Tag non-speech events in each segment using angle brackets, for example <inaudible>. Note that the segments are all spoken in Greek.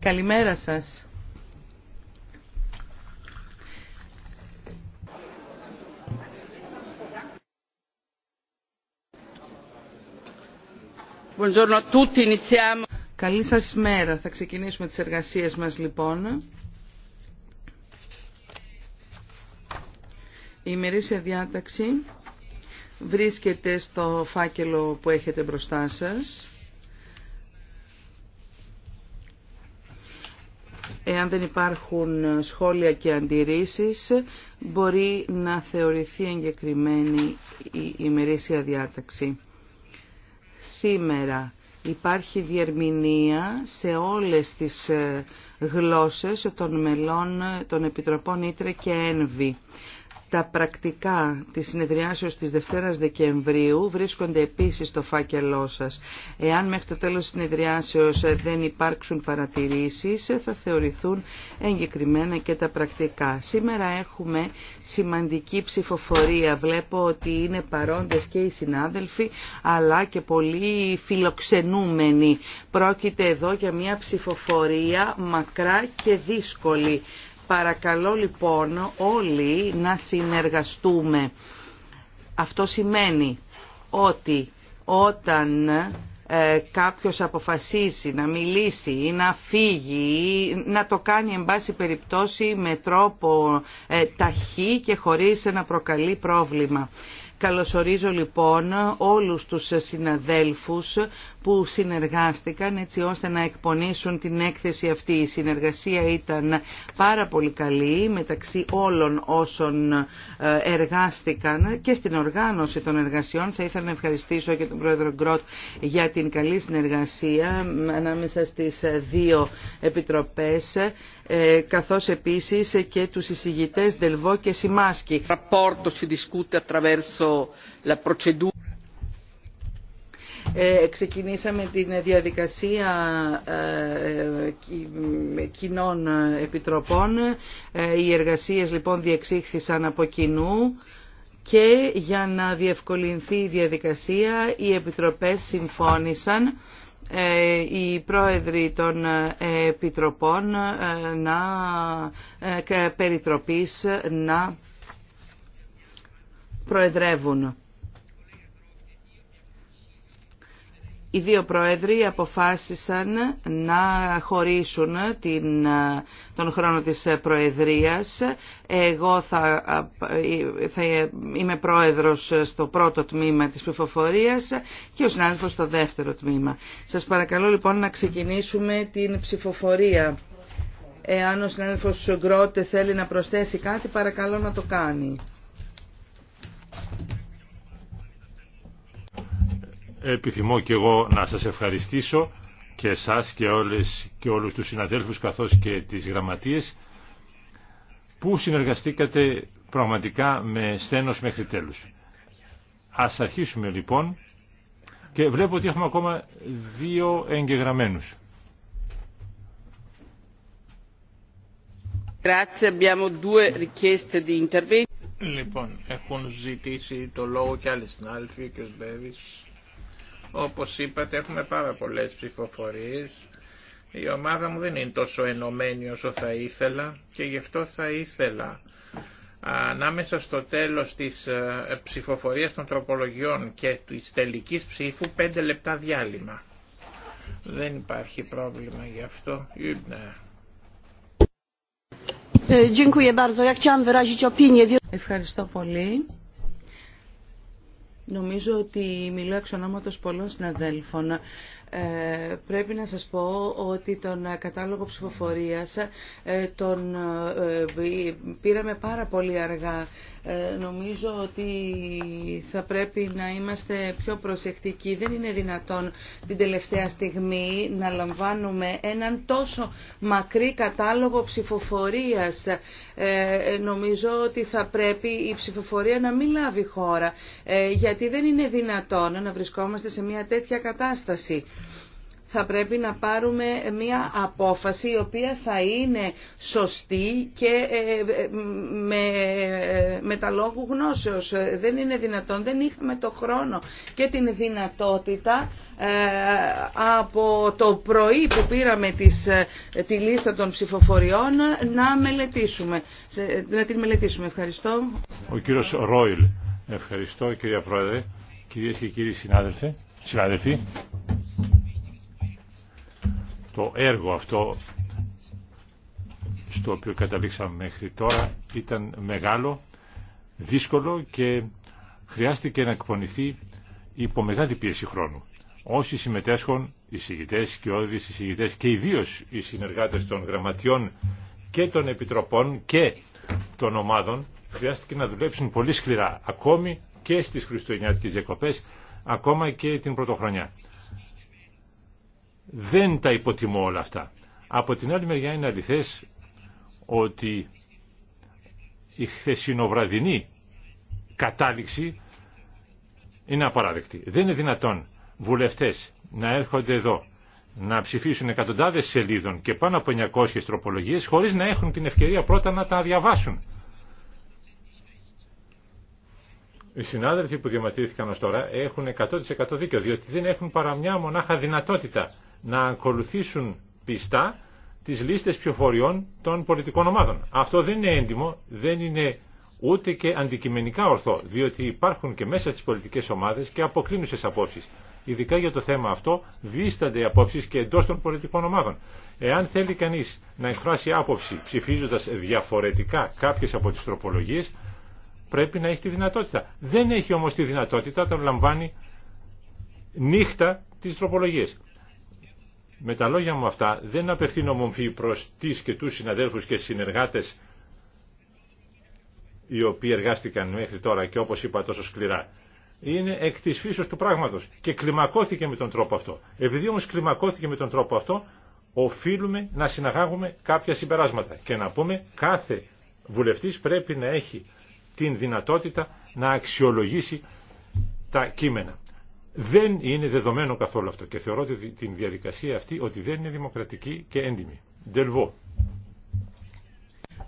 Καλημέρα σας. Καλή σας μέρα. Θα ξεκινήσουμε τις εργασίες μας λοιπόν. Η ημερήσια διάταξη βρίσκεται στο φάκελο που έχετε μπροστά σας. Εάν δεν υπάρχουν σχόλια και αντιρρήσεις, μπορεί να θεωρηθεί εγκεκριμένη η ημερήσια διάταξη. Σήμερα υπάρχει διερμηνία σε όλες τις ε, γλώσσες των μελών των Επιτροπών Ήτρε και Ένβη. Τα πρακτικά της συνεδριάσεως της Δευτέρας Δεκεμβρίου βρίσκονται επίσης στο φάκελό σας. Εάν μέχρι το τέλος της συνεδριάσεως δεν υπάρξουν παρατηρήσεις, θα θεωρηθούν εγκεκριμένα και τα πρακτικά. Σήμερα έχουμε σημαντική ψηφοφορία. Βλέπω ότι είναι παρόντες και οι συνάδελφοι, αλλά και πολύ φιλοξενούμενοι. Πρόκειται εδώ για μια ψηφοφορία μακρά και δύσκολη Παρακαλώ λοιπόν όλοι να συνεργαστούμε. Αυτό σημαίνει ότι όταν ε, κάποιος αποφασίσει να μιλήσει ή να φύγει ή να το κάνει εν πάση περιπτώσει με τρόπο ε, ταχύ και χωρίς να προκαλεί πρόβλημα. Καλωσορίζω λοιπόν όλους τους συναδέλφους που συνεργάστηκαν έτσι ώστε να εκπονήσουν την έκθεση αυτή. Η συνεργασία ήταν πάρα πολύ καλή μεταξύ όλων όσων ε, εργάστηκαν και στην οργάνωση των εργασιών. Θα ήθελα να ευχαριστήσω και τον Πρόεδρο Γκρότ για την καλή συνεργασία ανάμεσα στις δύο επιτροπές ε, καθώς επίσης και τους εισηγητές Δελβό και Σιμάσκι. Ε, ξεκινήσαμε την διαδικασία ε, ε, κοινών επιτροπών. Οι εργασίες λοιπόν διεξήχθησαν από κοινού και για να διευκολυνθεί η διαδικασία οι επιτροπές συμφώνησαν οι πρόεδροι των επιτροπών να περιτροπής να προεδρεύουν. οι δύο πρόεδροι αποφάσισαν να χωρίσουν την, τον χρόνο της προεδρίας. Εγώ θα, θα είμαι πρόεδρος στο πρώτο τμήμα της ψηφοφορίας και ο συνάδελφος στο δεύτερο τμήμα. Σας παρακαλώ λοιπόν να ξεκινήσουμε την ψηφοφορία. Εάν ο συνάδελφος Γκρότε θέλει να προσθέσει κάτι, παρακαλώ να το κάνει. Επιθυμώ και εγώ να σας ευχαριστήσω και εσάς και, όλες, και όλους τους συναδέλφους καθώς και τις γραμματείες που συνεργαστήκατε πραγματικά με στένος μέχρι τέλους. Ας αρχίσουμε λοιπόν και βλέπω ότι έχουμε ακόμα δύο εγγεγραμμένους. Λοιπόν, έχουν ζητήσει το λόγο και άλλοι συνάδελφοι, ο κ. Όπως είπατε έχουμε πάρα πολλές ψηφοφορίες. Η ομάδα μου δεν είναι τόσο ενωμένη όσο θα ήθελα και γι' αυτό θα ήθελα ανάμεσα στο τέλος της ε, ψηφοφορίας των τροπολογιών και της τελικής ψήφου πέντε λεπτά διάλειμμα. Δεν υπάρχει πρόβλημα γι' αυτό. Ε, Ευχαριστώ πολύ. Νομίζω ότι μιλώ εξ ονόματος πολλών συναδέλφων. Ε, πρέπει να σας πω ότι τον κατάλογο ψηφοφορίας ε, τον ε, ε, πήραμε πάρα πολύ αργά ε, νομίζω ότι θα πρέπει να είμαστε πιο προσεκτικοί. Δεν είναι δυνατόν την τελευταία στιγμή να λαμβάνουμε έναν τόσο μακρύ κατάλογο ψηφοφορίας. Ε, ε, νομίζω ότι θα πρέπει η ψηφοφορία να μην λάβει χώρα, γιατί δεν είναι δυνατόν να βρισκόμαστε σε μια τέτοια κατάσταση θα πρέπει να πάρουμε μια απόφαση η οποία θα είναι σωστή και ε, με, με τα λόγου γνώσεως. Δεν είναι δυνατόν, δεν είχαμε το χρόνο και την δυνατότητα ε, από το πρωί που πήραμε τις, ε, τη λίστα των ψηφοφοριών να μελετήσουμε. Να την μελετήσουμε. Ευχαριστώ. Ο κύριος Ρόιλ. Ευχαριστώ κυρία Πρόεδρε. Κυρίες και κύριοι συνάδελφοι, συνάδελφοι το έργο αυτό στο οποίο καταλήξαμε μέχρι τώρα ήταν μεγάλο, δύσκολο και χρειάστηκε να εκπονηθεί υπό μεγάλη πίεση χρόνου. Όσοι συμμετέσχουν, οι συγητές και οι συγητές και ιδίω οι συνεργάτες των γραμματιών και των επιτροπών και των ομάδων χρειάστηκε να δουλέψουν πολύ σκληρά ακόμη και στις χριστουγεννιάτικες διακοπές ακόμα και την πρωτοχρονιά. Δεν τα υποτιμώ όλα αυτά. Από την άλλη μεριά είναι αληθές ότι η χθεσινοβραδινή κατάληξη είναι απαράδεκτη. Δεν είναι δυνατόν βουλευτές να έρχονται εδώ να ψηφίσουν εκατοντάδες σελίδων και πάνω από 900 τροπολογίες χωρίς να έχουν την ευκαιρία πρώτα να τα διαβάσουν. Οι συνάδελφοι που διαματήθηκαν ως τώρα έχουν 100% δίκιο, διότι δεν έχουν παρά μια μονάχα δυνατότητα να ακολουθήσουν πιστά τις λίστες ψηφοφοριών των πολιτικών ομάδων. Αυτό δεν είναι έντιμο, δεν είναι ούτε και αντικειμενικά ορθό, διότι υπάρχουν και μέσα στις πολιτικές ομάδες και αποκλίνουσες απόψεις. Ειδικά για το θέμα αυτό δίστανται οι απόψεις και εντός των πολιτικών ομάδων. Εάν θέλει κανείς να εκφράσει άποψη ψηφίζοντας διαφορετικά κάποιες από τις τροπολογίες, πρέπει να έχει τη δυνατότητα. Δεν έχει όμως τη δυνατότητα όταν λαμβάνει νύχτα τις τροπολογίες. Με τα λόγια μου αυτά δεν απευθύνω μομφή προς τις και τους συναδέλφους και συνεργάτες οι οποίοι εργάστηκαν μέχρι τώρα και όπως είπα τόσο σκληρά. Είναι εκ της φύσεως του πράγματος και κλιμακώθηκε με τον τρόπο αυτό. Επειδή όμως κλιμακώθηκε με τον τρόπο αυτό, οφείλουμε να συναγάγουμε κάποια συμπεράσματα και να πούμε κάθε βουλευτής πρέπει να έχει την δυνατότητα να αξιολογήσει τα κείμενα. Δεν είναι δεδομένο καθόλου αυτό και θεωρώ την διαδικασία αυτή ότι δεν είναι δημοκρατική και έντιμη. Δελβό.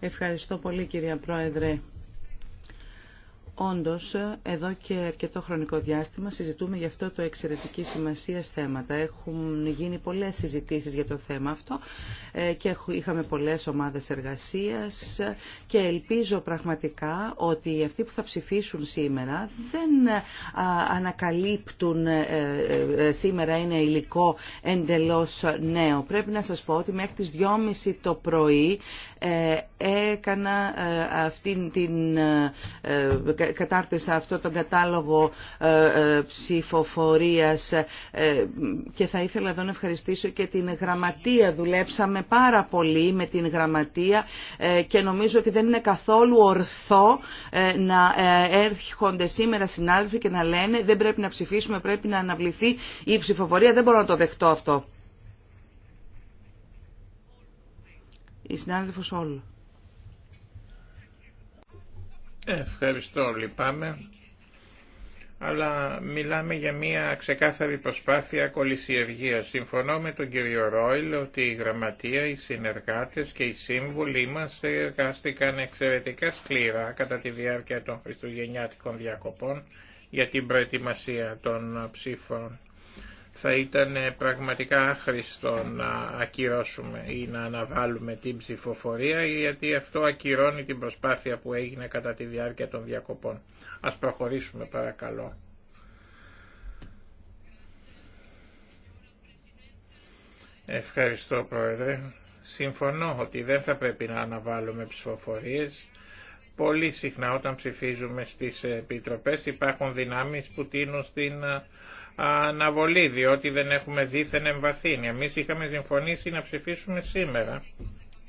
Ευχαριστώ πολύ κυρία Πρόεδρε. Όντως, εδώ και αρκετό χρονικό διάστημα συζητούμε γι' αυτό το εξαιρετική σημασία θέματα. Έχουν γίνει πολλές συζητήσεις για το θέμα αυτό ε, και είχαμε πολλές ομάδες εργασίας και ελπίζω πραγματικά ότι αυτοί που θα ψηφίσουν σήμερα δεν ε, ανακαλύπτουν ε, σήμερα είναι υλικό εντελώς νέο. Πρέπει να σας πω ότι μέχρι τις 2.30 το πρωί ε, έκανα ε, αυτήν την, ε, κατάρτισα αυτό τον κατάλογο ψηφοφορίας και θα ήθελα εδώ να ευχαριστήσω και την γραμματεία. Δουλέψαμε πάρα πολύ με την γραμματεία και νομίζω ότι δεν είναι καθόλου ορθό να έρχονται σήμερα συνάδελφοι και να λένε δεν πρέπει να ψηφίσουμε, πρέπει να αναβληθεί η ψηφοφορία. Δεν μπορώ να το δεχτώ αυτό. Η συνάδελφο όλου. Ευχαριστώ, λυπάμαι. Αλλά μιλάμε για μια ξεκάθαρη προσπάθεια κολυσιεργίας. Συμφωνώ με τον κύριο Ρόιλ ότι η γραμματεία, οι συνεργάτες και οι σύμβουλοι μας εργάστηκαν εξαιρετικά σκληρά κατά τη διάρκεια των χριστουγεννιάτικων διακοπών για την προετοιμασία των ψήφων θα ήταν ε, πραγματικά άχρηστο να ακυρώσουμε ή να αναβάλουμε την ψηφοφορία γιατί αυτό ακυρώνει την προσπάθεια που έγινε κατά τη διάρκεια των διακοπών. Ας προχωρήσουμε παρακαλώ. Ευχαριστώ Πρόεδρε. Συμφωνώ ότι δεν θα πρέπει να αναβάλουμε ψηφοφορίες. Πολύ συχνά όταν ψηφίζουμε στις επιτροπές υπάρχουν δυνάμεις που τίνουν στην αναβολή διότι δεν έχουμε δίθεν εμβαθύνει. Εμείς είχαμε συμφωνήσει να ψηφίσουμε σήμερα.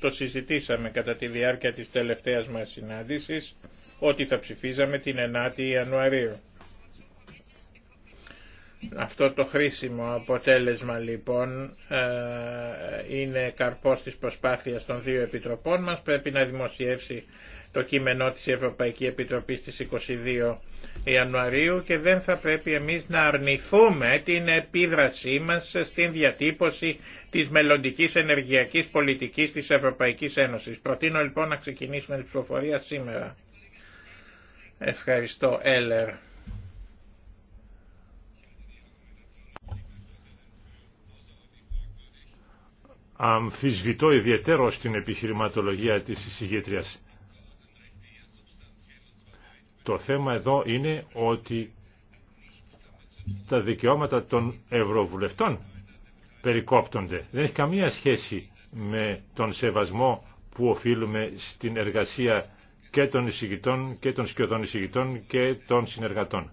Το συζητήσαμε κατά τη διάρκεια της τελευταίας μας συνάντησης ότι θα ψηφίζαμε την 9η Ιανουαρίου. Αυτό το χρήσιμο αποτέλεσμα λοιπόν ε, είναι καρπός της προσπάθειας των δύο επιτροπών μας. Πρέπει να δημοσιεύσει το κείμενό της Ευρωπαϊκή Επιτροπή στις 22 Ιανουαρίου και δεν θα πρέπει εμείς να αρνηθούμε την επίδρασή μας στην διατύπωση της μελλοντική ενεργειακής πολιτικής της Ευρωπαϊκής Ένωσης. Προτείνω λοιπόν να ξεκινήσουμε την ψηφοφορία σήμερα. Ευχαριστώ Έλερ. αμφισβητώ ιδιαίτερο στην επιχειρηματολογία της εισηγήτριας. Το θέμα εδώ είναι ότι τα δικαιώματα των ευρωβουλευτών περικόπτονται. Δεν έχει καμία σχέση με τον σεβασμό που οφείλουμε στην εργασία και των εισηγητών και των σκιωδών εισηγητών και των συνεργατών.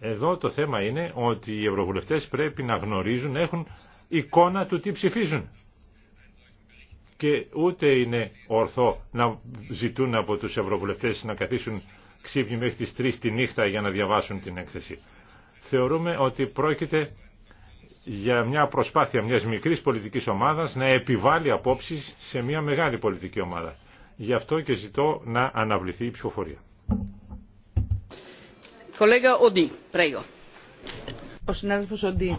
Εδώ το θέμα είναι ότι οι ευρωβουλευτές πρέπει να γνωρίζουν, έχουν εικόνα του τι ψηφίζουν. Και ούτε είναι ορθό να ζητούν από τους ευρωβουλευτές να καθίσουν ξύπνη μέχρι τις 3 τη νύχτα για να διαβάσουν την έκθεση. Θεωρούμε ότι πρόκειται για μια προσπάθεια μιας μικρής πολιτικής ομάδας να επιβάλλει απόψεις σε μια μεγάλη πολιτική ομάδα. Γι' αυτό και ζητώ να αναβληθεί η ψηφοφορία. Ο συνάδελφος Οντί.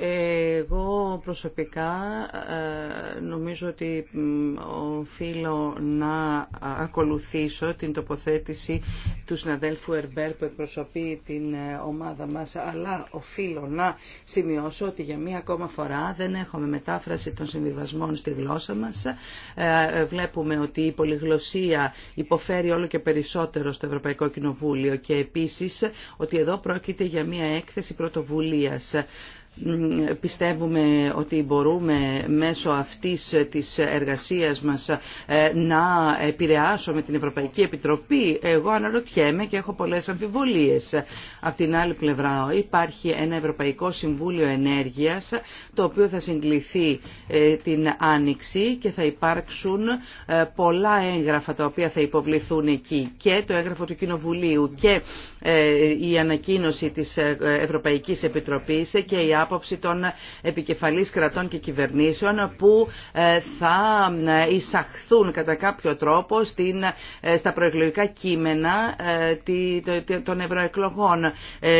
Εγώ προσωπικά ε, νομίζω ότι οφείλω να ακολουθήσω την τοποθέτηση του συναδέλφου Ερμπέρ που εκπροσωπεί την ε, ομάδα μας, αλλά οφείλω να σημειώσω ότι για μία ακόμα φορά δεν έχουμε μετάφραση των συμβιβασμών στη γλώσσα μας. Ε, βλέπουμε ότι η πολυγλωσία υποφέρει όλο και περισσότερο στο Ευρωπαϊκό Κοινοβούλιο και επίσης ότι εδώ πρόκειται για μία έκθεση πρωτοβουλίας πιστεύουμε ότι μπορούμε μέσω αυτής της εργασίας μας ε, να επηρεάσουμε την Ευρωπαϊκή Επιτροπή. Εγώ αναρωτιέμαι και έχω πολλές αμφιβολίες. Απ' την άλλη πλευρά υπάρχει ένα Ευρωπαϊκό Συμβούλιο Ενέργειας το οποίο θα συγκληθεί ε, την Άνοιξη και θα υπάρξουν ε, πολλά έγγραφα τα οποία θα υποβληθούν εκεί και το έγγραφο του Κοινοβουλίου και η ανακοίνωση της Ευρωπαϊκής Επιτροπής και η άποψη των επικεφαλής κρατών και κυβερνήσεων που ε, θα ε, εισαχθούν κατά κάποιο τρόπο στην, ε, στα προεκλογικά κείμενα των ευρωεκλογών.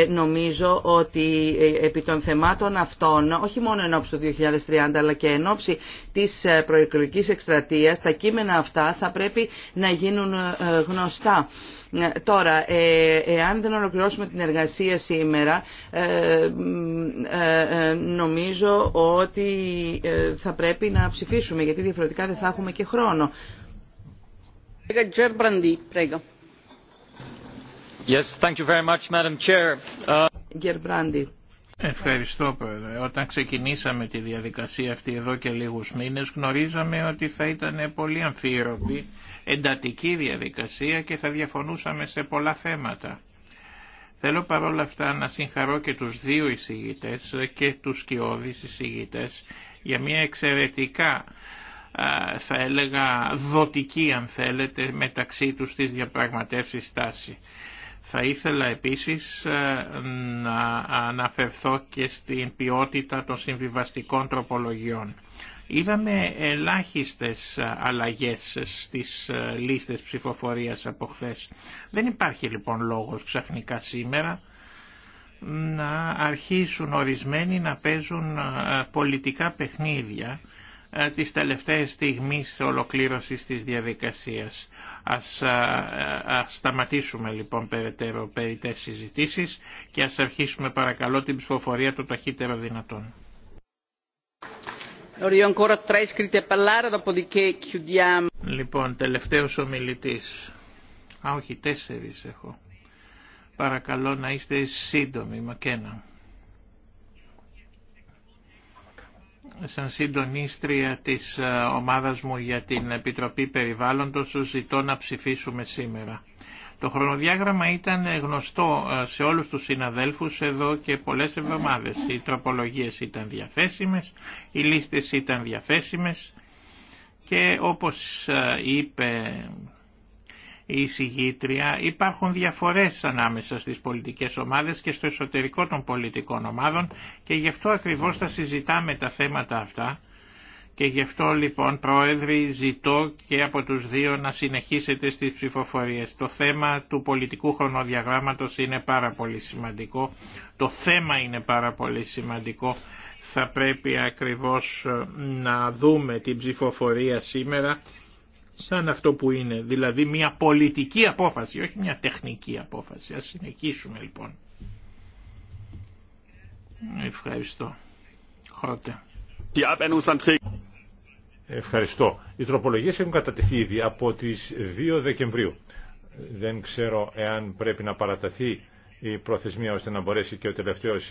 Νομίζω ότι επί των θεμάτων αυτών, όχι μόνο εν ώψη του 2030 αλλά και εν ώψη της προεκλογικής εκστρατείας, τα κείμενα αυτά θα πρέπει να γίνουν γνωστά. Ναι, τώρα, ε, εάν δεν ολοκληρώσουμε την εργασία σήμερα, ε, ε, νομίζω ότι θα πρέπει να ψηφίσουμε, γιατί διαφορετικά δεν θα έχουμε και χρόνο. Yes, thank you very much, Madam Chair. Ευχαριστώ Πρόεδρε. Όταν ξεκινήσαμε τη διαδικασία αυτή εδώ και λίγους μήνες γνωρίζαμε ότι θα ήταν πολύ αμφίροπη εντατική διαδικασία και θα διαφωνούσαμε σε πολλά θέματα. Θέλω παρόλα αυτά να συγχαρώ και τους δύο εισηγητές και τους σκιώδεις εισηγητές για μια εξαιρετικά θα έλεγα δοτική αν θέλετε μεταξύ τους της διαπραγματεύσεις στάση. Θα ήθελα επίσης να αναφερθώ και στην ποιότητα των συμβιβαστικών τροπολογιών. Είδαμε ελάχιστες αλλαγές στις ε, λίστες ψηφοφορίας από χθε. Δεν υπάρχει λοιπόν λόγος ξαφνικά σήμερα να αρχίσουν ορισμένοι να παίζουν ε, πολιτικά παιχνίδια ε, τις τελευταίες στιγμής ολοκλήρωσης της διαδικασίας. Ας, ας σταματήσουμε λοιπόν περαιτέρω περιττές συζητήσεις και ας αρχίσουμε παρακαλώ την ψηφοφορία το ταχύτερο δυνατόν. Λοιπόν, τελευταίος ομιλητή, Α, όχι, τέσσερι έχω. Παρακαλώ να είστε σύντομοι, Μακένα. Σαν συντονίστρια της ε, ομάδας μου για την Επιτροπή Περιβάλλοντος, ζητώ να ψηφίσουμε σήμερα. Το χρονοδιάγραμμα ήταν γνωστό ε, σε όλους τους συναδέλφους εδώ και πολλές εβδομάδες. Οι τροπολογίες ήταν διαθέσιμες, οι λίστες ήταν διαθέσιμες και όπως ε, είπε η συγγήτρια υπάρχουν διαφορές ανάμεσα στις πολιτικές ομάδες και στο εσωτερικό των πολιτικών ομάδων και γι' αυτό ακριβώς θα συζητάμε τα θέματα αυτά και γι' αυτό λοιπόν Πρόεδρη, ζητώ και από τους δύο να συνεχίσετε στις ψηφοφορίες. Το θέμα του πολιτικού χρονοδιαγράμματος είναι πάρα πολύ σημαντικό. Το θέμα είναι πάρα πολύ σημαντικό. Θα πρέπει ακριβώς ε, να δούμε την ψηφοφορία σήμερα σαν αυτό που είναι. Δηλαδή μια πολιτική απόφαση, όχι μια τεχνική απόφαση. Ας συνεχίσουμε λοιπόν. Ευχαριστώ. Χρώτε. Ευχαριστώ. Οι τροπολογίες έχουν κατατεθεί ήδη από τις 2 Δεκεμβρίου. Δεν ξέρω εάν πρέπει να παραταθεί η προθεσμία ώστε να μπορέσει και ο τελευταίος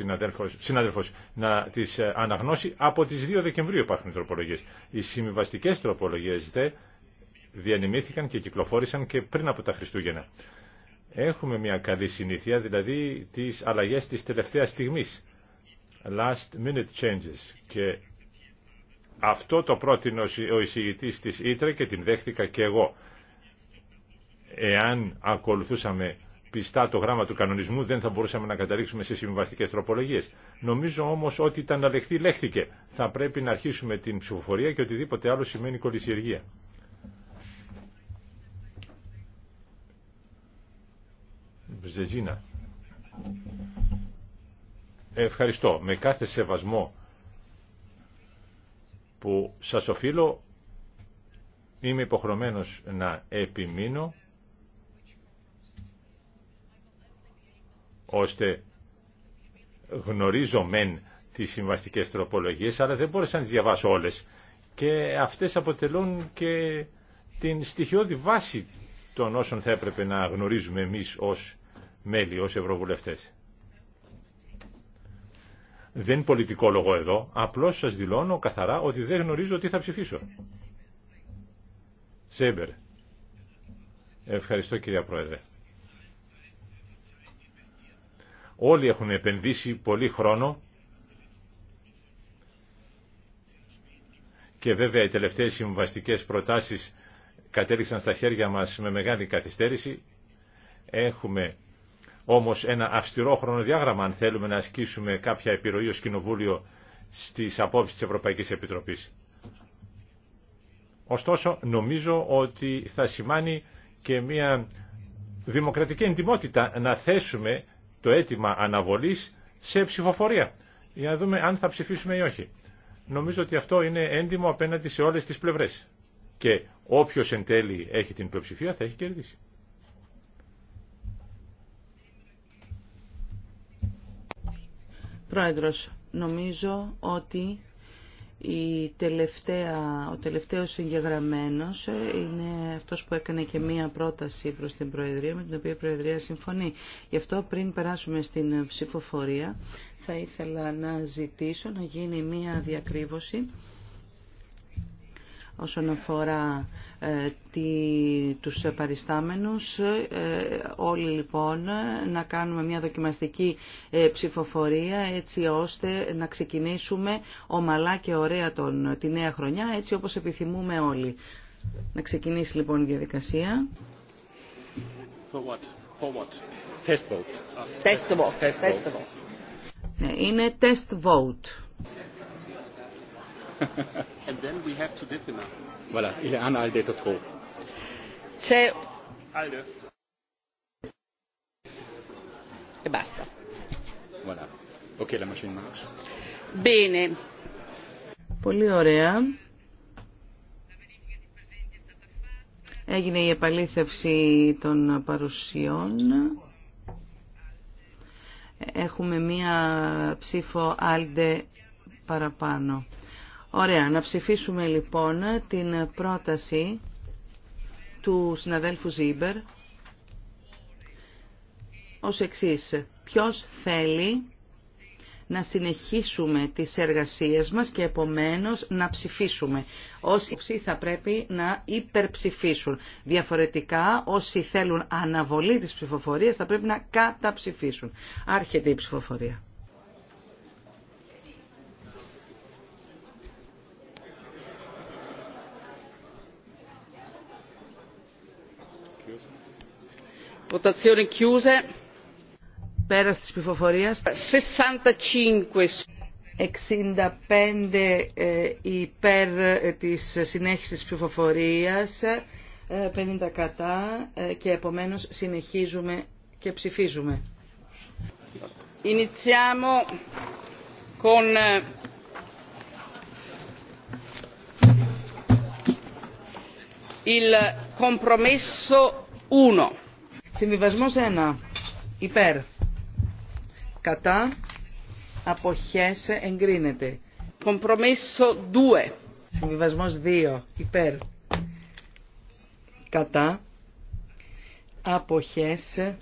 συναδέλφος, να τις ε, αναγνώσει. Από τις 2 Δεκεμβρίου υπάρχουν οι τροπολογίες. Οι συμβιβαστικέ τροπολογίες δε και κυκλοφόρησαν και πριν από τα Χριστούγεννα. Έχουμε μια καλή συνήθεια, δηλαδή τις αλλαγές της τελευταίας στιγμής. Last minute changes αυτό το πρότεινε ο εισηγητή της Ήτρε και την δέχτηκα και εγώ. Εάν ακολουθούσαμε πιστά το γράμμα του κανονισμού δεν θα μπορούσαμε να καταλήξουμε σε συμβαστικέ τροπολογίε. Νομίζω όμω ότι ήταν αλεχθή λέχθηκε. Θα πρέπει να αρχίσουμε την ψηφοφορία και οτιδήποτε άλλο σημαίνει κολυσιεργία. Ευχαριστώ. Με κάθε σεβασμό που σας οφείλω είμαι υποχρεωμένος να επιμείνω ώστε γνωρίζω μεν τις συμβαστικές τροπολογίες αλλά δεν μπόρεσα να τις διαβάσω όλες και αυτές αποτελούν και την στοιχειώδη βάση των όσων θα έπρεπε να γνωρίζουμε εμείς ως μέλη, ως ευρωβουλευτές. Δεν πολιτικό λόγο εδώ, απλώς σας δηλώνω καθαρά ότι δεν γνωρίζω τι θα ψηφίσω. Σέμπερ. Ευχαριστώ κυρία Πρόεδρε. Όλοι έχουν επενδύσει πολύ χρόνο και βέβαια οι τελευταίες συμβαστικές προτάσεις κατέληξαν στα χέρια μας με μεγάλη καθυστέρηση. Έχουμε όμως ένα αυστηρό χρονοδιάγραμμα αν θέλουμε να ασκήσουμε κάποια επιρροή ως Κοινοβούλιο στις απόψεις της Ευρωπαϊκής Επιτροπής. Ωστόσο, νομίζω ότι θα σημάνει και μια δημοκρατική εντιμότητα να θέσουμε το αίτημα αναβολής σε ψηφοφορία για να δούμε αν θα ψηφίσουμε ή όχι. Νομίζω ότι αυτό είναι έντιμο απέναντι σε όλες τις πλευρές. Και όποιος εν τέλει έχει την πλειοψηφία θα έχει κερδίσει. Πρόεδρος, νομίζω ότι η τελευταία, ο τελευταίος εγγεγραμμένος είναι αυτός που έκανε και μία πρόταση προς την Προεδρία, με την οποία η Προεδρία συμφωνεί. Γι' αυτό πριν περάσουμε στην ψηφοφορία, θα ήθελα να ζητήσω να γίνει μία διακρύβωση όσον αφορά ε, τη, τους παριστάμενους. Ε, όλοι λοιπόν να κάνουμε μια δοκιμαστική ε, ψηφοφορία έτσι ώστε να ξεκινήσουμε ομαλά και ωραία τον, τη νέα χρονιά έτσι όπως επιθυμούμε όλοι. Να ξεκινήσει λοιπόν η διαδικασία. είναι test vote. And then we have to Voilà, il est un ALDE de trop. C'est... ALDE. E basta. Voilà. Ok, la machine marche. Bene. Πολύ ωραία. Έγινε η επαλήθευση των παρουσιών. Έχουμε μία ψήφο άλντε παραπάνω. Ωραία, να ψηφίσουμε λοιπόν την πρόταση του συναδέλφου Ζίμπερ ως εξής. Ποιος θέλει να συνεχίσουμε τις εργασίες μας και επομένως να ψηφίσουμε. Όσοι θα πρέπει να υπερψηφίσουν. Διαφορετικά όσοι θέλουν αναβολή της ψηφοφορίας θα πρέπει να καταψηφίσουν. Άρχεται η ψηφοφορία. votazioni chiuse πέρας της ψηφοφορίας 65 ε, υπέρ ε, της συνέχισης ψηφοφορίας 50 ε, κατά και επομένως συνεχίζουμε και ψηφίζουμε. Ξεκινάμε με il compromesso 1 Συμβιβασμός 1. Υπέρ. Κατά. Αποχές εγκρίνεται. Κομπρομίσο 2. Συμβιβασμός 2. Υπέρ. Κατά. Αποχές.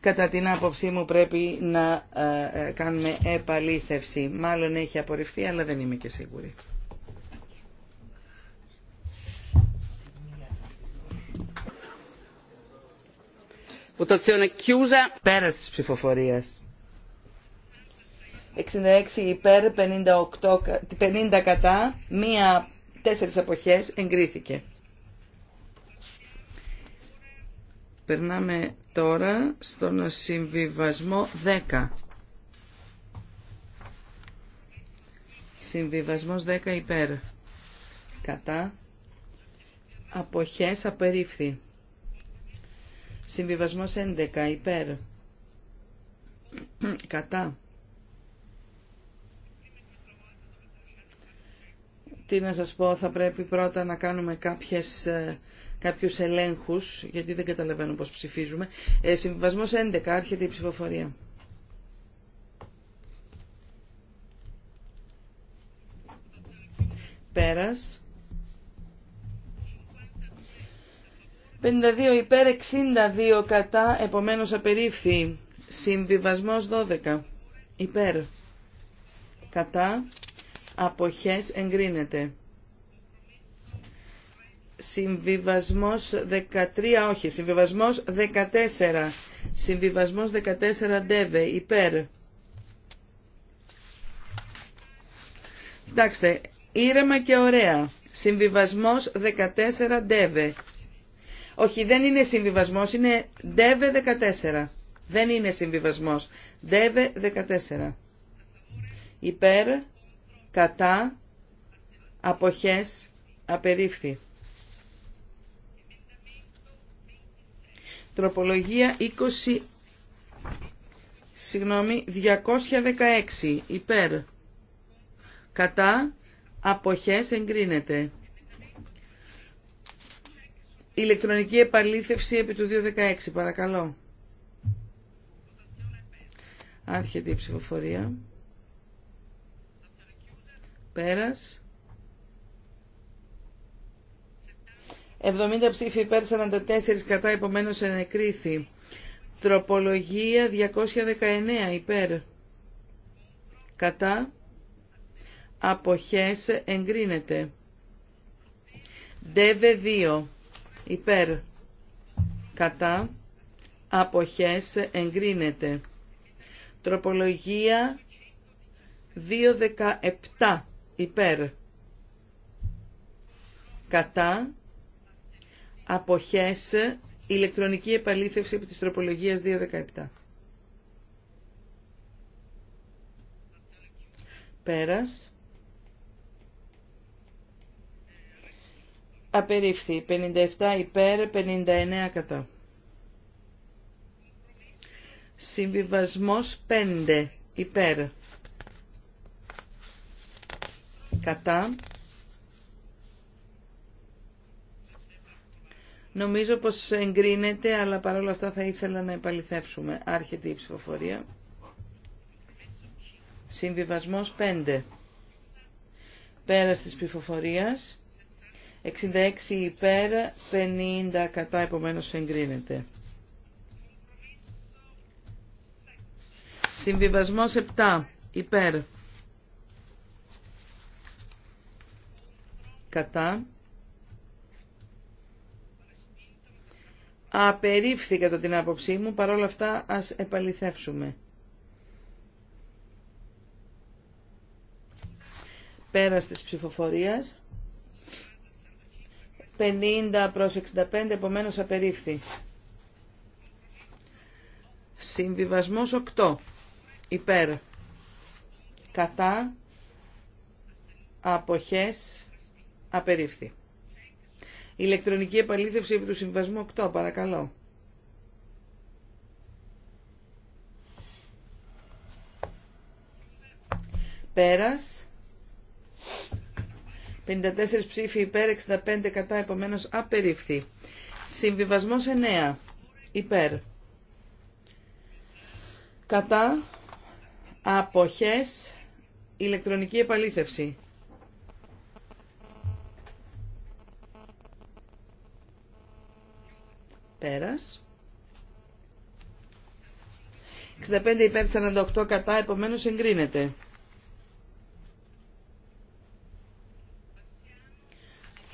Κατά την άποψή μου πρέπει να ε, ε, κάνουμε επαλήθευση. Μάλλον έχει απορριφθεί αλλά δεν είμαι και σίγουρη. Votazione chiusa. Πέρας της 66 υπέρ, 58, 50 κατά, μία, τέσσερις αποχές, εγκρίθηκε. Περνάμε τώρα στον συμβιβασμό 10. Συμβιβασμός 10 υπέρ. Κατά. Αποχές απερίφθη. Συμβιβασμός 11 υπέρ. Κατά. Τι να σας πω, θα πρέπει πρώτα να κάνουμε κάποιες, ε, κάποιους ελέγχους, γιατί δεν καταλαβαίνω πώς ψηφίζουμε. Ε, συμβιβασμός 11, άρχεται η ψηφοφορία. Πέρας. 52 υπέρ 62 κατά, επομένως απερίφθη. Συμβιβασμός 12 υπέρ κατά, αποχές εγκρίνεται. Συμβιβασμός 13, όχι, συμβιβασμός 14. Συμβιβασμός 14 ντεβε, υπέρ. Κοιτάξτε, ήρεμα και ωραία. Συμβιβασμός 14 ντεβε, όχι, δεν είναι συμβιβασμός, είναι ΔΕΒΕ 14. Δεν είναι συμβιβασμός. ΔΕΒΕ 14. Υπέρ, κατά, αποχές, απερίφθη. Τροπολογία 20, συγγνώμη, 216. Υπέρ, κατά, αποχές εγκρίνεται ηλεκτρονική επαλήθευση επί του 216, παρακαλώ. Άρχεται η ψηφοφορία. Πέρας. 70 ψήφοι υπέρ 44 κατά, επομένω ενεκρίθη. Τροπολογία 219 υπέρ. Κατά. Αποχές εγκρίνεται. ΔΕΒΕ 2 υπέρ κατά αποχές εγκρίνεται. Τροπολογία 2.17 υπέρ κατά αποχές ηλεκτρονική επαλήθευση από της τροπολογίας 2.17. Πέρας. απερίφθη 57 υπέρ 59 κατά συμβιβασμός 5 υπέρ κατά Νομίζω πως εγκρίνεται, αλλά παρόλα αυτά θα ήθελα να επαληθεύσουμε. Άρχεται η ψηφοφορία. Συμβιβασμός 5. Πέρας της ψηφοφορίας. 66 υπέρ, 50 κατά, επομένως εγκρίνεται. Συμβιβασμός 7 υπέρ, κατά. Απερίφθη κατά την άποψή μου, παρόλα αυτά ας επαληθεύσουμε. Πέρας της ψηφοφορίας. 50 προς 65 επομένως απερίφθη. Συμβιβασμός 8. Υπέρ. Κατά. Αποχές. Απερίφθη. Ηλεκτρονική επαλήθευση του συμβιβασμού 8. Παρακαλώ. Πέρας. 54 ψήφοι υπέρ, 65 κατά, επομένως απερίφθη. Συμβιβασμός 9 υπέρ. Κατά αποχές ηλεκτρονική επαλήθευση. Πέρας. 65 υπέρ 48 κατά, επομένως εγκρίνεται.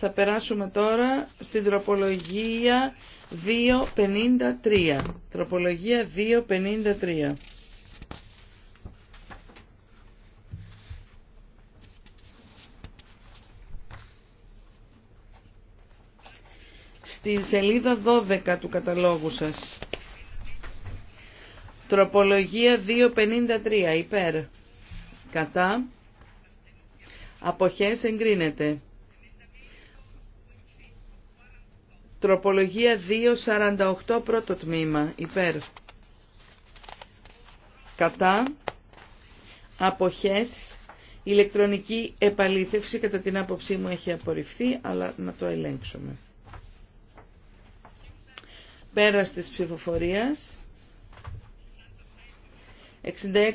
Θα περάσουμε τώρα στην τροπολογία 253. Τροπολογία 253. Στη σελίδα 12 του καταλόγου σας. Τροπολογία 253. Υπέρ. Κατά. Αποχές εγκρίνεται. Τροπολογία 2.48 πρώτο τμήμα. Υπέρ. Κατά. Αποχές. Ηλεκτρονική επαλήθευση κατά την άποψή μου έχει απορριφθεί, αλλά να το ελέγξουμε. Πέρας της ψηφοφορίας. 66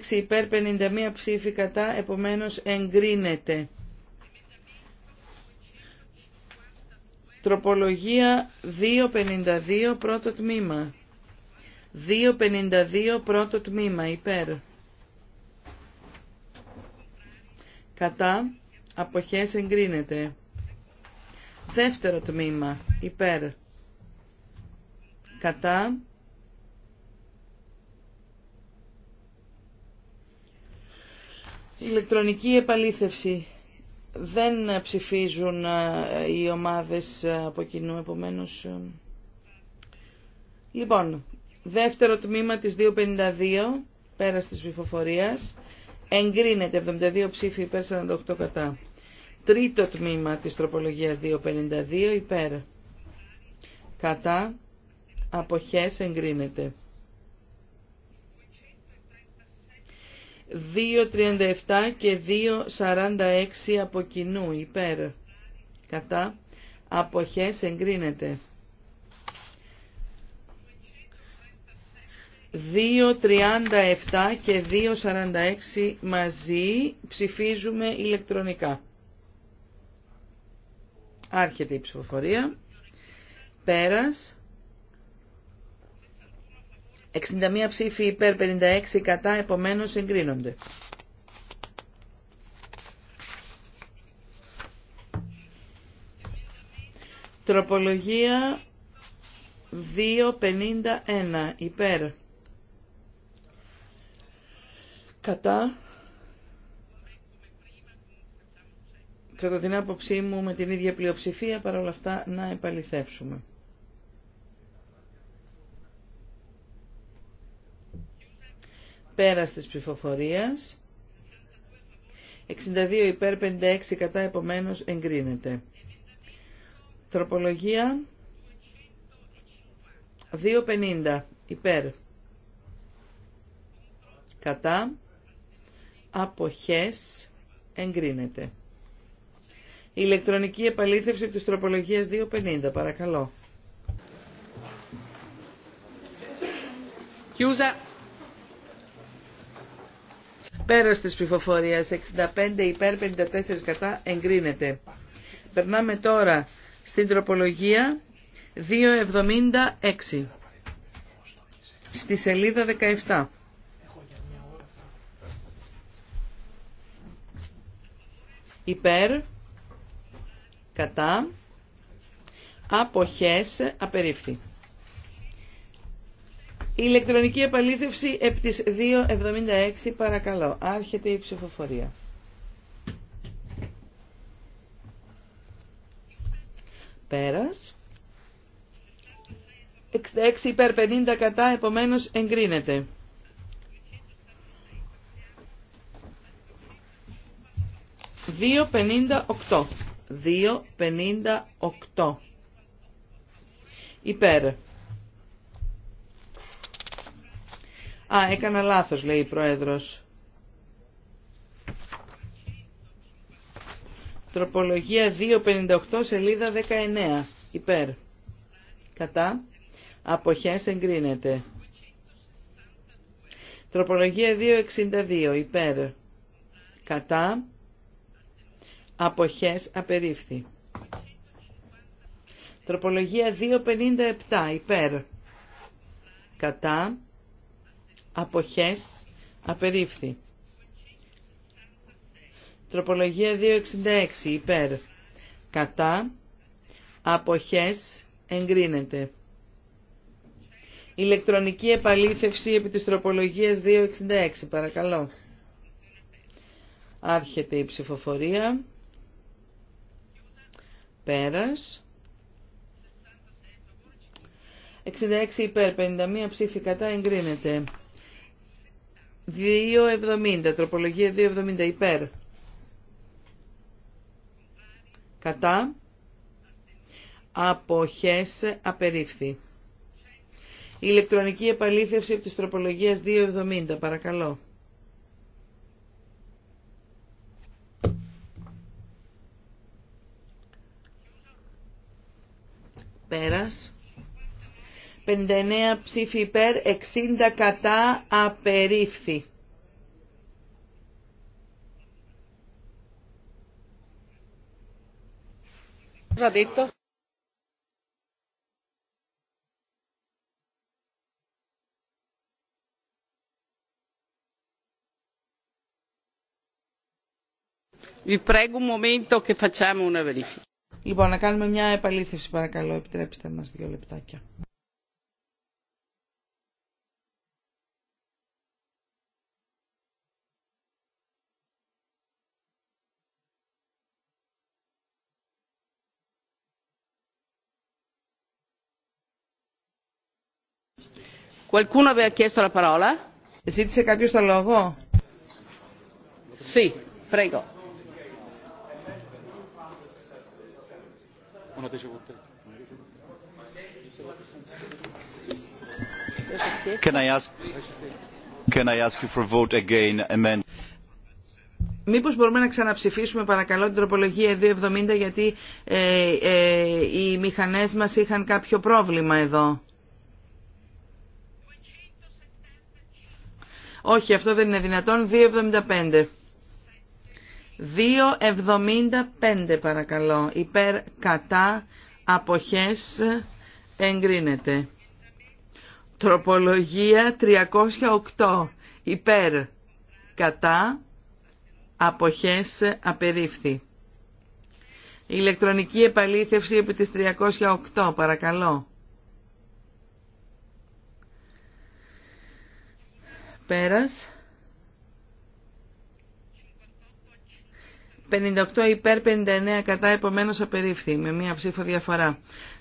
υπέρ 51 ψήφοι κατά, επομένως εγκρίνεται. Τροπολογία 2.52 πρώτο τμήμα. 2.52 πρώτο τμήμα υπέρ. Κατά αποχές εγκρίνεται. Δεύτερο τμήμα υπέρ. Κατά ηλεκτρονική επαλήθευση δεν ψηφίζουν ε, οι ομάδες ε, από κοινού, επομένως... Ε. Λοιπόν, δεύτερο τμήμα της 252, πέρα της ψηφοφορίας, εγκρίνεται 72 ψήφοι υπέρ 48 κατά. Τρίτο τμήμα της τροπολογίας 252 υπέρ. Κατά αποχές εγκρίνεται. 2.37 και 2.46 από κοινού υπέρ κατά αποχές εγκρίνεται 2.37 και 2.46 μαζί ψηφίζουμε ηλεκτρονικά άρχεται η ψηφοφορία πέρας 61 ψήφοι υπέρ 56 κατά, επομένως εγκρίνονται. Τροπολογία 2.51 υπέρ κατά κατά την άποψή μου με την ίδια πλειοψηφία παρόλα αυτά να επαληθεύσουμε. πέρα της ψηφοφορία. 62 υπέρ 56 κατά επομένως εγκρίνεται. Τροπολογία 2.50 υπέρ κατά αποχές εγκρίνεται. ηλεκτρονική επαλήθευση της τροπολογίας 2.50 παρακαλώ. Chiusa Πέρας της ψηφοφορίας 65 υπέρ 54 κατά εγκρίνεται. Περνάμε τώρα στην τροπολογία 276 στη σελίδα 17. Υπέρ, κατά, αποχές, απερίφθη. Η ηλεκτρονική επαλήθευση επί της 2.76 παρακαλώ. Άρχεται η ψηφοφορία. Πέρας. 66 υπέρ 50 κατά, επομένως εγκρίνεται. Δύο πενήντα οκτώ. Δύο πενήντα Υπέρ. Α, έκανα λάθος, λέει η Πρόεδρος. Τροπολογία 258, σελίδα 19. Υπέρ. Κατά. Αποχές εγκρίνεται. Τροπολογία 262. Υπέρ. Κατά. Αποχές απερίφθη. Τροπολογία 257. Υπέρ. Κατά αποχές απερίφθη. Τροπολογία 266 υπέρ κατά αποχές εγκρίνεται. Ηλεκτρονική επαλήθευση επί της τροπολογίας 266 παρακαλώ. Άρχεται η ψηφοφορία. Πέρας. 66 υπέρ, 51 ψήφι κατά εγκρίνεται. 2.70, τροπολογία 2.70 υπέρ. Κατά. Αποχές απερίφθη. Ηλεκτρονική επαλήθευση τις τροπολογίες 2.70, παρακαλώ. Πέρας. 59 ψήφοι υπέρ, 60 κατά, απερίφθη. Λοιπόν, να κάνουμε μια επαλήθευση παρακαλώ, επιτρέψτε μας δύο λεπτάκια. Ζήτησε κάποιος το λόγο? Sì, prego. Can I ask, can μπορούμε να ξαναψηφίσουμε παρακαλώ την τροπολογία 270 γιατί ε, ε, οι μηχανές μας είχαν κάποιο πρόβλημα εδώ. Όχι, αυτό δεν είναι δυνατόν. 2,75. 2,75 παρακαλώ. Υπέρ κατά αποχές εγκρίνεται. Τροπολογία 308. Υπέρ κατά αποχές απερίφθη. Ηλεκτρονική επαλήθευση επί της 308 παρακαλώ. Πέρας. 58 υπέρ 59 κατά επομένως απερίφθη με μία ψήφο διαφορά.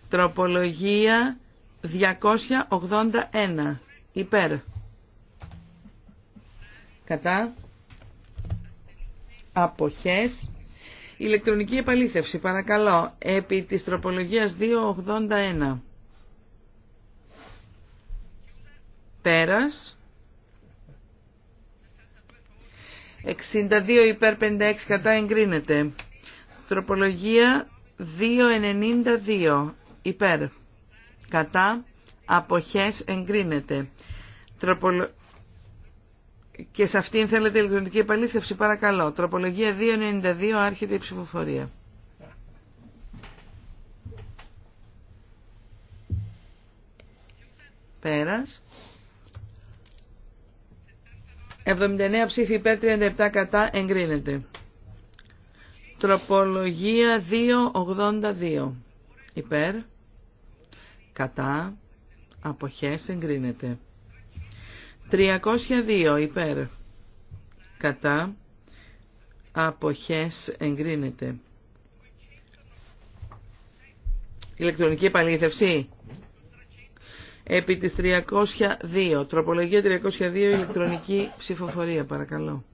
Τροπολογία 281 υπέρ. Κατά. Αποχές. Ηλεκτρονική επαλήθευση παρακαλώ επί της τροπολογίας 281. Πέρας. 62 υπέρ 56 κατά εγκρίνεται. Τροπολογία 292 υπέρ κατά αποχές εγκρίνεται. Και σε αυτήν θέλετε ηλεκτρονική επαλήθευση παρακαλώ. Τροπολογία 292 άρχεται η ψηφοφορία. Πέρας. 79 ψήφοι υπέρ 37 κατά εγκρίνεται. Τροπολογία 282 υπέρ κατά αποχές εγκρίνεται. 302 υπέρ κατά αποχές εγκρίνεται. Ηλεκτρονική επαλήθευση επί της 302. Τροπολογία 302 ηλεκτρονική ψηφοφορία παρακαλώ.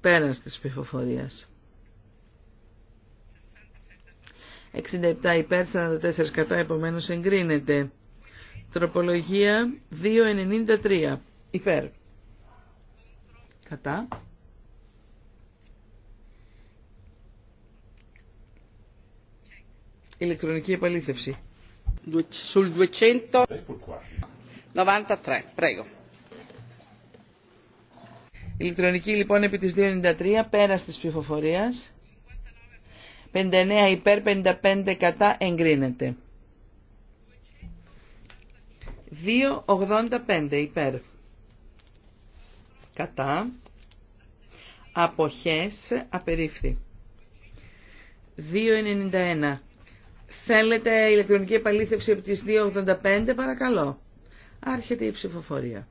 Πέρας της ψηφοφορίας. 67 υπέρ, 44 κατά, επομένως εγκρίνεται. Τροπολογία 293 υπέρ. Κατά. Ηλεκτρονική επαλήθευση. Sul 293, prego. Ηλεκτρονική λοιπόν επί της 293, πέρας της ψηφοφορίας. 59 υπέρ, 55 κατά, εγκρίνεται. 2,85 υπέρ. Κατά. Αποχές, απερίφθη. 2,91 Θέλετε ηλεκτρονική επαλήθευση από τις 2.85 παρακαλώ. Άρχεται η ψηφοφορία.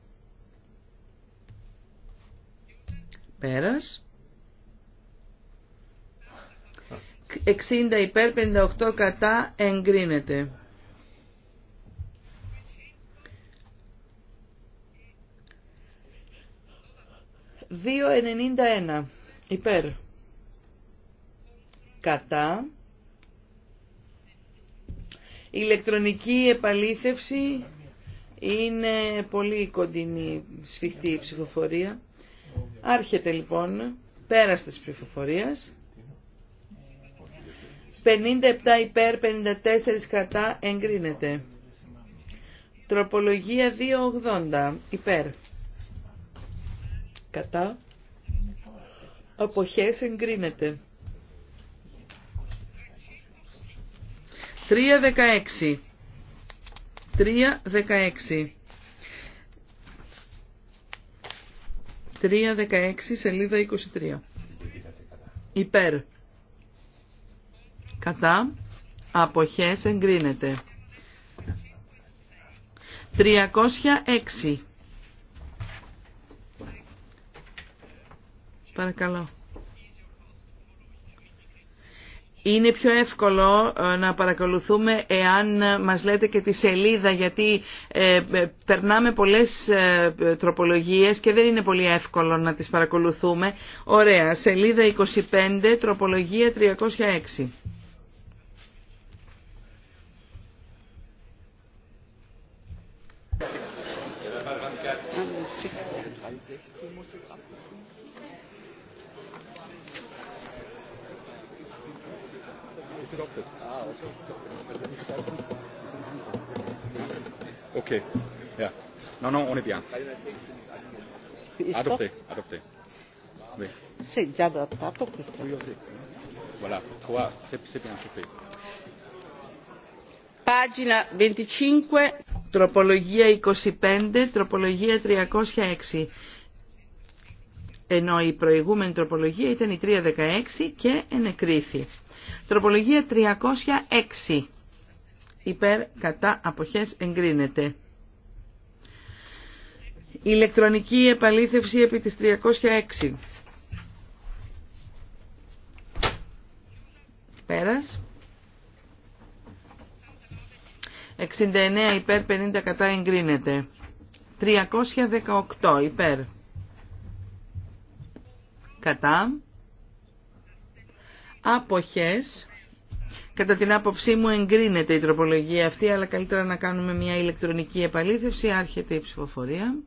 Πέρας. 60 υπέρ 58 κατά εγκρίνεται. Δύο υπέρ κατά η ηλεκτρονική επαλήθευση είναι πολύ κοντινή σφιχτή η ψηφοφορία. Άρχεται λοιπόν πέρας της ψηφοφορίας. 57 υπέρ, 54 κατά εγκρίνεται. Τροπολογία 280 υπέρ. Κατά. Αποχές εγκρίνεται. 3.16. 3.16. 3.16 σελίδα 23. Υπέρ. Κατά. Αποχές εγκρίνεται. 306. Παρακαλώ. Είναι πιο εύκολο ε, να παρακολουθούμε εάν μας λέτε και τη σελίδα γιατί ε, ε, περνάμε πολλές τροπολογίες και δεν είναι πολύ εύκολο να τις παρακολουθούμε. Ωραία, σελίδα 25, τροπολογία 306. adopted. Okay. Ja. No, no, only Bian. Adopté, adopté. Oui. C'est già adottato questo. Voilà, trois, c'est bien, c'est fait. Pagina 25. Τροπολογία 25, τροπολογία 306 ενώ η προηγούμενη τροπολογία ήταν η 316 και ενεκρίθη. Τροπολογία 306. Υπέρ κατά αποχές εγκρίνεται. Ηλεκτρονική επαλήθευση επί της 306. Πέρας. 69 υπέρ 50 κατά εγκρίνεται. 318 υπέρ. Κατά. Αποχές. Κατά την άποψή μου εγκρίνεται η τροπολογία αυτή, αλλά καλύτερα να κάνουμε μια ηλεκτρονική επαλήθευση. Άρχεται η ψηφοφορία.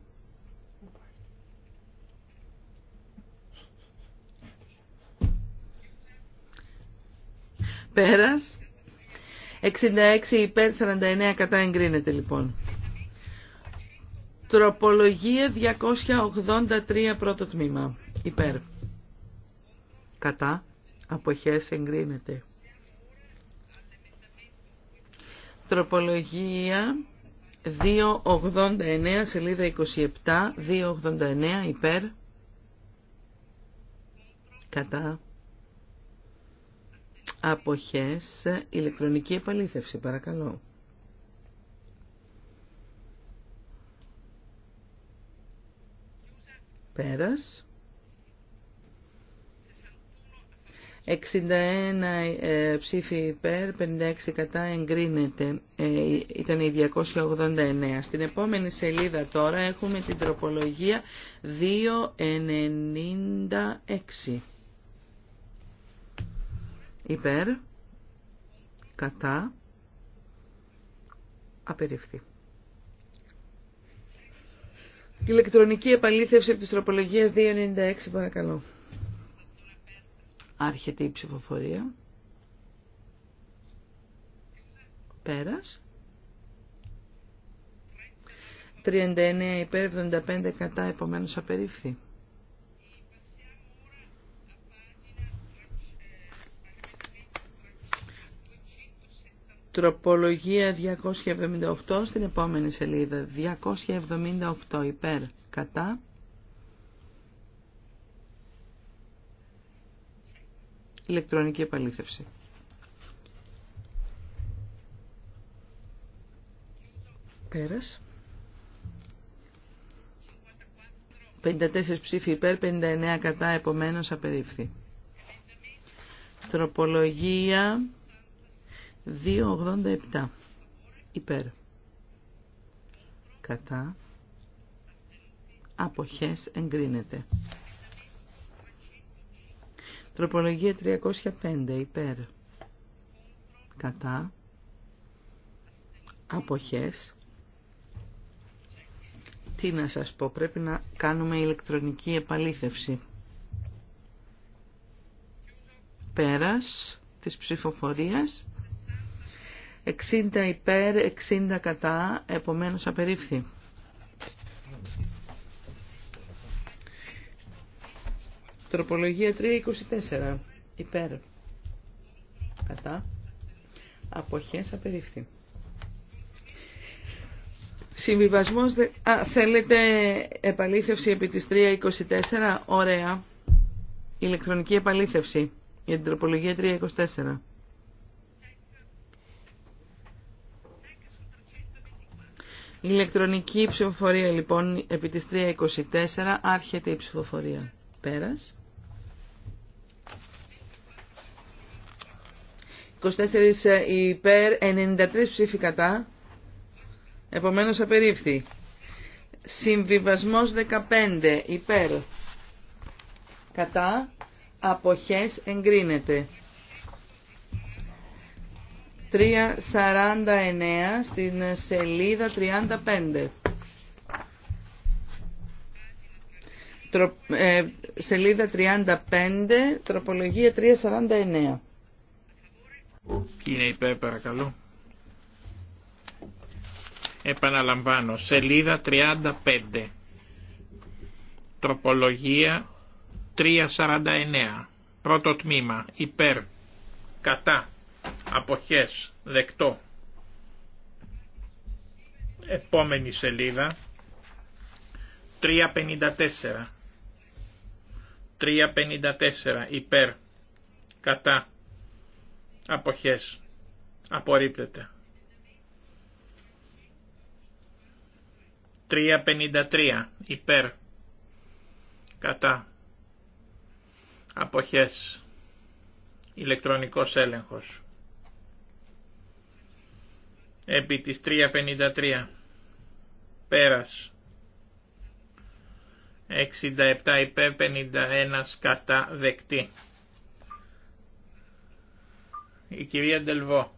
Πέρας. 66 υπέρ 49 κατά εγκρίνεται λοιπόν. Τροπολογία 283 πρώτο τμήμα. Υπέρ. Κατά αποχές εγκρίνεται. Τροπολογία 289 σελίδα 27, 289 υπέρ, κατά, αποχές, ηλεκτρονική επαλήθευση παρακαλώ. Πέρας. 61 ε, ψήφοι υπέρ, 56 κατά εγκρίνεται. Ε, ήταν η 289. Στην επόμενη σελίδα τώρα έχουμε την τροπολογία 296. Υπέρ, κατά, απεριφθεί. Ηλεκτρονική επαλήθευση της τροπολογίας 296 παρακαλώ. Άρχεται η ψηφοφορία. Πέρας. 39 υπέρ 75 κατά επομένως απερίφθη. Τροπολογία 278 στην επόμενη σελίδα. 278 υπέρ κατά ηλεκτρονική επαλήθευση. Πέρας. 54 ψήφοι υπέρ, 59 κατά, επομένως απερίφθη. Τροπολογία 287 υπέρ. Κατά. Αποχές εγκρίνεται. Τροπολογία 305 υπέρ. Κατά. Αποχές. Τι να σας πω, πρέπει να κάνουμε ηλεκτρονική επαλήθευση. Πέρας της ψηφοφορίας. 60 υπέρ, 60 κατά, επομένως απερίφθη. Τροπολογία 324. Υπέρ. Κατά. Αποχές απερίφθη. Συμβιβασμός... Α, θέλετε επαλήθευση επί της 324. Ωραία. Ηλεκτρονική επαλήθευση για την τροπολογία 324. Ηλεκτρονική ψηφοφορία λοιπόν επί της 324 άρχεται η ψηφοφορία. Πέρας. 24 ε, υπέρ, 93 ψήφοι κατά. Επομένως απερίφθη. Συμβιβασμός 15 υπέρ. Κατά. Αποχές εγκρίνεται. 349 στην ε, σελίδα 35. Ε, σελίδα 35, τροπολογία 349. Ποιοι είναι υπέρ παρακαλώ. Επαναλαμβάνω. Σελίδα 35. Τροπολογία 349. Πρώτο τμήμα. Υπέρ. Κατά. Αποχές. Δεκτό. Επόμενη σελίδα. 354. 354 υπέρ κατά Αποχές. Απορρίπτεται. 353 υπέρ. Κατά. Αποχές. Ηλεκτρονικός έλεγχος. Επί της 353. Πέρας. 67 υπέρ 51 κατά δεκτή. Η κυρία Ντελβό,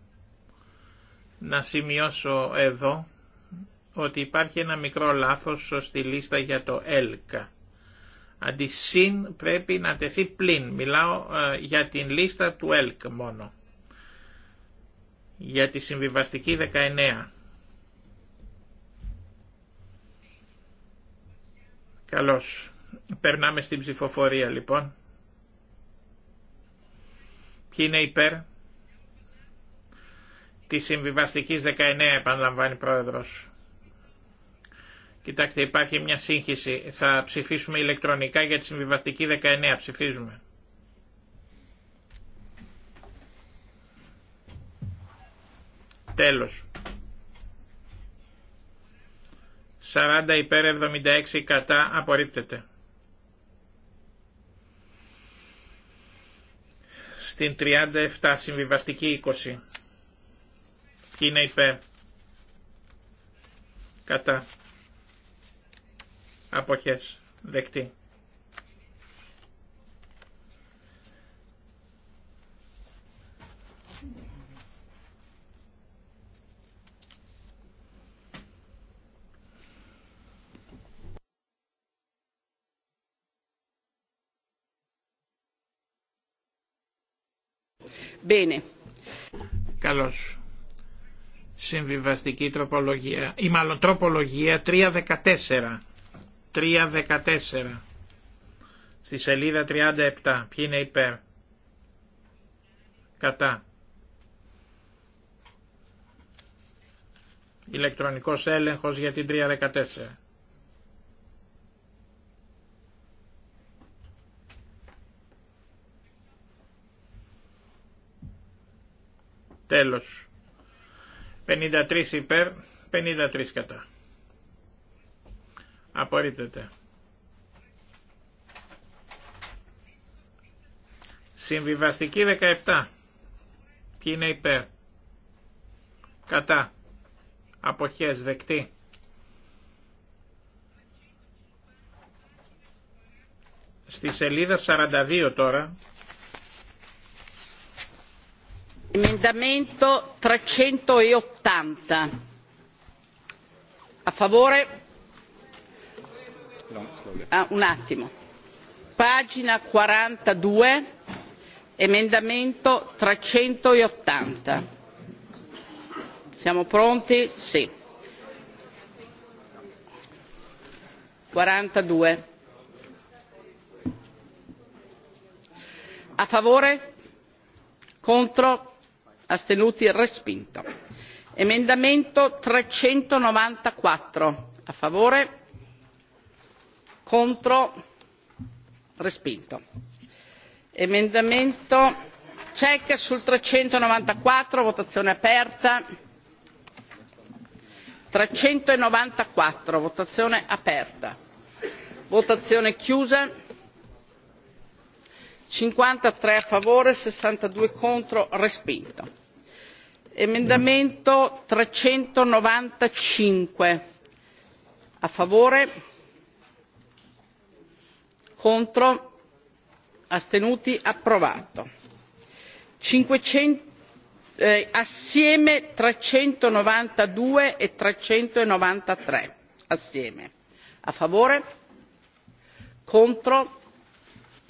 να σημειώσω εδώ ότι υπάρχει ένα μικρό λάθος στη λίστα για το ΕΛΚΑ. Αντί συν πρέπει να τεθεί πλην. Μιλάω ε, για την λίστα του ΕΛΚ μόνο. Για τη συμβιβαστική 19. Καλώς. Περνάμε στην ψηφοφορία λοιπόν. Ποιοι είναι υπέρ. Τη συμβιβαστική 19 επαναλαμβάνει πρόεδρος. Κοιτάξτε υπάρχει μια σύγχυση. Θα ψηφίσουμε ηλεκτρονικά για τη συμβιβαστική 19. Ψηφίζουμε. Τέλος. 40 υπέρ 76 κατά απορρίπτεται. Στην 37 συμβιβαστική 20 και είναι υπέρ. Κατά. Αποχές. Δεκτή. Bene. Καλώς. Συμβιβαστική τροπολογία, ή μάλλον τροπολογία 314. 314. Στη σελίδα 37. Ποιοι είναι υπέρ. Κατά. Ηλεκτρονικός έλεγχος για την 314. Τέλος. 53 υπέρ, 53 κατά. Απορρίπτεται. Συμβιβαστική 17. Ποιοι είναι υπέρ. Κατά. Αποχές δεκτή. Στη σελίδα 42 τώρα emendamento 380 a favore un attimo pagina quarantadue emendamento 380 siamo pronti? sì 42 a favore contro astenuti respinto emendamento trecentonovantaquattro a favore contro respinto emendamento check sul trecentonovantaquattro votazione aperta trecentonovantaquattro votazione aperta votazione chiusa cinquantatré a favore sessantadue contro respinto emendamento trecentonovantacinque a favore contro astenuti approvato assieme trecentonovantadue e trecentonovantatré assieme a favore contro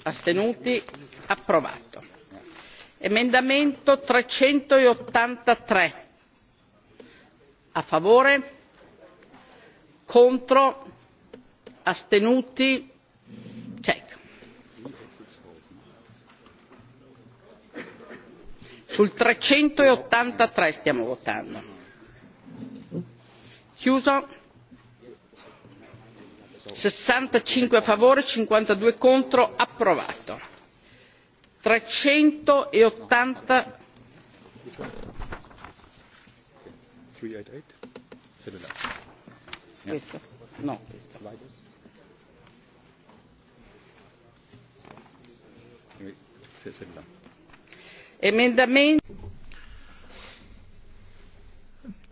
astenuti approvato emendamento trecentottantatré a favore contro astenuti check sul trecentottantatré stiamo votando chiuso sessantacinque a favore cinquantadue contro approvato 380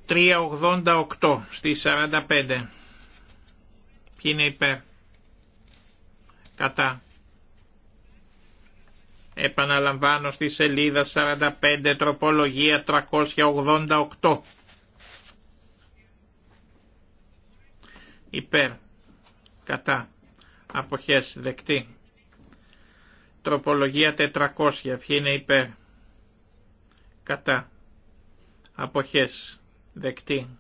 388 στη 45. Ποιοι είναι υπέρ. Κατά. Επαναλαμβάνω στη σελίδα 45 τροπολογία 388. Υπέρ. Κατά. Αποχές. Δεκτή. Τροπολογία 400. Ποιοι είναι υπέρ. Κατά. Αποχές. Δεκτή.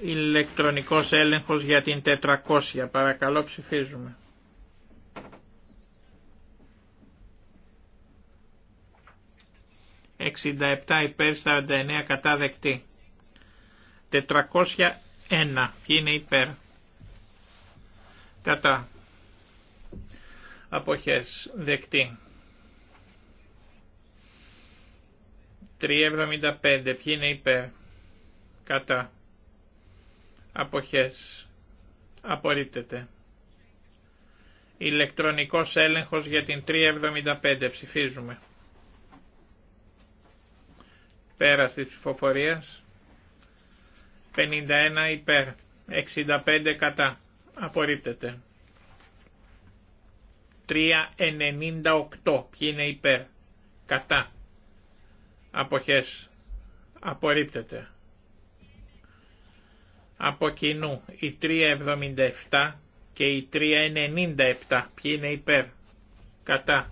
Ηλεκτρονικός έλεγχος για την 400. Παρακαλώ ψηφίζουμε. 67 υπέρ 49 κατά δεκτή. 401 ποιοι είναι υπέρ. Κατά. Αποχές δεκτή. 375 ποιοι είναι υπέρ. Κατά. Αποχές. Απορρίπτεται. Ηλεκτρονικός έλεγχος για την 375 ψηφίζουμε. Πέρας της ψηφοφορίας. 51 υπέρ. 65 κατά. Απορρίπτεται. 398. Ποιοι είναι υπέρ. Κατά. Αποχές. Απορρίπτεται. Από κοινού η 377 και η 397. Ποιοι είναι υπέρ. Κατά.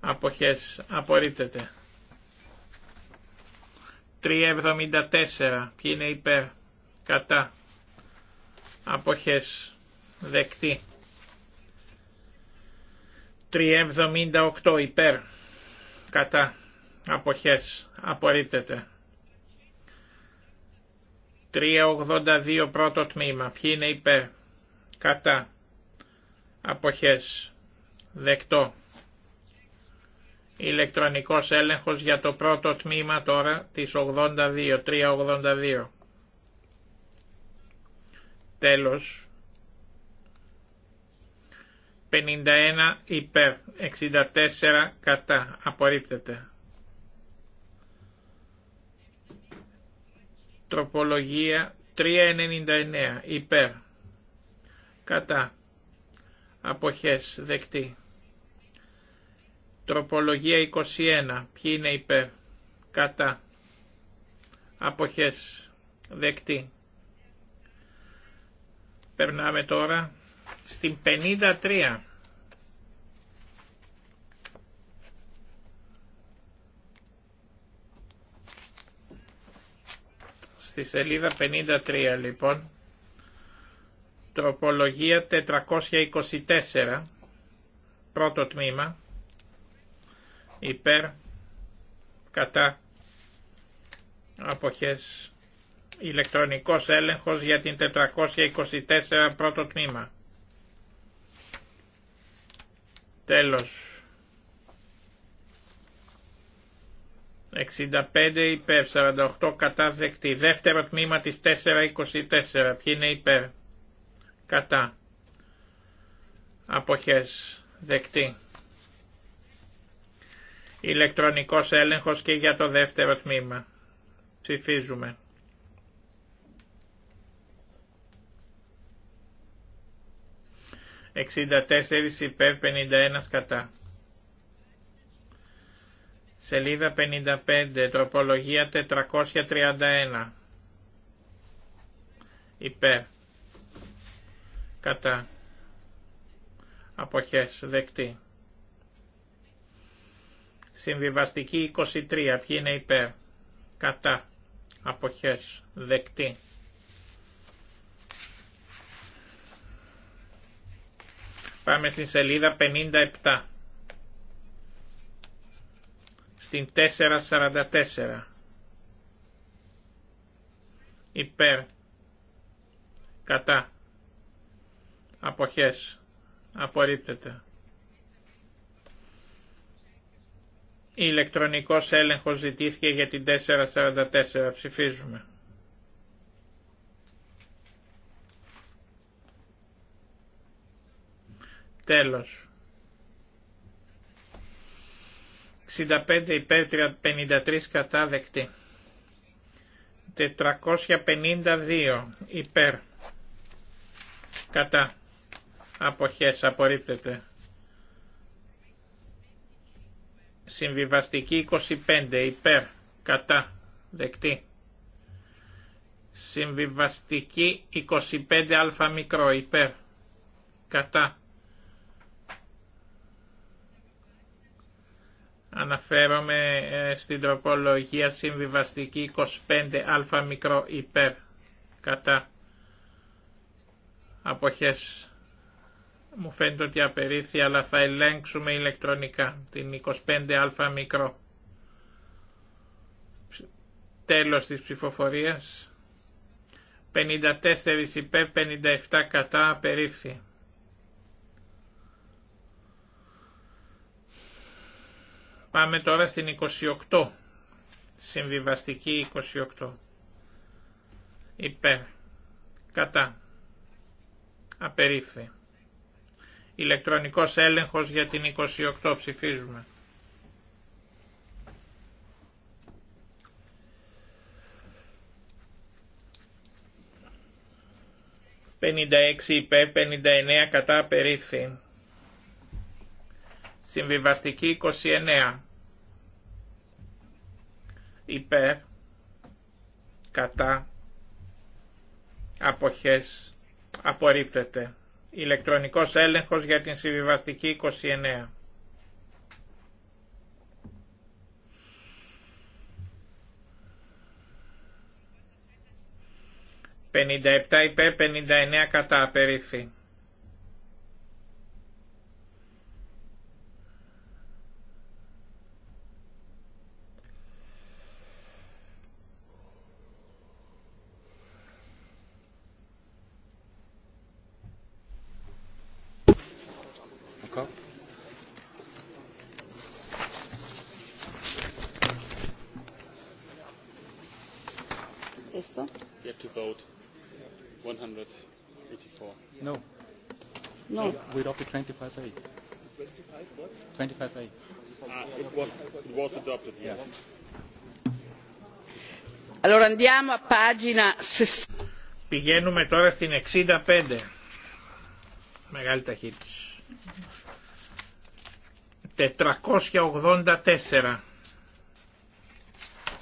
Αποχές. Απορρίπτεται. 374. Ποιοι είναι υπέρ. Κατά. Αποχές. Δεκτή. 378 υπέρ. Κατά. Αποχές. Απορρίπτεται. 382 πρώτο τμήμα. Ποιοι είναι υπέρ. Κατά. Αποχές. Δεκτό. Ηλεκτρονικός έλεγχος για το πρώτο τμήμα τώρα της 82, 382. Τέλος. 51 υπέρ, 64 κατά, απορρίπτεται. Τροπολογία 399 υπέρ, κατά, αποχές, δεκτή. Τροπολογία 21. Ποιοι είναι υπέρ. Κατά. Αποχές. Δεκτή. Περνάμε τώρα στην 53. Στη σελίδα 53 λοιπόν, τροπολογία 424, πρώτο τμήμα, υπέρ, κατά, αποχές, ηλεκτρονικός έλεγχος για την 424 πρώτο τμήμα. Τέλος. 65 υπέρ, 48 κατά δεκτή. Δεύτερο τμήμα της 424. Ποιοι είναι υπέρ. Κατά. Αποχές. Δεκτή. Ηλεκτρονικός έλεγχος και για το δεύτερο τμήμα. Ψηφίζουμε. ...64 υπέρ 51 κατά. Σελίδα 55, τροπολογία 431. Υπέρ. Κατά. Αποχές, δεκτή. Συμβιβαστική 23. Ποιοι είναι υπέρ. Κατά. Αποχές. Δεκτή. Πάμε στην σελίδα 57. Στην 444. Υπέρ. Κατά. Αποχές. Απορρίπτεται. Ηλεκτρονικός έλεγχος ζητήθηκε για την 444. Ψηφίζουμε. Τέλος. 65 υπέρ 53 κατά δεκτή. 452 υπέρ κατά αποχές απορρίπτεται. Συμβιβαστική 25 υπέρ κατά δεκτή. Συμβιβαστική αλφα μικρό υπέρ κατά. Αναφέρομαι ε, στην τροπολογία συμβιβαστική αλφα μικρό υπέρ κατά αποχές μου φαίνεται ότι απερίφθη αλλά θα ελέγξουμε ηλεκτρονικά την 25α μικρό. Τέλος της ψηφοφορίας. 54 υπέρ, 57 κατά, απερίφθη. Πάμε τώρα στην 28. Συμβιβαστική 28. Υπέρ. Κατά. Απερίφθη. Ηλεκτρονικός έλεγχος για την 28 ψηφίζουμε. «56 υπέ, 59 κατά απερίφθη». Συμβιβαστική 29 υπέρ, κατά, αποχές, απορρίπτεται. Ηλεκτρονικός έλεγχος για την συμβιβαστική 29. «57 υπέρ, 59 κατά απερίφη». Πηγαίνουμε τώρα στην 65. Μεγάλη ταχύτητα. 484.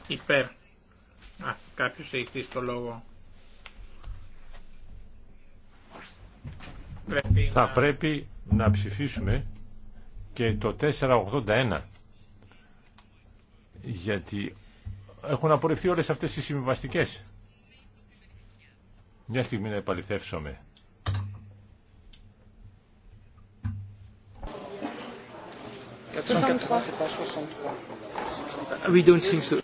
Υπέρ. Α, κάποιος έχει το λόγο. θα πρέπει να ψηφίσουμε και το 481 γιατί έχουν απορριφθεί όλες αυτές οι συμβαστικές. Μια στιγμή να επαληθεύσουμε. We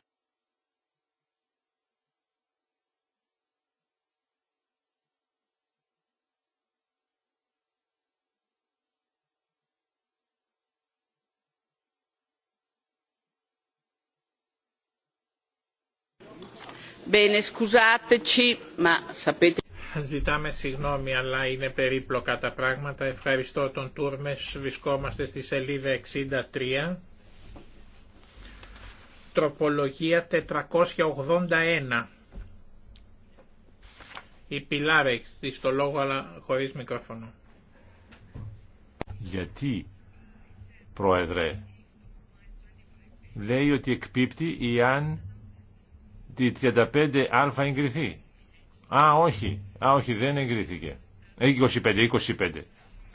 Ζητάμε συγγνώμη, αλλά είναι περίπλοκα τα πράγματα. Ευχαριστώ τον Τούρμες. Βρισκόμαστε στη σελίδα 63. Τροπολογία 481. Η Πιλάρα έχει στο λόγο, αλλά χωρίς μικρόφωνο. Γιατί, Πρόεδρε, λέει ότι εκπίπτει ή αν η 35α εγκριθεί. Α, όχι. Α, όχι, δεν εγκρίθηκε. 25, ε, 25.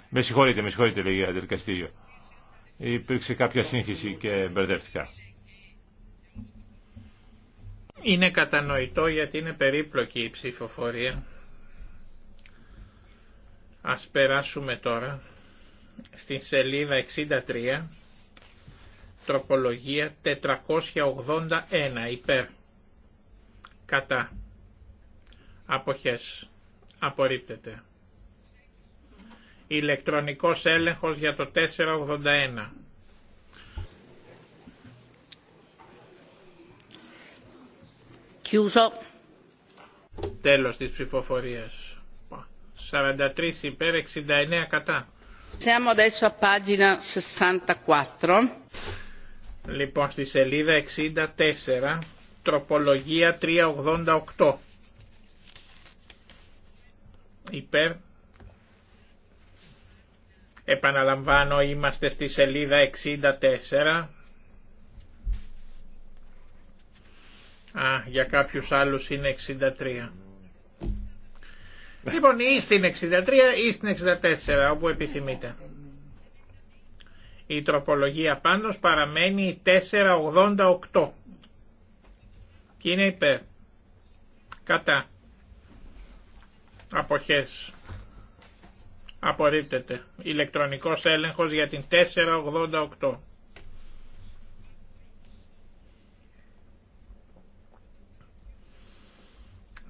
Με συγχωρείτε, με συγχωρείτε, λέγει η Αντελκαστήριο. Υπήρξε κάποια σύγχυση και μπερδεύτηκα. Είναι κατανοητό γιατί είναι περίπλοκη η ψηφοφορία. Ας περάσουμε τώρα στην σελίδα 63, τροπολογία 481 υπέρ κατά αποχές απορρίπτεται. Ηλεκτρονικός έλεγχος για το 481. Τέλος της ψηφοφορίας. 43 υπέρ 69 κατά. Siamo adesso a 64. Λοιπόν, στη σελίδα 64 τροπολογία 388 υπέρ επαναλαμβάνω είμαστε στη σελίδα 64 Α, για κάποιους άλλους είναι 63. Λοιπόν, ή στην 63 ή στην 64, όπου επιθυμείτε. Η τροπολογία πάντως παραμένει 488 είναι υπέρ. Κατά. Αποχές. Απορρίπτεται. Ηλεκτρονικός έλεγχος για την 488.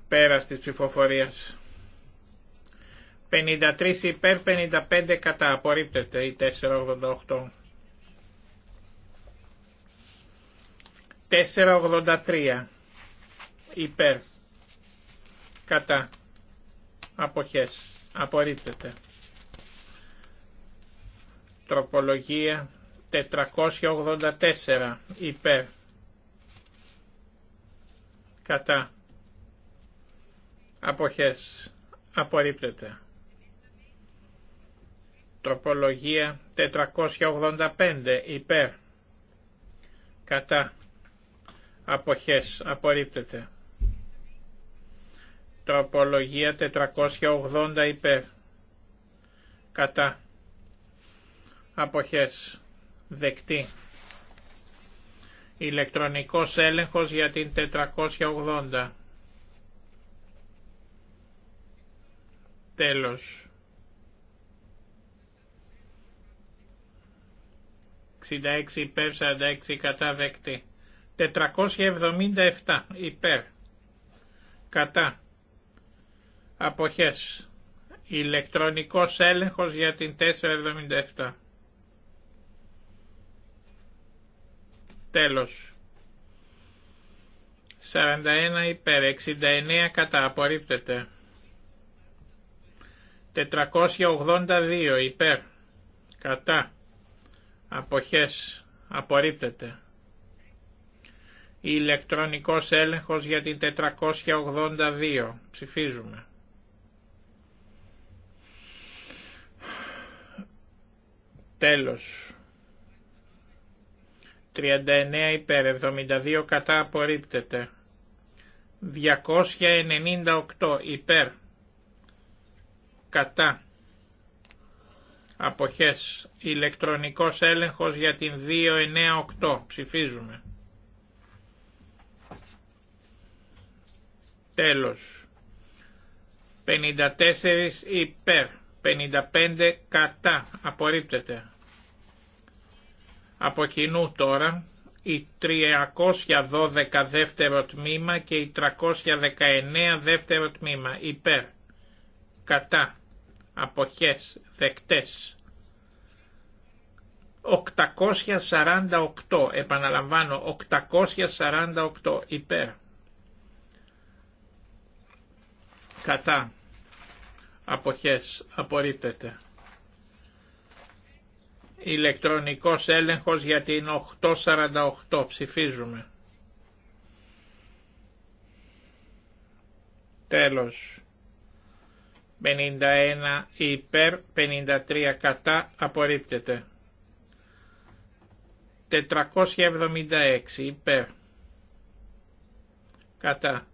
Πέρας της ψηφοφορίας. 53 υπέρ 55 κατά. Απορρίπτεται η 488. 483 υπέρ κατά αποχές απορρίπτεται τροπολογία 484 υπέρ κατά αποχές απορρίπτεται τροπολογία 485 υπέρ κατά αποχές απορρίπτεται Τροπολογία 480 υπέρ. Κατά. Αποχές. Δεκτή. Ηλεκτρονικός έλεγχος για την 480. Τέλος. 66 υπέρ, 46 κατά δεκτή. 477 υπέρ. Κατά. Αποχές. Ηλεκτρονικός έλεγχος για την 477. Τέλος. 41 υπέρ, 69 κατά, απορρίπτεται. 482 υπέρ, κατά, αποχές, απορρίπτεται. Ηλεκτρονικός έλεγχος για την 482. Ψηφίζουμε. Τέλος. 39 υπέρ, 72 κατά απορρίπτεται. 298 υπέρ, κατά, αποχές, ηλεκτρονικός έλεγχος για την 298, ψηφίζουμε. Τέλος. 54 υπέρ, 55 κατά, απορρίπτεται. Από κοινού τώρα η 312 δεύτερο τμήμα και η 319 δεύτερο τμήμα υπέρ, κατά, αποχές, δεκτές. 848, επαναλαμβάνω, 848 υπέρ, κατά, αποχές, απορρίπτεται. Ηλεκτρονικός έλεγχος για την 848 ψηφίζουμε. Τέλος. 51 υπέρ, 53 κατά, απορρίπτεται. 476 υπέρ. Κατά.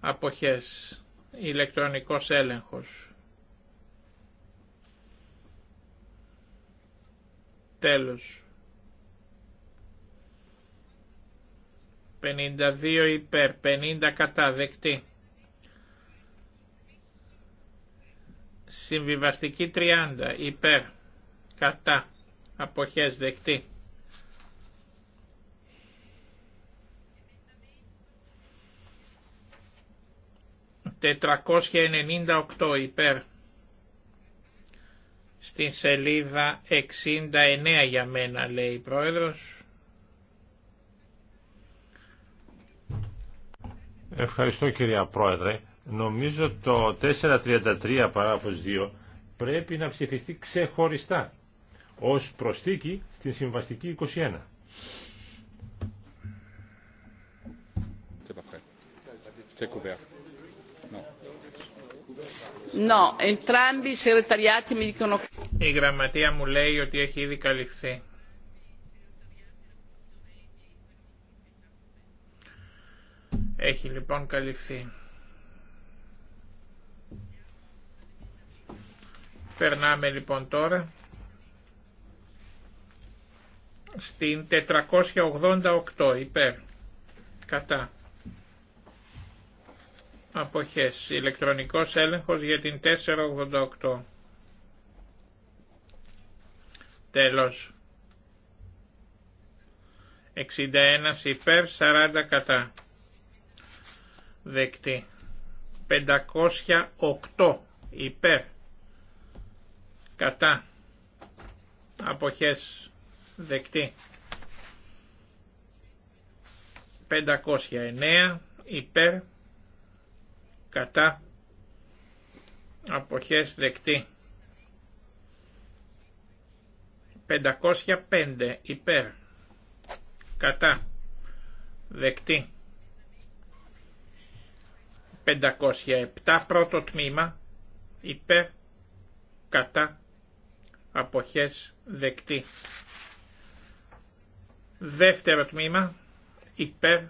Αποχές. Ηλεκτρονικός έλεγχος. Τέλος. 52 υπέρ, 50 κατά, δεκτή. Συμβιβαστική 30 υπέρ, κατά, αποχές, δεκτή. 498 ενενήντα υπέρ. Στην σελίδα 69 για μένα λέει η Πρόεδρος. Ευχαριστώ κυρία Πρόεδρε. Νομίζω το 433 παράγραφος 2 πρέπει να ψηφιστεί ξεχωριστά ως προστίκη στην συμβαστική 21. No, entrambi i segretariati mi dicono che... Η γραμματεία μου λέει ότι έχει ήδη καλυφθεί. Έχει λοιπόν καλυφθεί. Περνάμε λοιπόν τώρα στην 488 υπέρ κατά αποχές ηλεκτρονικός έλεγχος για την 488 Τέλος. 61 υπέρ 40 κατά. Δεκτή. 508 υπέρ. Κατά. Αποχές. Δεκτή. 509 υπέρ. Κατά. Αποχές δεκτή. 505 υπέρ κατά δεκτή 507 πρώτο τμήμα υπέρ κατά αποχές δεκτή δεύτερο τμήμα υπέρ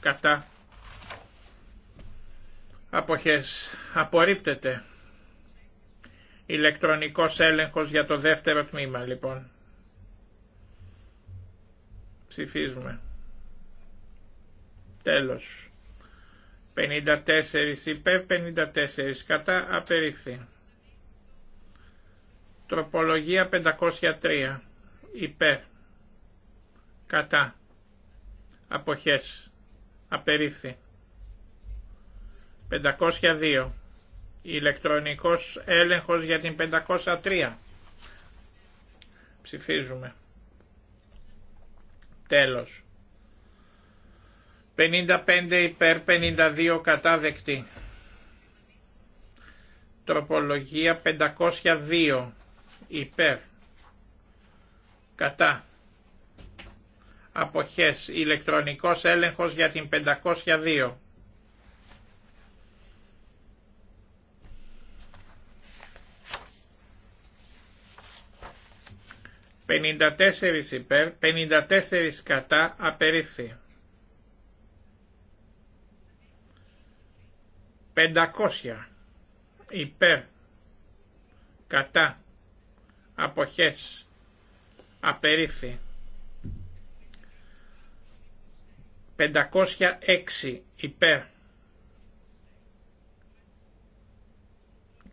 κατά αποχές απορρίπτεται Ηλεκτρονικός έλεγχος για το δεύτερο τμήμα λοιπόν. Ψηφίζουμε. Τέλος. 54 υπέρ, 54 κατά, απερίφθη. Τροπολογία 503. Υπέρ. Κατά. Αποχές. Απερίφθη. 502. Ηλεκτρονικός έλεγχος για την 503. Ψηφίζουμε. Τέλος. 55 υπέρ 52 κατά Τροπολογία 502 υπέρ. Κατά. Αποχές. Ηλεκτρονικός έλεγχος για την 502. 54 υπέρ, 54 κατά, απερίφθη. 500 υπέρ, κατά, αποχές, απερίφθη. 506 υπέρ,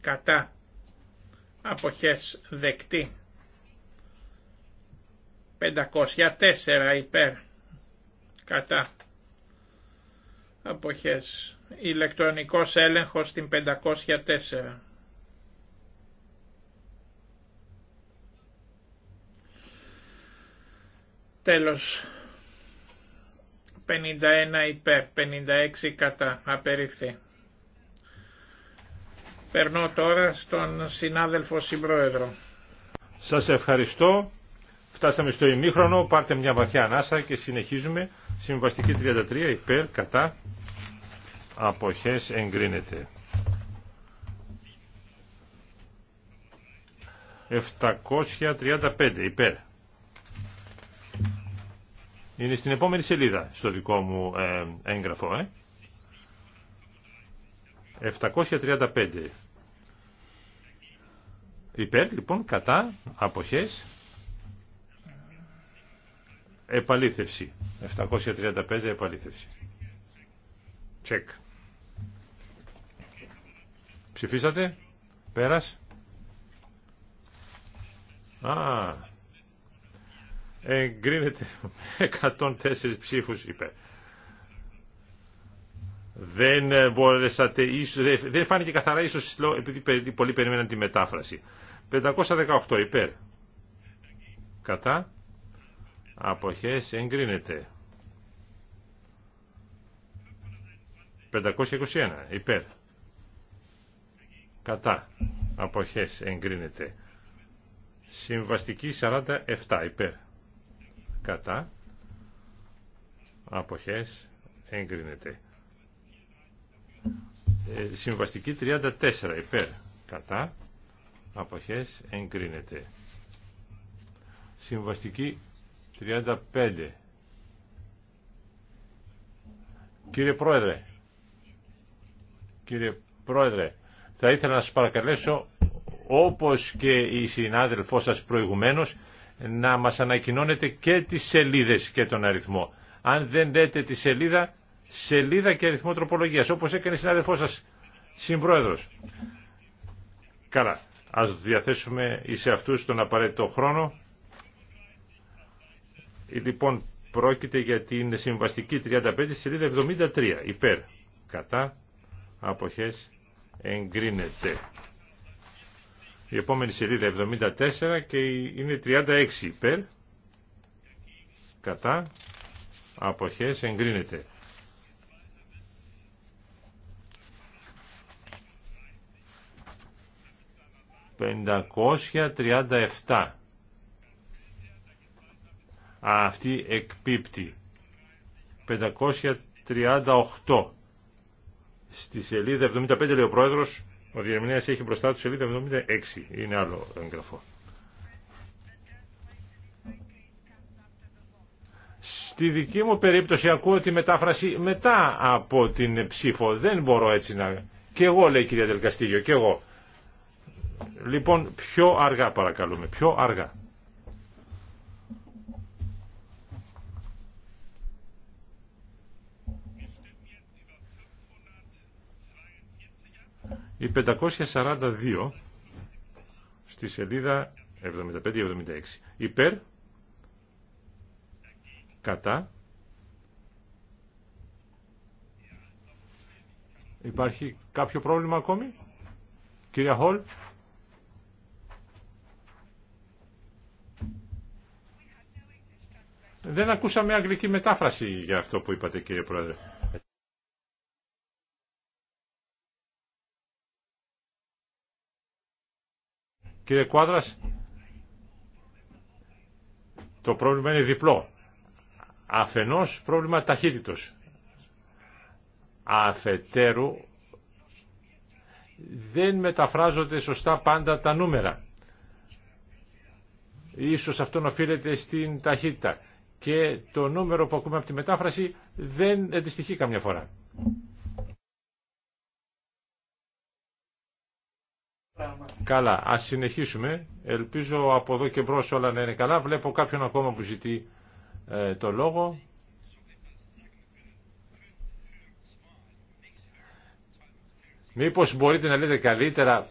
κατά, αποχές, δεκτή. 504 υπέρ κατά αποχές ηλεκτρονικός έλεγχος στην 504 τέλος 51 υπέρ 56 κατά απερίφθη Περνώ τώρα στον συνάδελφο συμπρόεδρο. Σας ευχαριστώ. Φτάσαμε στο ημίχρονο, πάρτε μια βαθιά ανάσα και συνεχίζουμε. Συμβαστική 33 υπέρ, κατά, αποχές εγκρίνεται. 735 υπέρ. Είναι στην επόμενη σελίδα στο δικό μου ε, έγγραφο. Ε. 735 υπέρ, λοιπόν, κατά, αποχές Επαλήθευση. 735 επαλήθευση. Τσεκ. Ψηφίσατε. Πέρας. Α, εγκρίνεται 104 ψήφους υπέρ. Δεν ε, μπορέσατε, δεν φάνηκε καθαρά ίσως επειδή πολλοί περιμέναν τη μετάφραση. 518 υπέρ. Κατά αποχές εγκρίνεται 521 υπέρ κατά αποχές εγκρίνεται συμβαστική 47 ε, υπέρ κατά αποχές εγκρίνεται συμβαστική 34 υπέρ κατά αποχές εγκρίνεται συμβαστική 35. Κύριε Πρόεδρε, κύριε Πρόεδρε, θα ήθελα να σας παρακαλέσω, όπως και η συνάδελφό σας προηγουμένως, να μας ανακοινώνετε και τις σελίδες και τον αριθμό. Αν δεν λέτε τη σελίδα, σελίδα και αριθμό τροπολογίας, όπως έκανε η συνάδελφό σας συμπρόεδρος. Καλά, ας διαθέσουμε σε αυτούς τον απαραίτητο χρόνο. Λοιπόν, πρόκειται για την συμβαστική 35 σελίδα 73. Υπέρ. Κατά. Αποχές. Εγκρίνεται. Η επόμενη σελίδα 74 και είναι 36 υπέρ. Κατά. Αποχές. Εγκρίνεται. «537» αυτή εκπίπτει. 538. Στη σελίδα 75 λέει ο πρόεδρος, ο διερμηνέας έχει μπροστά του σελίδα 76. Είναι άλλο εγγραφό. Στη δική μου περίπτωση ακούω τη μετάφραση μετά από την ψήφο. Δεν μπορώ έτσι να... Και εγώ λέει η κυρία Τελκαστήγιο και εγώ. Λοιπόν, πιο αργά παρακαλούμε, πιο αργά. Η 542 στη σελίδα 75-76. Υπέρ, κατά, Υπάρχει κάποιο πρόβλημα ακόμη, κυρία Χολ. Δεν ακούσαμε αγγλική μετάφραση για αυτό που είπατε κύριε Πρόεδρε. Κύριε Κουάδρας, το πρόβλημα είναι διπλό. Αφενός πρόβλημα ταχύτητος. Αφετέρου δεν μεταφράζονται σωστά πάντα τα νούμερα. Ίσως αυτό οφείλεται στην ταχύτητα. Και το νούμερο που ακούμε από τη μετάφραση δεν αντιστοιχεί καμιά φορά. Καλά, α συνεχίσουμε. Ελπίζω από εδώ και μπρος όλα να είναι καλά. Βλέπω κάποιον ακόμα που ζητεί ε, το λόγο. Μήπως μπορείτε να λέτε καλύτερα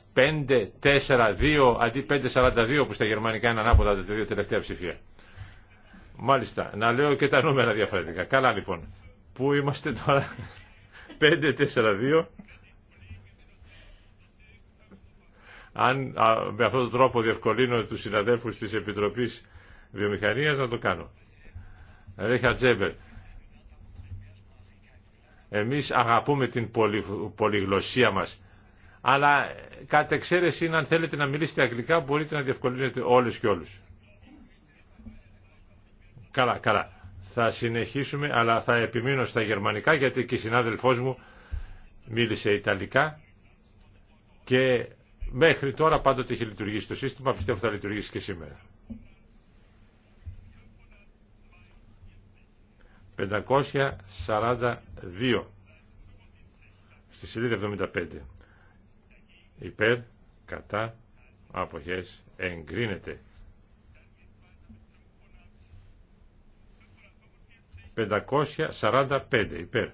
5-4-2 αντί 5-42 που στα γερμανικά είναι ανάποδα τα δύο τελευταία ψηφία. Μάλιστα, να λέω και τα νούμερα διαφορετικά. Καλά λοιπόν. Πού είμαστε τώρα 5-4-2 <laughs> αν με αυτόν τον τρόπο διευκολύνω τους συναδέλφους της Επιτροπής Βιομηχανίας να το κάνω. Ρέχα Τζέμπερ, εμείς αγαπούμε την πολυ, πολυγλωσία μας, αλλά κατ' εξαίρεση είναι αν θέλετε να μιλήσετε αγγλικά μπορείτε να διευκολύνετε όλους και όλους. Καλά, καλά. Θα συνεχίσουμε, αλλά θα επιμείνω στα γερμανικά, γιατί και η συνάδελφός μου μίλησε Ιταλικά και Μέχρι τώρα πάντοτε έχει λειτουργήσει το σύστημα, πιστεύω θα λειτουργήσει και σήμερα. 542 στη σελίδα 75 υπέρ, κατά, αποχές, εγκρίνεται. 545 υπέρ,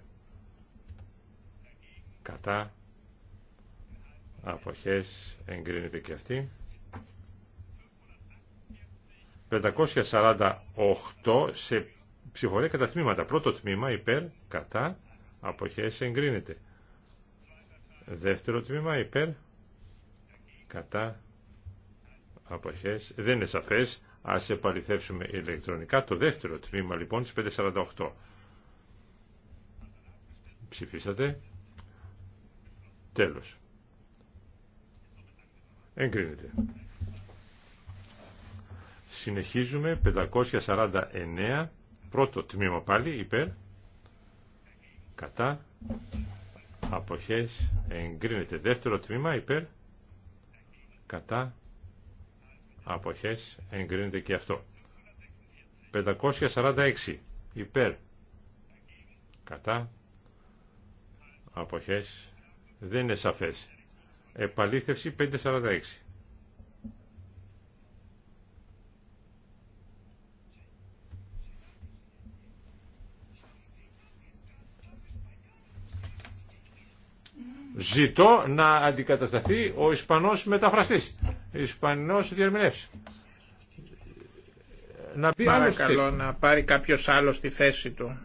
κατά, αποχές εγκρίνεται και αυτή 548 σε ψηφορία κατά τμήματα πρώτο τμήμα υπέρ κατά αποχές εγκρίνεται δεύτερο τμήμα υπέρ κατά αποχές δεν είναι σαφές ας επαληθεύσουμε ηλεκτρονικά το δεύτερο τμήμα λοιπόν της 548 ψηφίσατε τέλος Εγκρίνεται. Συνεχίζουμε 549, πρώτο τμήμα πάλι, υπέρ, κατά, αποχές, εγκρίνεται. Δεύτερο τμήμα, υπέρ, κατά, αποχές, εγκρίνεται και αυτό. 546, υπέρ, κατά, αποχές, δεν είναι σαφές. Επαλήθευση 546. Ζητώ να αντικατασταθεί ο Ισπανός μεταφραστής. Ισπανός διαρμηνεύσει. Να πει Παρακαλώ να πάρει κάποιος άλλος τη θέση του.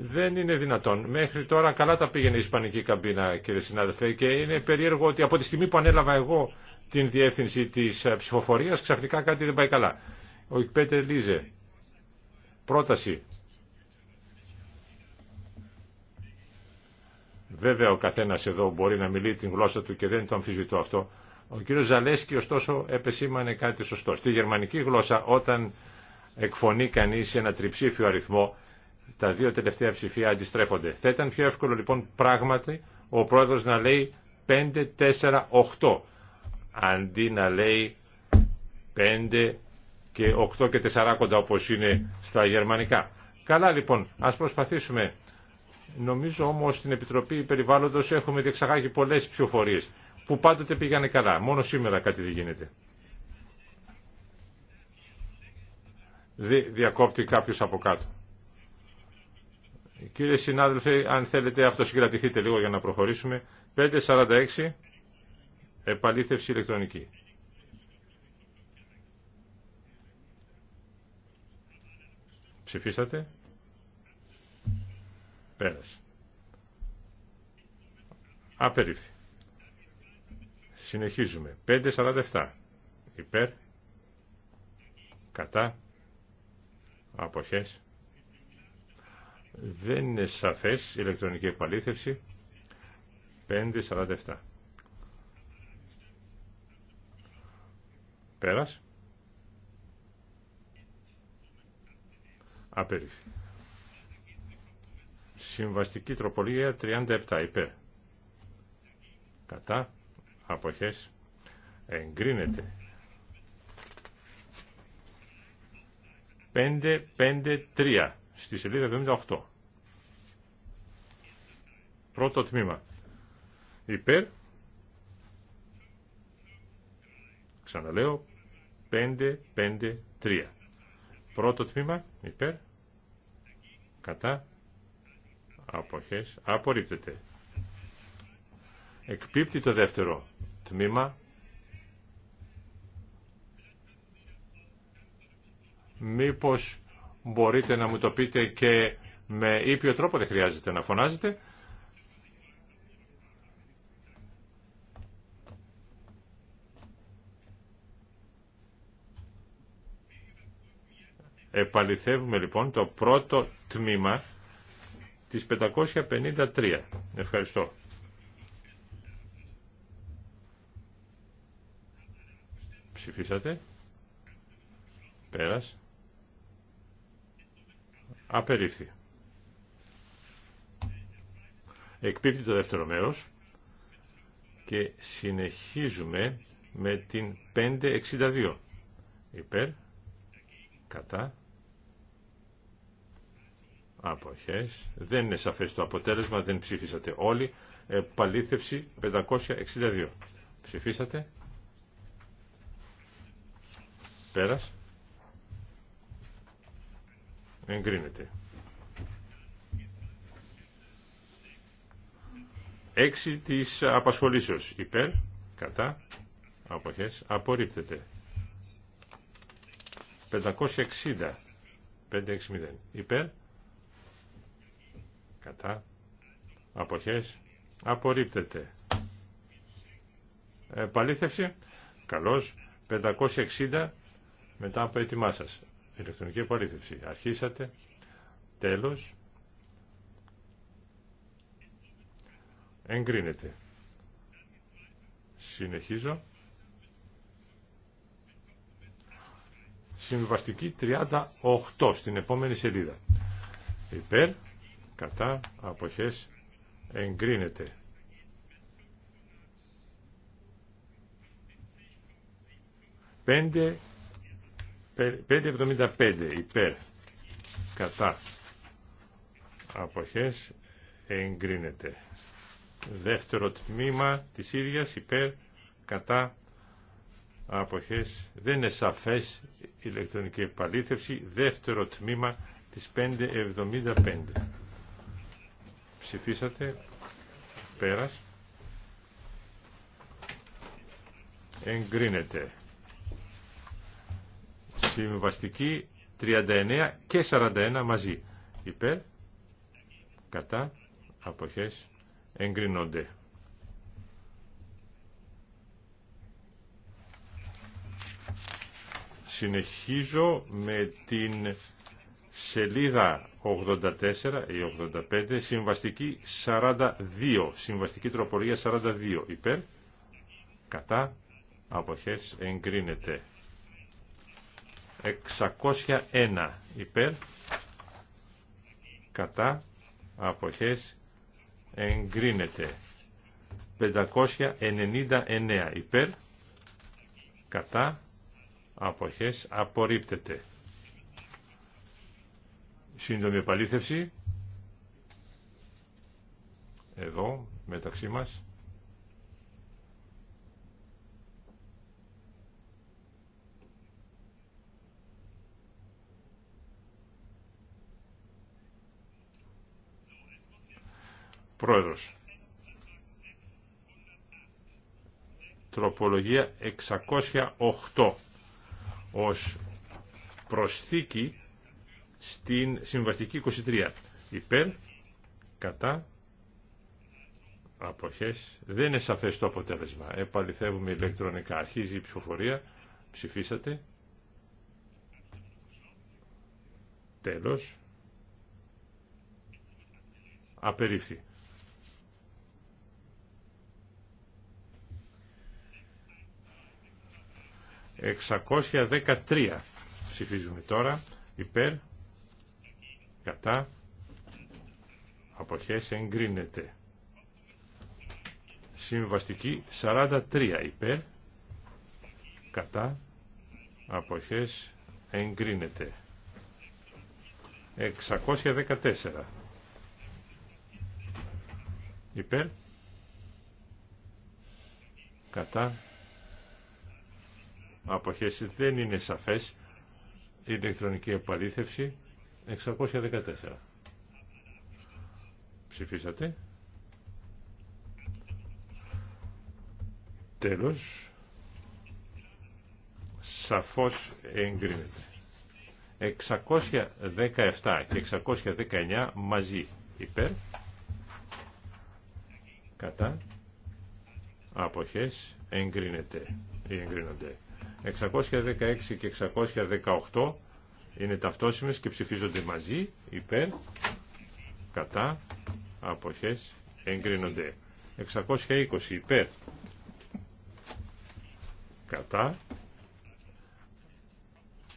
δεν είναι δυνατόν. Μέχρι τώρα καλά τα πήγαινε η Ισπανική καμπίνα, κύριε συνάδελφε, και είναι περίεργο ότι από τη στιγμή που ανέλαβα εγώ την διεύθυνση της ε, ψηφοφορία, ξαφνικά κάτι δεν πάει καλά. Ο Πέτερ Λίζε, πρόταση. Βέβαια ο καθένα εδώ μπορεί να μιλεί την γλώσσα του και δεν το αμφισβητώ αυτό. Ο κύριο Ζαλέσκι ωστόσο επεσήμανε κάτι σωστό. Στη γερμανική γλώσσα όταν εκφωνεί κανεί ένα τριψήφιο αριθμό τα δύο τελευταία ψηφία αντιστρέφονται. Θα ήταν πιο εύκολο λοιπόν πράγματι ο πρόεδρος να λέει 5, 4, 8 αντί να λέει 5 και 8 και 4 όπως είναι στα γερμανικά. Καλά λοιπόν, ας προσπαθήσουμε. Νομίζω όμως στην Επιτροπή Περιβάλλοντος έχουμε διεξαγάγει πολλές ψηφοφορίες που πάντοτε πήγανε καλά. Μόνο σήμερα κάτι δεν γίνεται. διακόπτει κάποιος από κάτω. Κύριε συνάδελφε, αν θέλετε αυτοσυγκρατηθείτε λίγο για να προχωρήσουμε. 546, επαλήθευση ηλεκτρονική. Ψηφίσατε. Πέρασε. Απερίφθη. Συνεχίζουμε. 547. Υπέρ. Κατά. Αποχές. Δεν είναι σαφές η ηλεκτρονική επαλήθευση. 5.47. Πέρας. Απερίφθη. Συμβαστική τροπολογία 37 υπέρ. Κατά. Αποχές. Εγκρίνεται στη σελίδα 78. Πρώτο τμήμα. Υπέρ. Ξαναλέω. 5-5-3. Πρώτο τμήμα. Υπέρ. Κατά. Αποχές. Απορρίπτεται. Εκπίπτει το δεύτερο τμήμα. Μήπως μπορείτε να μου το πείτε και με ήπιο τρόπο δεν χρειάζεται να φωνάζετε. Επαληθεύουμε λοιπόν το πρώτο τμήμα της 553. Ευχαριστώ. Ψηφίσατε. Πέρασε. Απερίφθη. Εκπίπτει το δεύτερο μέρος και συνεχίζουμε με την 562. Υπέρ, κατά, αποχές. Δεν είναι σαφές το αποτέλεσμα, δεν ψήφισατε όλοι. Επαλήθευση 562. Ψηφίσατε. Πέρας. Εγκρίνεται. 6 της απασχολήσεως υπέρ, κατά, αποχές, απορρίπτεται. 560, 560, υπέρ, κατά, αποχές, απορρίπτεται. επαληθευση καλώς, 560 μετά από έτοιμά σας ηλεκτρονική επαλήθευση. Αρχίσατε. Τέλος. Εγκρίνεται. Συνεχίζω. Συμβαστική 38 στην επόμενη σελίδα. Υπέρ, κατά, αποχές, εγκρίνεται. Πέντε 575 υπέρ κατά αποχές εγκρίνεται. Δεύτερο τμήμα της ίδιας υπέρ κατά αποχές δεν είναι σαφές ηλεκτρονική επαλήθευση. Δεύτερο τμήμα της 575. Ψηφίσατε πέρας. Εγκρίνεται. Συμβαστική 39 και 41 μαζί. Υπέρ, κατά, αποχές, εγκρίνονται. Συνεχίζω με την σελίδα 84 ή 85, συμβαστική 42, συμβαστική τροπολογία 42, υπέρ, κατά, αποχές εγκρίνεται. 601 υπέρ κατά αποχές εγκρίνεται 599 υπέρ κατά αποχές απορρίπτεται σύντομη επαλήθευση εδώ μεταξύ μας Πρόεδρος. Τροπολογία 608 ως προσθήκη στην συμβαστική 23. Υπέρ, κατά, αποχές. Δεν είναι σαφές το αποτέλεσμα. Επαληθεύουμε ηλεκτρονικά. Αρχίζει η ψηφοφορία. Ψηφίσατε. Τέλος. Απερίφθη. 613 ψηφίζουμε τώρα υπέρ κατά αποχές εγκρίνεται συμβαστική 43 υπέρ κατά αποχές εγκρίνεται 614 υπέρ κατά Αποχέσει δεν είναι σαφές η ηλεκτρονική επαλήθευση 614 ψηφίσατε τέλος σαφώς εγκρίνεται 617 και 619 μαζί υπέρ κατά αποχές εγκρίνεται ή εγκρίνονται 616 και 618 είναι ταυτόσιμες και ψηφίζονται μαζί υπέρ, κατά, αποχές, εγκρίνονται. 620 υπέρ, κατά,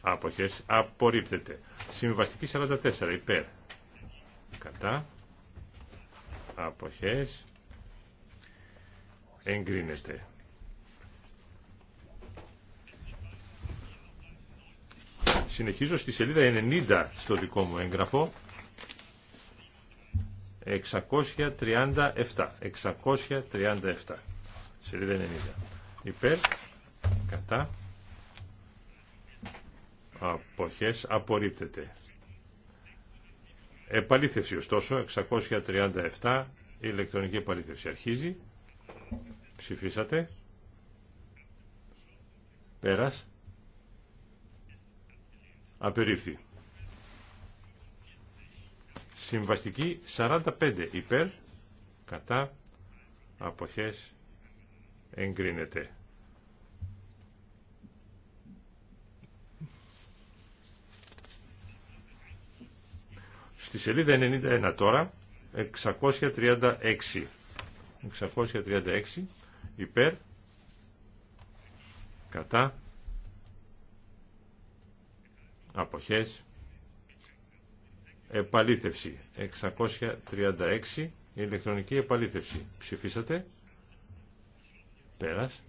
αποχές, απορρίπτεται. Συμβαστική 44 υπέρ, κατά, αποχές, εγκρίνεται. Συνεχίζω στη σελίδα 90 στο δικό μου έγγραφο. 637. 637. Σελίδα 90. Υπέρ, κατά, αποχές, απορρίπτεται. Επαλήθευση ωστόσο, 637, η ηλεκτρονική επαλήθευση αρχίζει. Ψηφίσατε. Πέρας. Απερίφθη. Συμβαστική 45 υπέρ κατά αποχές εγκρίνεται. Στη σελίδα 91 τώρα 636 636 υπέρ κατά αποχές επαλήθευση 636 η ηλεκτρονική επαλήθευση ψηφίσατε πέρας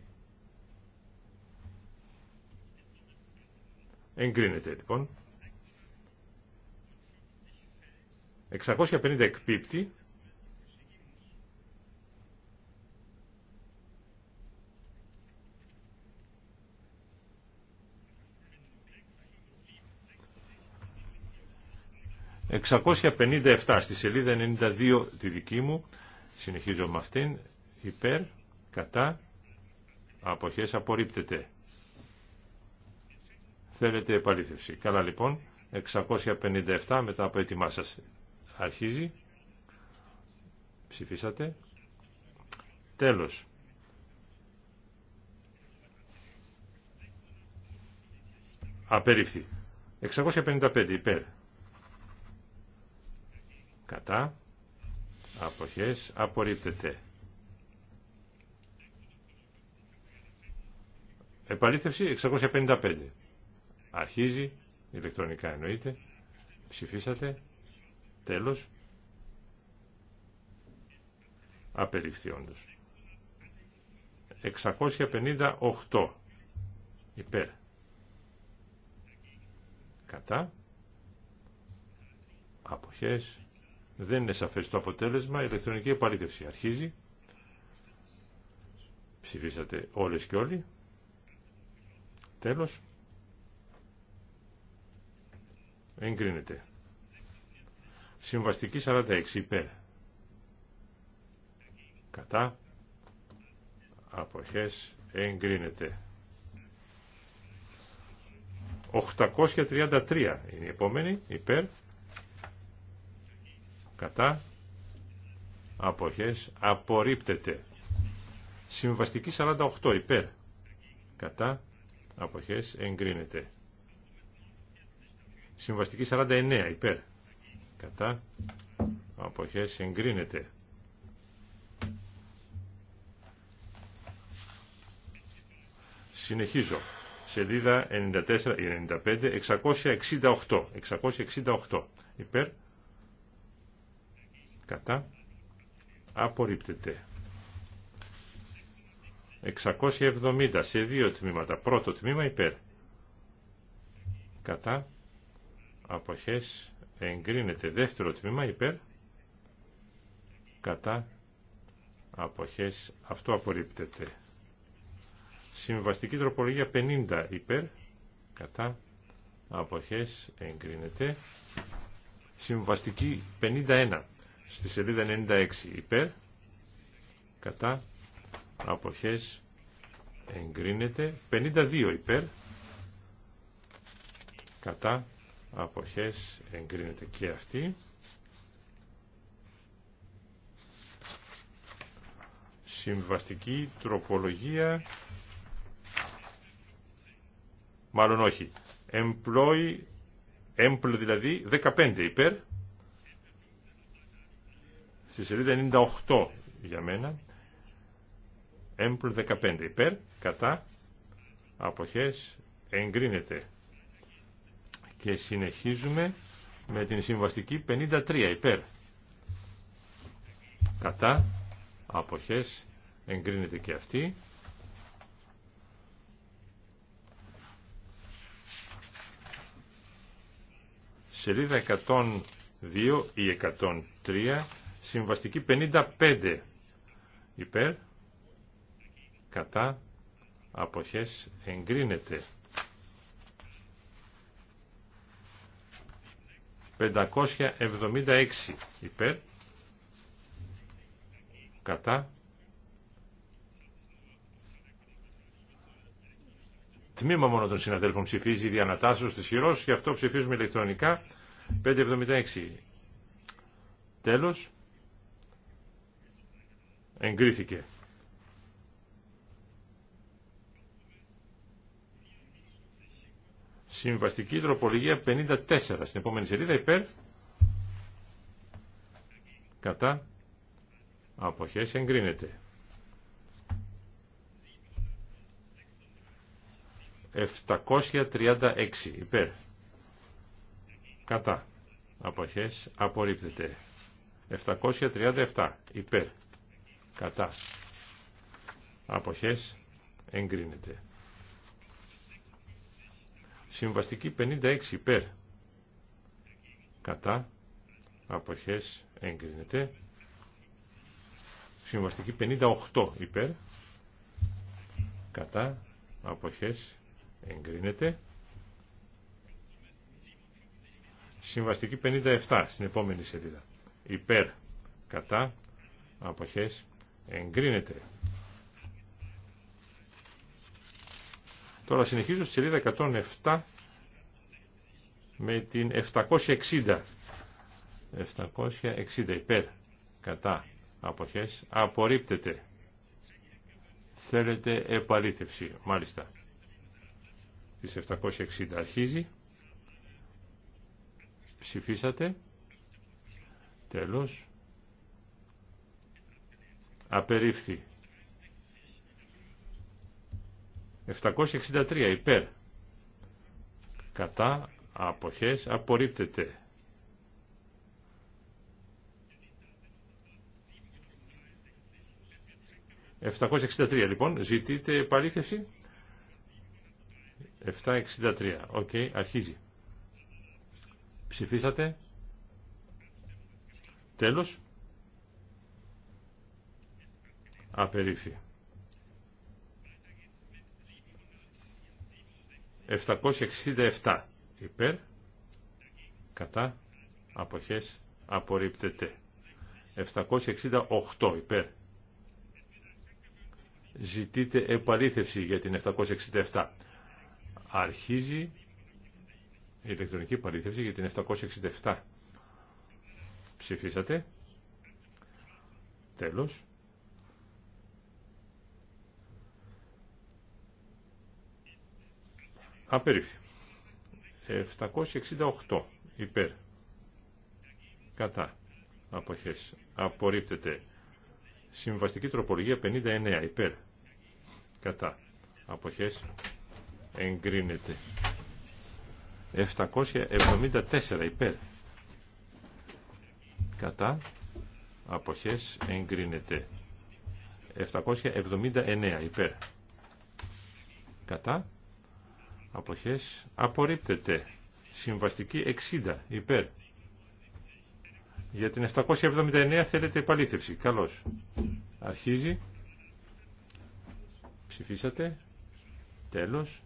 εγκρίνεται λοιπόν 650 εκπίπτει 657 στη σελίδα 92 τη δική μου, συνεχίζω με αυτήν, υπέρ, κατά, αποχές απορρίπτεται. Θέλετε επαλήθευση. Καλά λοιπόν, 657 μετά από έτοιμά σας. Αρχίζει. Ψηφίσατε. Τέλος. Απερίφθη. 655 υπέρ κατά αποχές απορρίπτεται επαλήθευση 655 αρχίζει ηλεκτρονικά εννοείται ψηφίσατε τέλος απεριφθεί όντως 658 υπέρ κατά αποχές δεν είναι σαφές το αποτέλεσμα. Η ηλεκτρονική επαλήθευση αρχίζει. Ψηφίσατε όλες και όλοι. Τέλος. Εγκρίνεται. Συμβαστική 46 υπέρ. Κατά. Αποχές. Εγκρίνεται. 833 είναι η επόμενη. Υπέρ κατά αποχές απορρίπτεται συμβαστική 48 υπέρ κατά αποχές εγκρίνεται συμβαστική 49 υπέρ κατά αποχές εγκρίνεται συνεχίζω σελίδα 94-95 668 668 υπέρ κατά απορρίπτεται 670 σε δύο τμήματα πρώτο τμήμα υπέρ κατά αποχές εγκρίνεται δεύτερο τμήμα υπέρ κατά αποχές αυτό απορρίπτεται συμβαστική τροπολογία 50 υπέρ κατά αποχές εγκρίνεται συμβαστική 51 στη σελίδα 96 υπέρ κατά αποχές εγκρίνεται 52 υπέρ κατά αποχές εγκρίνεται και αυτή συμβαστική τροπολογία μάλλον όχι εμπλόι δηλαδή 15 υπέρ Στη σελίδα 98 για μένα, έμπλου 15 υπέρ, κατά, αποχές, εγκρίνεται. Και συνεχίζουμε με την συμβαστική 53 υπέρ. Κατά, αποχές, εγκρίνεται και αυτή. Σελίδα 102 ή 103 Συμβαστική 55 υπέρ, κατά, αποχές εγκρίνεται. 576 υπέρ, κατά, τμήμα μόνο των συναδέλφων ψηφίζει διανατάσσεως τη χειρό γι' αυτό ψηφίζουμε ηλεκτρονικά 576. Τέλος. Εγκρίθηκε. Συμβαστική τροπολογία 54. Στην επόμενη σελίδα υπέρ. Κατά. Αποχές εγκρίνεται. 736 υπέρ. Κατά. Αποχές απορρίπτεται. 737 υπέρ κατά αποχές εγκρίνεται συμβαστική 56 υπέρ κατά αποχές εγκρίνεται συμβαστική 58 υπέρ κατά αποχές εγκρίνεται συμβαστική 57 στην επόμενη σελίδα υπέρ κατά αποχές Εγκρίνεται. Τώρα συνεχίζω στη σελίδα 107 με την 760. 760 υπέρ. Κατά. Αποχές. Απορρίπτεται. Θέλετε επαλήθευση. Μάλιστα. Της 760 αρχίζει. Ψηφίσατε. Τέλος απερίφθη. 763 υπέρ. Κατά αποχές απορρίπτεται. 763 λοιπόν. Ζητείτε επαλήθευση. 763. Οκ. Okay, αρχίζει. Ψηφίσατε. Τέλος. Απερίφθη. 767 υπέρ, κατά, αποχές, απορρίπτεται. 768 υπέρ. Ζητείτε επαλήθευση για την 767. Αρχίζει η ηλεκτρονική επαλήθευση για την 767. Ψηφίσατε. Τέλος. Απερίφθη. 768 υπέρ. Κατά. Αποχές. Απορρίπτεται. Συμβαστική τροπολογία 59 υπέρ. Κατά. Αποχές. Εγκρίνεται. 774 υπέρ. Κατά. Αποχές. Εγκρίνεται. 779 υπέρ. Κατά αποχές απορρίπτεται. Συμβαστική 60 υπέρ. Για την 779 θέλετε επαλήθευση. Καλώς. Αρχίζει. Ψηφίσατε. Τέλος.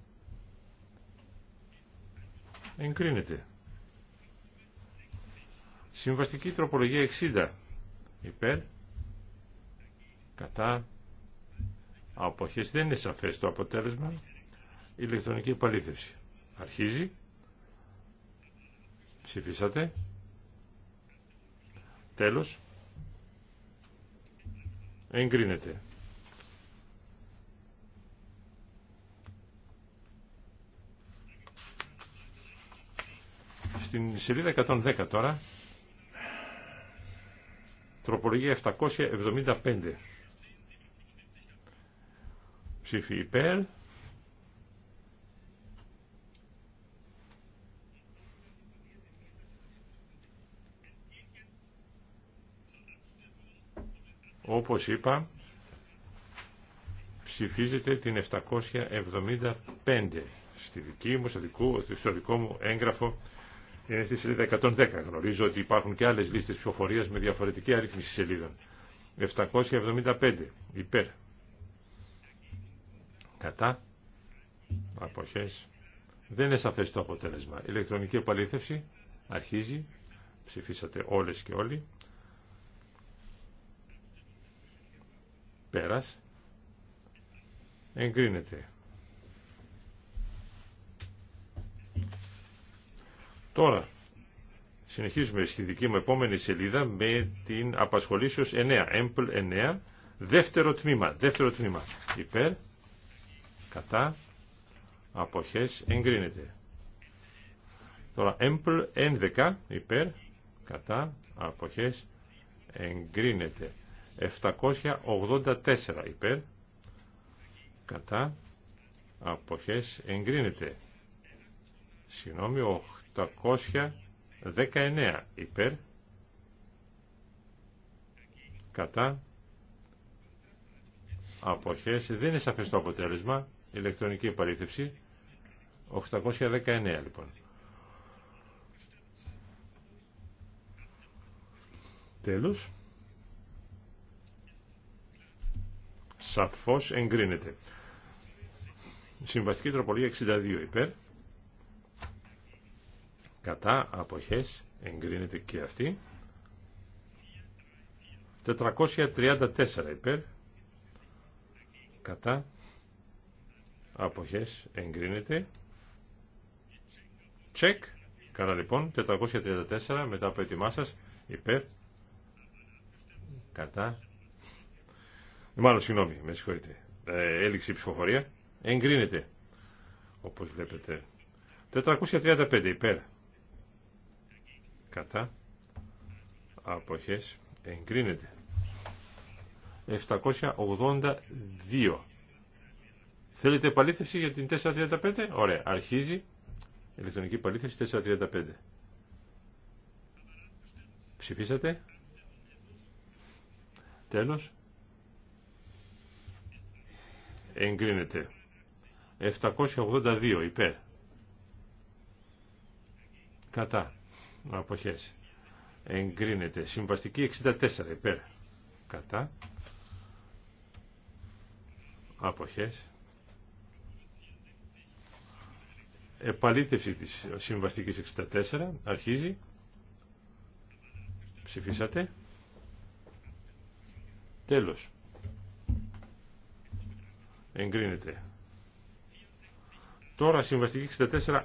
Εγκρίνεται. Συμβαστική τροπολογία 60. Υπέρ. Κατά. Αποχές δεν είναι σαφές το αποτέλεσμα ηλεκτρονική επαλήθευση. Αρχίζει. Ψηφίσατε. Τέλος. Εγκρίνεται. Στην σελίδα 110 τώρα, τροπολογία 775. Ψήφι υπέρ, όπως είπα, ψηφίζεται την 775 στη δική μου, στο δικό, μου έγγραφο είναι στη σελίδα 110. Γνωρίζω ότι υπάρχουν και άλλες λίστες ψηφοφορία με διαφορετική αρρύθμιση σελίδων. 775 υπέρ. Κατά. Αποχές. Δεν είναι σαφές το αποτέλεσμα. Ηλεκτρονική επαλήθευση αρχίζει. Ψηφίσατε όλες και όλοι. Πέρας. Εγκρίνεται. Τώρα, συνεχίζουμε στη δική μου επόμενη σελίδα με την απασχολήσεως 9, έμπλ 9, δεύτερο τμήμα, δεύτερο τμήμα, υπέρ, κατά, αποχές, εγκρίνεται. Τώρα, έμπλ 11, υπέρ, κατά, αποχές, εγκρίνεται. 784 υπέρ κατά αποχές εγκρίνεται συγγνώμη 819 υπέρ κατά αποχές δεν είναι σαφές το αποτέλεσμα ηλεκτρονική επαλήθευση 819 λοιπόν τέλος Σαφώς εγκρίνεται. Συμβαστική τροπολογία 62 υπέρ. Κατά αποχές εγκρίνεται και αυτή. 434 υπέρ. Κατά αποχές εγκρίνεται. Τσεκ. Καλά λοιπόν. 434 μετά από έτοιμά σας υπέρ. Κατά Μάλλον, συγγνώμη, με συγχωρείτε. Ε, έληξη ψηφοφορία. Εγκρίνεται. Όπως βλέπετε. 435 υπέρ. Κατά. Αποχές. Εγκρίνεται. 782. Θέλετε παλήθευση για την 435. Ωραία. Αρχίζει. Ηλεκτρονική παλήθευση 435. Ψηφίσατε. Τέλος εγκρίνεται. 782 υπέρ. Κατά. Αποχές. Εγκρίνεται. Συμβαστική 64 υπέρ. Κατά. Αποχές. Επαλήθευση της συμβαστικής 64 αρχίζει. Ψηφίσατε. Τέλος εγκρίνεται. Τώρα συμβαστική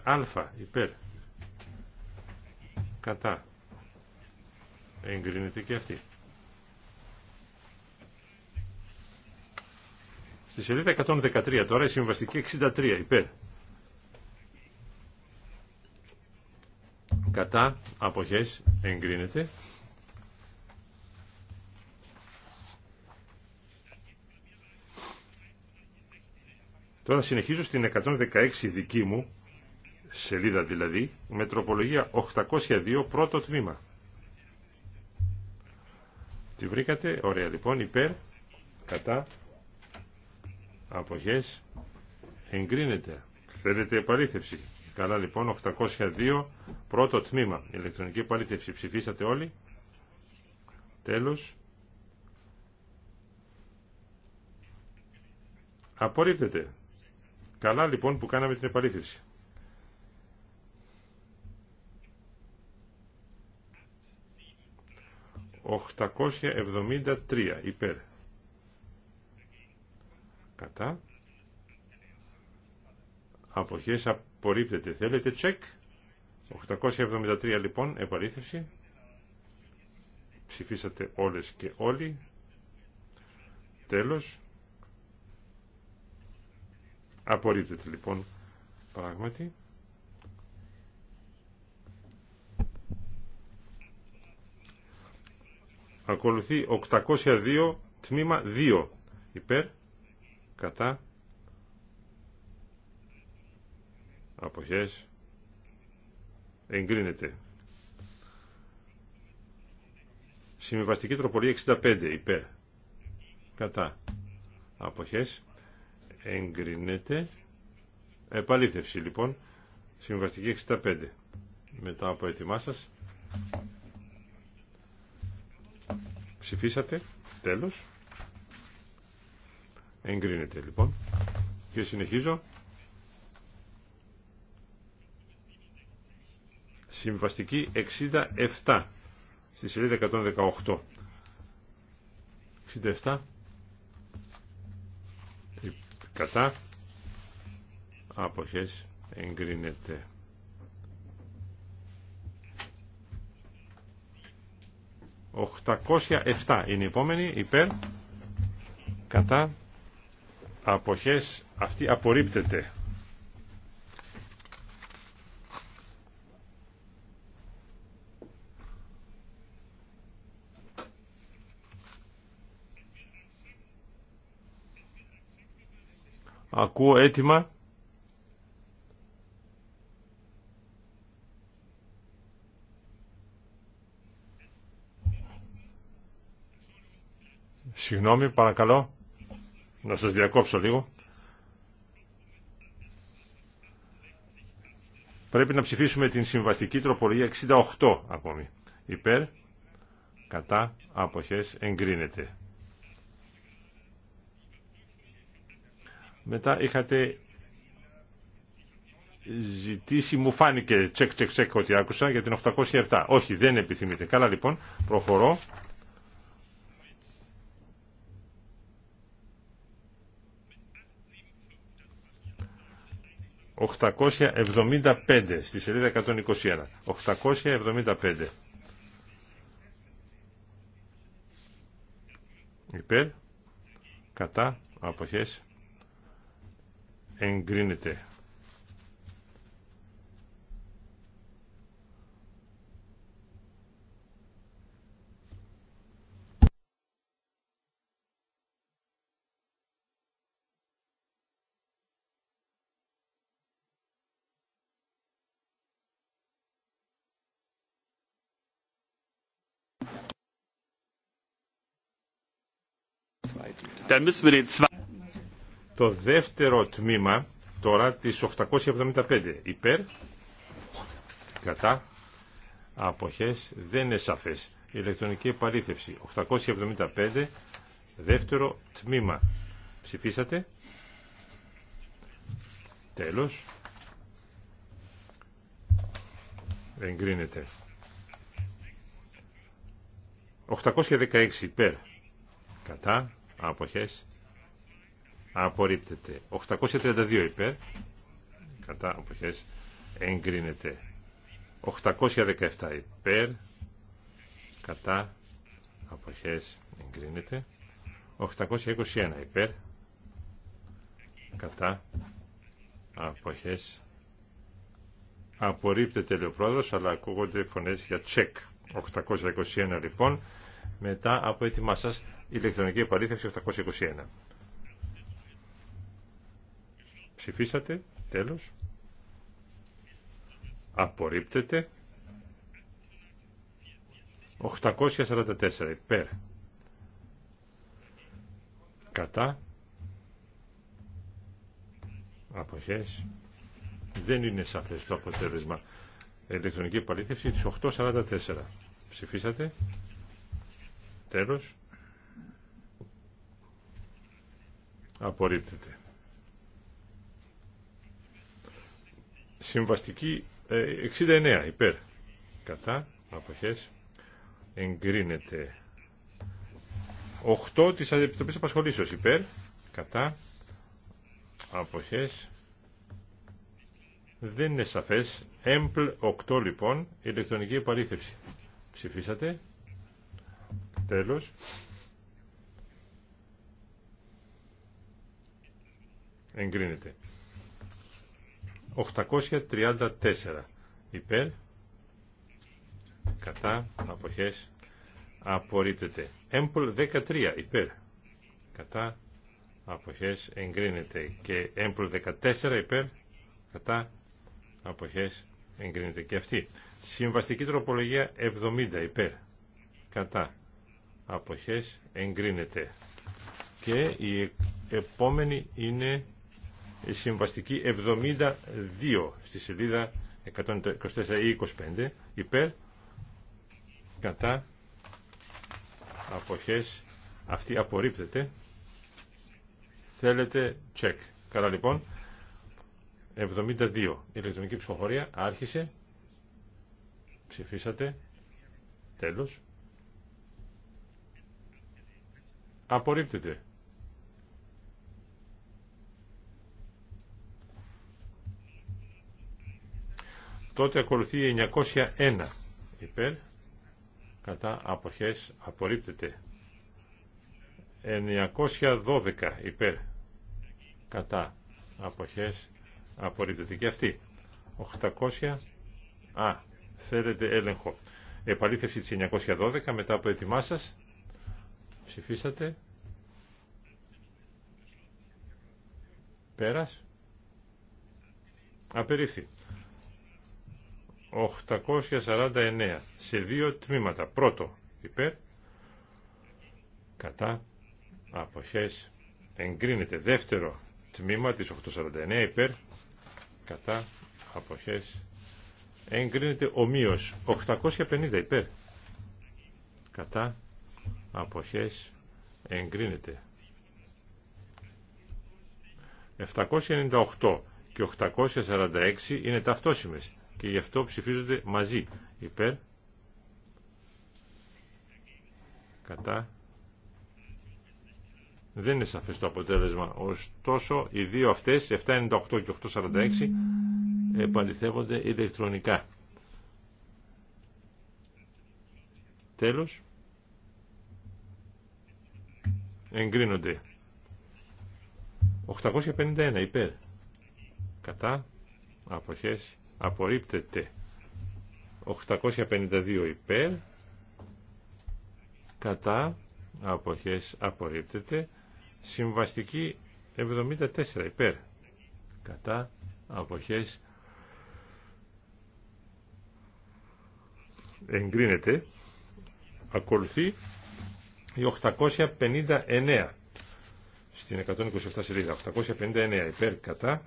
64α υπέρ. Κατά. Εγκρίνεται και αυτή. Στη σελίδα 113 τώρα η συμβαστική 63 υπέρ. Κατά αποχές εγκρίνεται. Τώρα συνεχίζω στην 116 δική μου, σελίδα δηλαδή, με τροπολογία 802 πρώτο τμήμα. Τη βρήκατε, ωραία λοιπόν, υπέρ, κατά, αποχές, εγκρίνεται. Θέλετε επαλήθευση. Καλά λοιπόν, 802 πρώτο τμήμα, ηλεκτρονική επαλήθευση. Ψηφίσατε όλοι. Τέλος. Απορρίπτεται. Καλά λοιπόν που κάναμε την επαλήθευση. ...873 υπέρ. Κατά. Αποχές απορρίπτεται. Θέλετε τσεκ. 873 λοιπόν επαλήθευση. Ψηφίσατε όλες και όλοι. Τέλος. Απορρίπτεται λοιπόν πράγματι. Ακολουθεί 802 τμήμα 2 υπέρ κατά αποχές εγκρίνεται. Συμβιβαστική τροπολία 65 υπέρ κατά αποχές εγκρίνεται. Επαλήθευση λοιπόν. Συμβαστική 65. Μετά από έτοιμά σας. Ψηφίσατε. Τέλος. Εγκρίνεται λοιπόν. Και συνεχίζω. Συμβαστική 67 στη σελίδα 118. 67 κατά άποχες εγκρίνεται 807 είναι η επόμενη υπέρ κατά αποχές αυτή απορρίπτεται ακούω έτοιμα; Συγγνώμη, παρακαλώ, να σας διακόψω λίγο. Πρέπει να ψηφίσουμε την συμβαστική τροπολογία 68 ακόμη. Υπέρ, κατά, άποχες, εγκρίνεται. Μετά είχατε ζητήσει, μου φάνηκε τσεκ τσεκ τσεκ ότι άκουσα για την 807. Όχι, δεν επιθυμείτε. Καλά λοιπόν, προχωρώ. ...875 στη σελίδα 121. 875. Υπέρ, κατά, αποχές, εγκρίνεται. Dann müssen wir den zweiten. Το δεύτερο τμήμα τώρα της 875 υπέρ, κατά, αποχές δεν είναι σαφές. Ηλεκτρονική επαλήθευση 875 δεύτερο τμήμα. Ψηφίσατε. Τέλος. Εγκρίνεται. 816 υπέρ. Κατά. Άποχες απορρίπτεται. 832 υπέρ, κατά αποχές εγκρίνεται. 817 υπέρ, κατά αποχές εγκρίνεται. 821 υπέρ, κατά αποχές απορρίπτεται λέει ο πρόεδρος, αλλά ακούγονται φωνές για τσεκ. 821 λοιπόν, μετά από έτοιμά σας ηλεκτρονική επαλήθευση 821. Ψηφίσατε. Τέλος. Απορρίπτεται. 844 υπέρ. Κατά. Αποχές. Δεν είναι σαφές το αποτέλεσμα. Ηλεκτρονική υπαλλήθευση της 844. Ψηφίσατε. Τέλος. Απορρίπτεται. Συμβαστική 69 ε, υπέρ. Κατά αποχές εγκρίνεται. 8 της Επιτροπής Απασχολήσεως υπέρ. Κατά αποχές δεν είναι σαφές. Έμπλ 8 λοιπόν ηλεκτρονική επαλήθευση. Ψηφίσατε. Τέλος. Εγκρίνεται. 834 υπέρ κατά αποχές απορρίπτεται έμπολ 13 υπέρ κατά αποχές εγκρίνεται και έμπολ 14 υπέρ κατά αποχές εγκρίνεται και αυτή συμβαστική τροπολογία 70 υπέρ κατά αποχές εγκρίνεται και η επόμενη είναι η συμβαστική 72 στη σελίδα 124 ή 25 υπέρ κατά αποχές αυτή απορρίπτεται θέλετε check καλά λοιπόν 72 η ηλεκτρονική ψηφοφορία άρχισε ψηφίσατε τέλος απορρίπτεται Τότε ακολουθεί 901 υπέρ κατά αποχές απορρίπτεται. 912 υπέρ κατά αποχές απορρίπτεται και αυτή. 800 α, θέλετε έλεγχο. Επαλήθευση της 912 μετά από έτοιμά σας. Ψηφίσατε. Πέρας. Απερίφθη. 849 σε δύο τμήματα. Πρώτο υπέρ, κατά, αποχές, εγκρίνεται. Δεύτερο τμήμα της 849 υπέρ, κατά, αποχές, εγκρίνεται ομοίως. 850 υπέρ, κατά, αποχές, εγκρίνεται. 798 και 846 είναι ταυτόσιμες και γι' αυτό ψηφίζονται μαζί υπέρ κατά δεν είναι σαφές το αποτέλεσμα ωστόσο οι δύο αυτές 798 και 846 επαληθεύονται ηλεκτρονικά τέλος εγκρίνονται 851 υπέρ κατά αποχές απορρίπτεται 852 υπέρ κατά αποχές απορρίπτεται συμβαστική 74 υπέρ κατά αποχές εγκρίνεται ακολουθεί η 859 στην 127 σελίδα 859 υπέρ κατά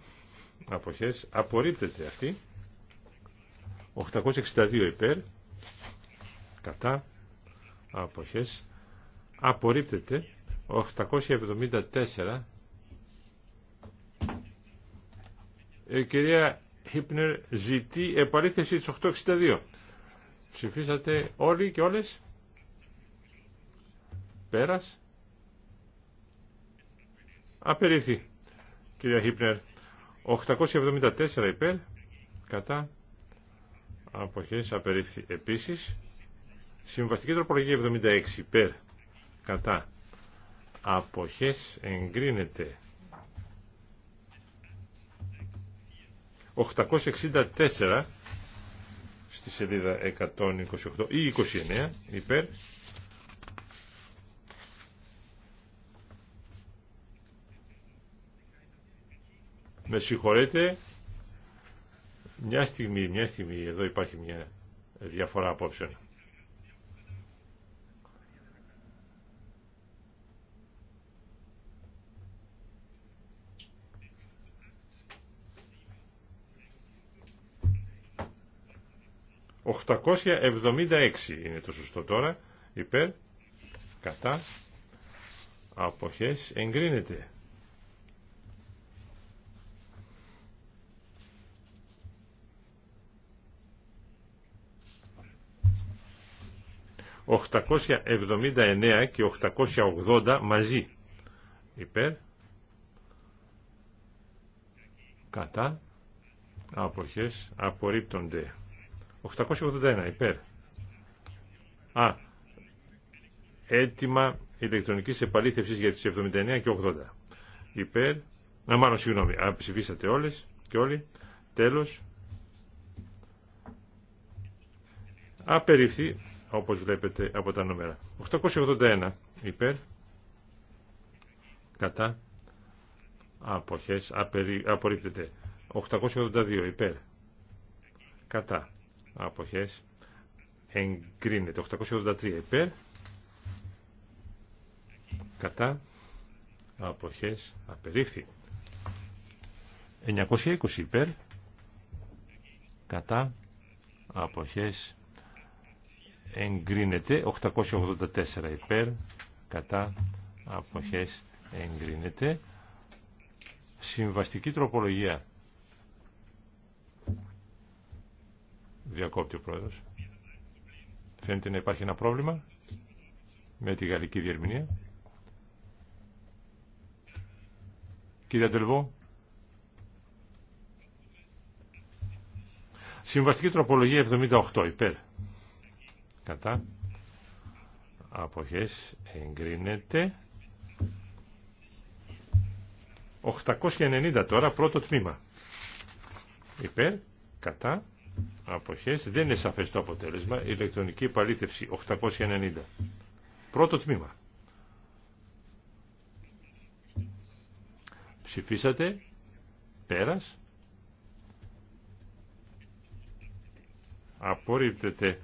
αποχές απορρίπτεται αυτή 862 υπέρ κατά αποχές απορρίπτεται 874 η ε, κυρία Χίπνερ ζητεί επαλήθεση της 862 ψηφίσατε όλοι και όλες πέρας απερίφθη κυρία Χίπνερ 874 υπέρ κατά αποχές απερίφθη. Επίσης, συμβαστική τροπολογία 76 υπέρ κατά αποχές εγκρίνεται. 864 στη σελίδα 128 ή 29 υπέρ με συγχωρείτε μια στιγμή, μια στιγμή, εδώ υπάρχει μια διαφορά απόψεων. ...876 είναι το σωστό τώρα... ...υπέρ... ...κατά... ...αποχές... ...εγκρίνεται... 879 και 880 μαζί. Υπέρ. Κατά. Αποχές απορρίπτονται. 881 υπέρ. Α. Έτοιμα ηλεκτρονικής επαλήθευσης για τις 79 και 80. Υπέρ. Να μάλλον συγγνώμη. Α, ψηφίσατε όλες και όλοι. Τέλος. Απερίφθη όπως βλέπετε από τα νούμερα. 881 υπέρ, κατά, αποχές, απορρίπτεται. 882 υπέρ, κατά, αποχές, εγκρίνεται. 883 υπέρ, κατά, αποχές, απερίφθη. 920 υπέρ, κατά, αποχές, εγκρίνεται 884 υπέρ κατά αποχές εγκρίνεται συμβαστική τροπολογία διακόπτει ο πρόεδρος φαίνεται να υπάρχει ένα πρόβλημα με τη γαλλική διερμηνία κύριε Αντελβό συμβαστική τροπολογία 78 υπέρ κατά αποχές εγκρίνεται 890 τώρα πρώτο τμήμα υπέρ κατά αποχές δεν είναι σαφές το αποτέλεσμα ηλεκτρονική παλιτέψη. 890 πρώτο τμήμα ψηφίσατε πέρας απορρίπτεται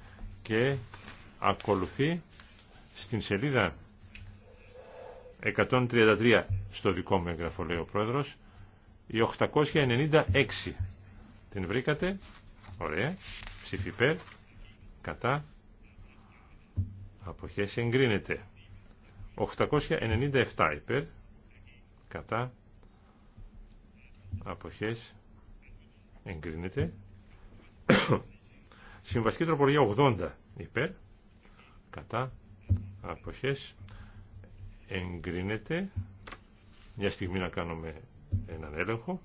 και ακολουθεί στην σελίδα 133 στο δικό μου έγγραφο λέει ο πρόεδρος η 896 την βρήκατε ωραία ψηφίπερ κατά αποχές εγκρίνεται 897 υπέρ κατά αποχές εγκρίνεται <coughs> Συμβασική τροπολογία 80 υπέρ κατά αποχές εγκρίνεται μια στιγμή να κάνουμε έναν έλεγχο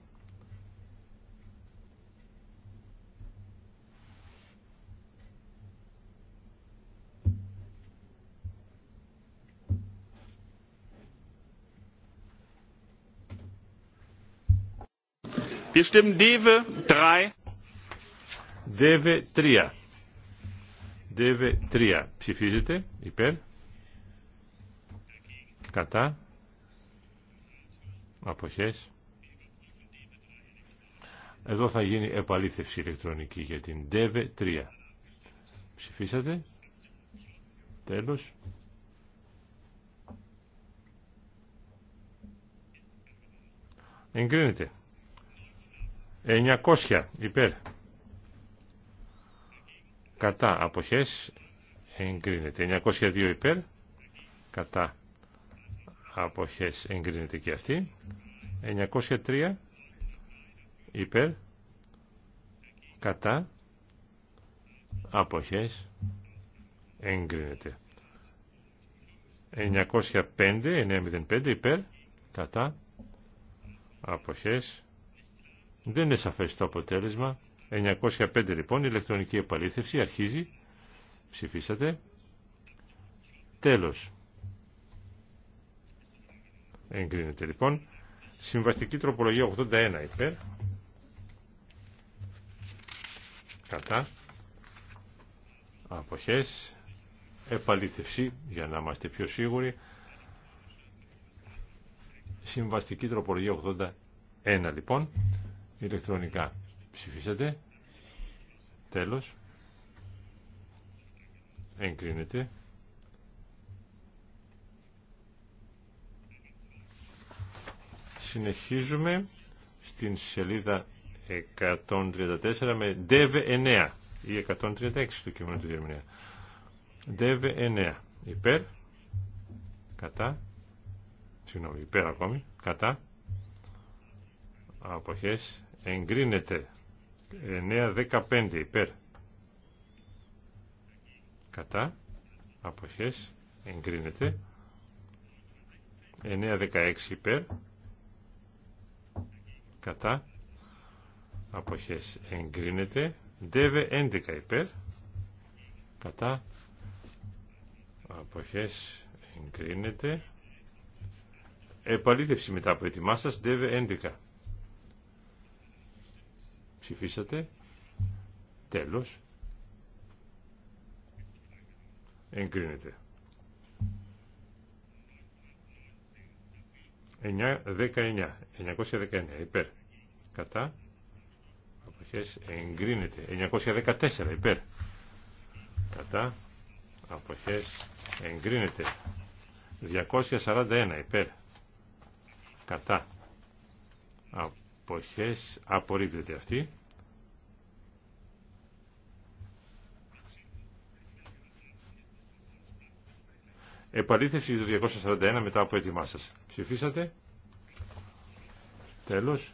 Wir stimmen DEWE 3. DEWE 3. ΔΕΒΕ 3 ψηφίζεται υπέρ κατά αποχές εδώ θα γίνει επαλήθευση ηλεκτρονική για την ΔΕΒΕ 3 ψηφίσατε τέλος εγκρίνεται 900 υπέρ κατά αποχές εγκρίνεται 902 υπέρ κατά αποχές εγκρίνεται και αυτή 903 υπέρ κατά αποχές εγκρίνεται 905 905 υπέρ κατά αποχές δεν είναι σαφές το αποτέλεσμα 905 λοιπόν, η ηλεκτρονική επαλήθευση, αρχίζει, ψηφίσατε, τέλος. Εγκρίνεται λοιπόν. Συμβαστική τροπολογία 81 υπέρ. Κατά. Αποχές. Επαλήθευση για να είμαστε πιο σίγουροι. Συμβαστική τροπολογία 81 λοιπόν. Ηλεκτρονικά Ψηφίσατε. Τέλος. Εγκρίνεται. Συνεχίζουμε στην σελίδα 134 με ΔΕΒΕ 9 ή 136 του κειμένου του γερμανια DEV DV9 υπέρ, κατά, συγγνώμη, υπέρ ακόμη, κατά, αποχές εγκρίνεται 9-15 υπέρ. Κατά. Αποχές. Εγκρίνεται. 9-16 υπέρ. Κατά. Αποχές. Εγκρίνεται. Δεύε 11 υπέρ. Κατά. Αποχές. Εγκρίνεται. Επαλήθευση μετά από ετοιμά σας. Δεύε 11. Ψηφίσατε. εγκρινεται 9-19. 919. Υπέρ. Κατά. Αποχές. Εγκρίνεται. 914. Υπέρ. Κατά. Αποχές. Εγκρίνεται. 241. Υπέρ. Κατά. Εποχές. απορρίπτεται αυτή. Επαλήθευση του 241 μετά από έτοιμά σας. Ψηφίσατε. Τέλος.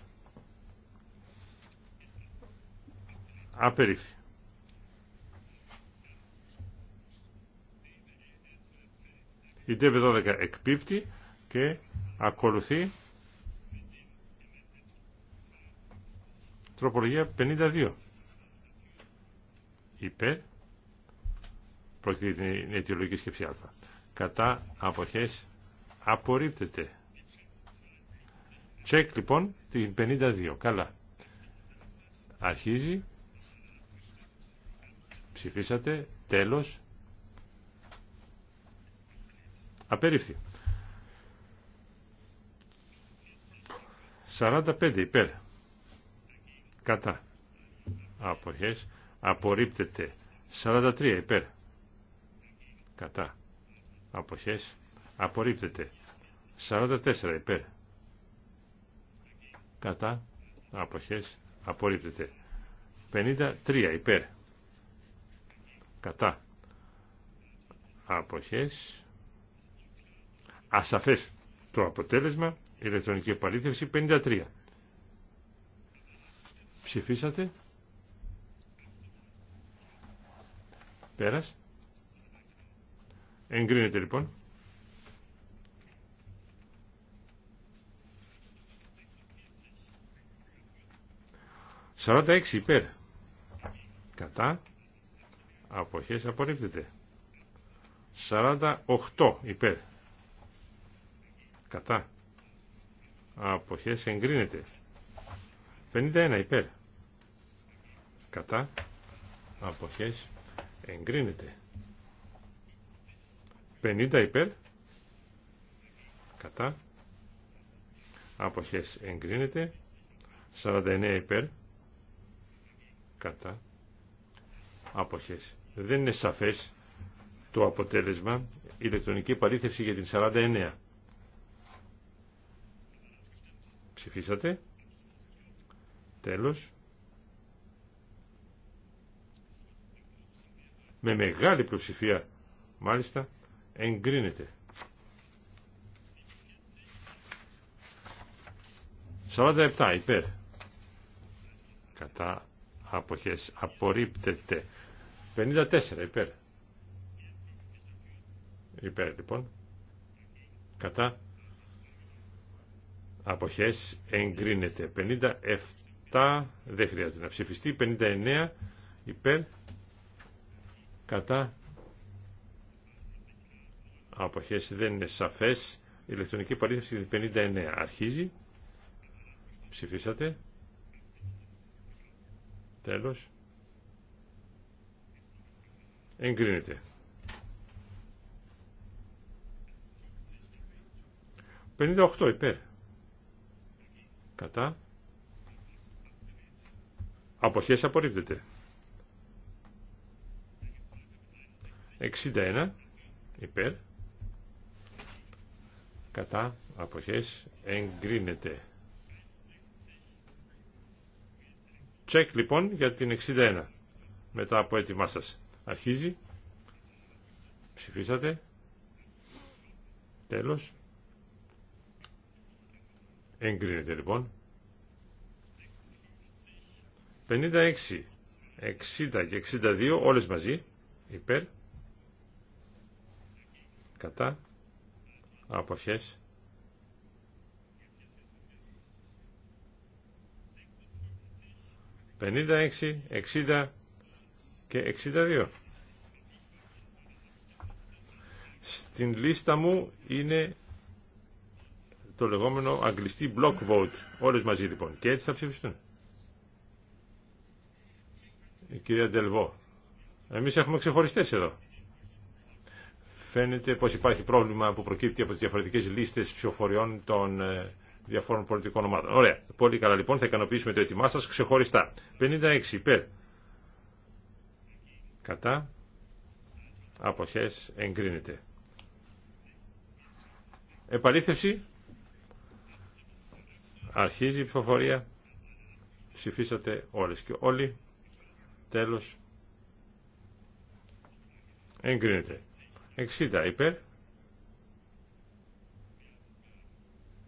Απερίφθη. Η ΤΕΒΕ 12 εκπίπτει και ακολουθεί Τροπολογία 52. Υπέρ. Πρόκειται την αιτιολογική σκέψη α. Κατά αποχές απορρίπτεται. Τσεκ λοιπόν την 52. Καλά. Αρχίζει. Ψηφίσατε. Τέλος. Απερίφθη. 45 υπέρ κατά αποχές απορρίπτεται 43 υπέρ κατά αποχές απορρίπτεται 44 υπέρ κατά αποχές απορρίπτεται 53 υπέρ κατά αποχές ασαφές το αποτέλεσμα ηλεκτρονική επαλήθευση 53 Ψηφίσατε. Πέρας. Εγκρίνεται λοιπόν. 46 έξι υπέρ. Κατά. Αποχές απορρίπτεται. 48 οχτώ υπέρ. Κατά. Αποχές εγκρίνεται. 51 υπέρ. Κατά. Αποχές. Εγκρίνεται. 50 υπέρ. Κατά. Αποχές εγκρίνεται. 49 υπέρ. Κατά. Αποχές. Δεν είναι σαφές το αποτέλεσμα. Ηλεκτρονική παρήθευση για την 49. Ψηφίσατε. Τέλος. Με μεγάλη πλειοψηφία, μάλιστα, εγκρίνεται. 47 υπέρ. Κατά αποχές. Απορρίπτεται. 54 υπέρ. Υπέρ λοιπόν. Κατά αποχές εγκρίνεται. 57 δεν χρειάζεται να ψηφιστεί. 59 υπέρ κατά αποχές δεν είναι σαφές. Ηλεκτρονική παρήθευση 59 αρχίζει. Ψηφίσατε. Τέλος. Εγκρίνεται. 58 υπέρ. Κατά. Αποχές απορρίπτεται. 61 υπέρ. Κατά αποχές εγκρίνεται. Τσεκ λοιπόν για την 61 μετά από έτοιμά σας. Αρχίζει. Ψηφίσατε. Τέλος. Εγκρίνεται λοιπόν. 56, 60 και 62 όλες μαζί υπέρ κατά αποχές 56, 60 και 62. Στην λίστα μου είναι το λεγόμενο αγγλιστή block vote. Όλες μαζί λοιπόν. Και έτσι θα ψηφιστούν. Η κυρία Ντελβό. Εμείς έχουμε ξεχωριστές εδώ. Φαίνεται πως υπάρχει πρόβλημα που προκύπτει από τις διαφορετικές λίστες ψηφοφοριών των ε, διαφόρων πολιτικών ομάδων. Ωραία. Πολύ καλά λοιπόν. Θα ικανοποιήσουμε το έτοιμά σας ξεχωριστά. 56 υπέρ. Κατά. Αποχές εγκρίνεται. Επαλήθευση. Αρχίζει η ψηφοφορία. Ψηφίσατε όλες και όλοι. Τέλος. Εγκρίνεται. 60 υπέρ.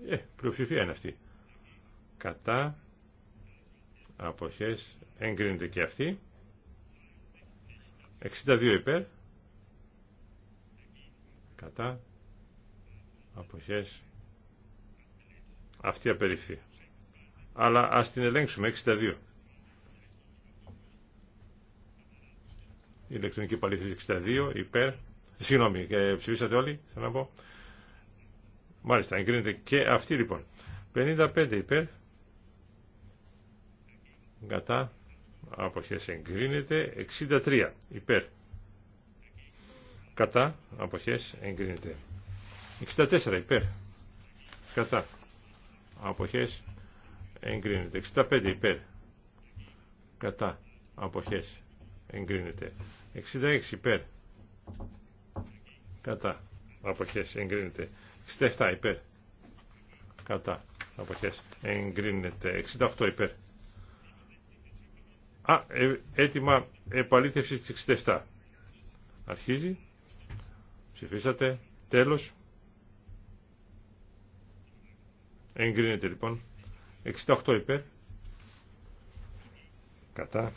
Ε, πλειοψηφία είναι αυτή. Κατά. Αποχές. Εγκρίνεται και αυτή. 62 υπέρ. Κατά. Αποχές. Αυτή απερίφθη. Αλλά ας την ελέγξουμε. 62. ηλεκτρονική παλήθευση 62 υπέρ. Συγγνώμη, και ε, ψηφίσατε όλοι, θέλω να πω. Μάλιστα, εγκρίνεται και αυτή λοιπόν. 55 υπέρ. Κατά. Αποχές εγκρίνεται. 63 υπέρ. Κατά. αποχέ, εγκρίνεται. 64 υπέρ. Κατά. απόχέ, εγκρίνεται. 65 υπέρ. Κατά. απόχέ, εγκρίνεται. 66 υπέρ. Κατά. Αποχές εγκρίνεται. 67 υπέρ. Κατά. Αποχές εγκρίνεται. 68 υπέρ. Α, ε, έτοιμα επαλήθευση της 67. Αρχίζει. Ψηφίσατε. Τέλος. Εγκρίνεται λοιπόν. 68 υπέρ. Κατά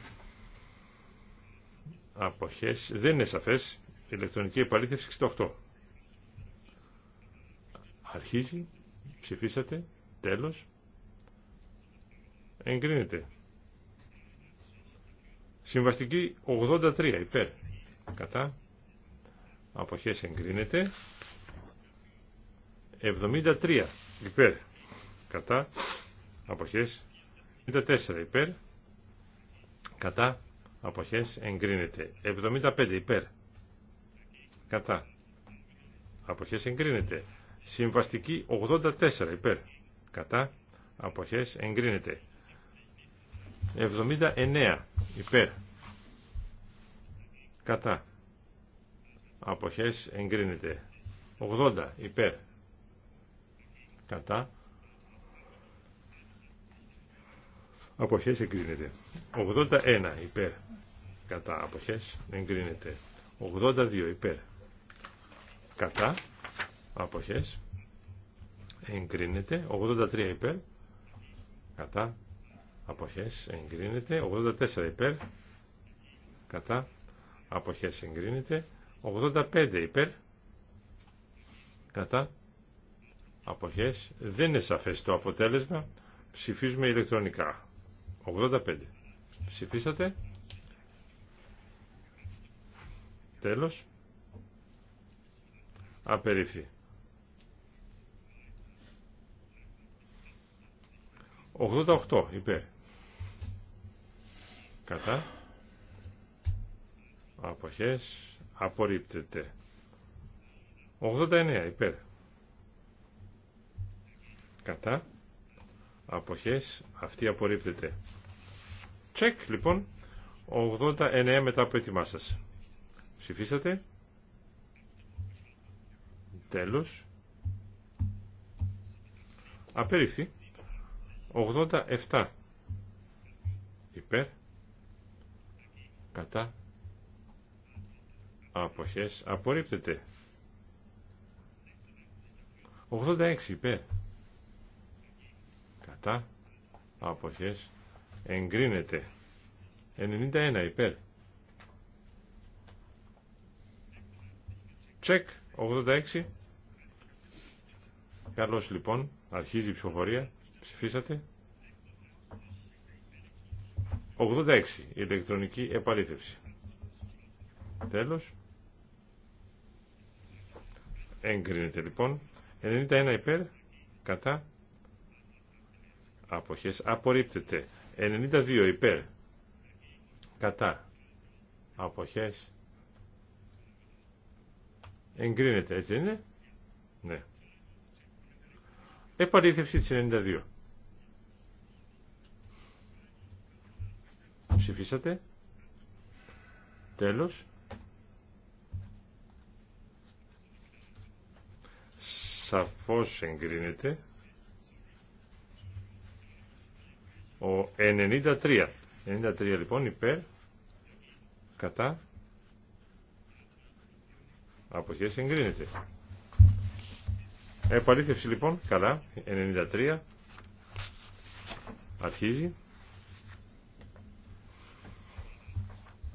αποχές δεν είναι σαφές ηλεκτρονική επαλήθευση 68 αρχίζει ψηφίσατε τέλος εγκρίνεται συμβαστική 83 υπέρ κατά αποχές εγκρίνεται 73 υπέρ κατά αποχές 74 υπέρ κατά Αποχές εγκρίνεται. 75 υπέρ. Κατά. Αποχές εγκρίνεται. Συμβαστική 84 υπέρ. Κατά. Αποχές εγκρίνεται. 79 υπέρ. Κατά. Αποχές εγκρίνεται. 80 υπέρ. Κατά. αποχές εγκρίνεται. 81 υπέρ κατά αποχές εγκρίνεται. 82 υπέρ κατά αποχές εγκρίνεται. 83 υπέρ κατά αποχές εγκρίνεται. 84 υπέρ κατά αποχές εγκρίνεται. 85 υπέρ κατά αποχές δεν είναι σαφές το αποτέλεσμα ψηφίζουμε ηλεκτρονικά 85. Ψηφίσατε. Τέλος. Απερίφθη. 88 υπέρ. Κατά. Αποχές. Απορρίπτεται. 89 υπέρ. Κατά αποχές αυτή απορρίπτεται τσεκ λοιπόν 89 μετά από έτοιμά σα. ψηφίσατε τέλος απερίφθη 87 υπέρ κατά αποχές απορρίπτεται 86 υπέρ κατά αποχές εγκρίνεται 91 υπέρ τσεκ 86 καλώς λοιπόν αρχίζει η ψηφοφορία ψηφίσατε 86 ηλεκτρονική επαλήθευση τέλος εγκρίνεται λοιπόν 91 υπέρ κατά αποχές απορρίπτεται 92 υπέρ κατά αποχές εγκρίνεται έτσι είναι ναι επαλήθευση της 92 ψηφίσατε τέλος σαφώς εγκρίνεται Ο 93. 93 λοιπόν υπέρ. Κατά. Αποχές εγκρίνεται. Επαλήθευση λοιπόν. Καλά. 93. Αρχίζει.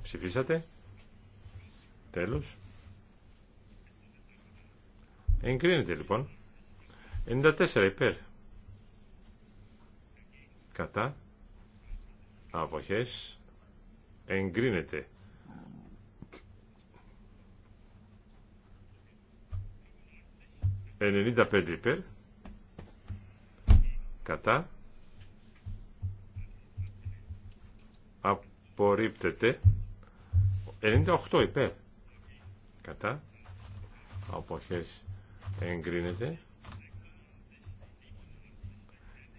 Ψηφίσατε. Τέλος. Εγκρίνεται λοιπόν. 94 υπέρ κατά αποχές εγκρίνεται. Ενενήντα πέντε υπέρ κατά απορρίπτεται 98 υπέρ κατά αποχές εγκρίνεται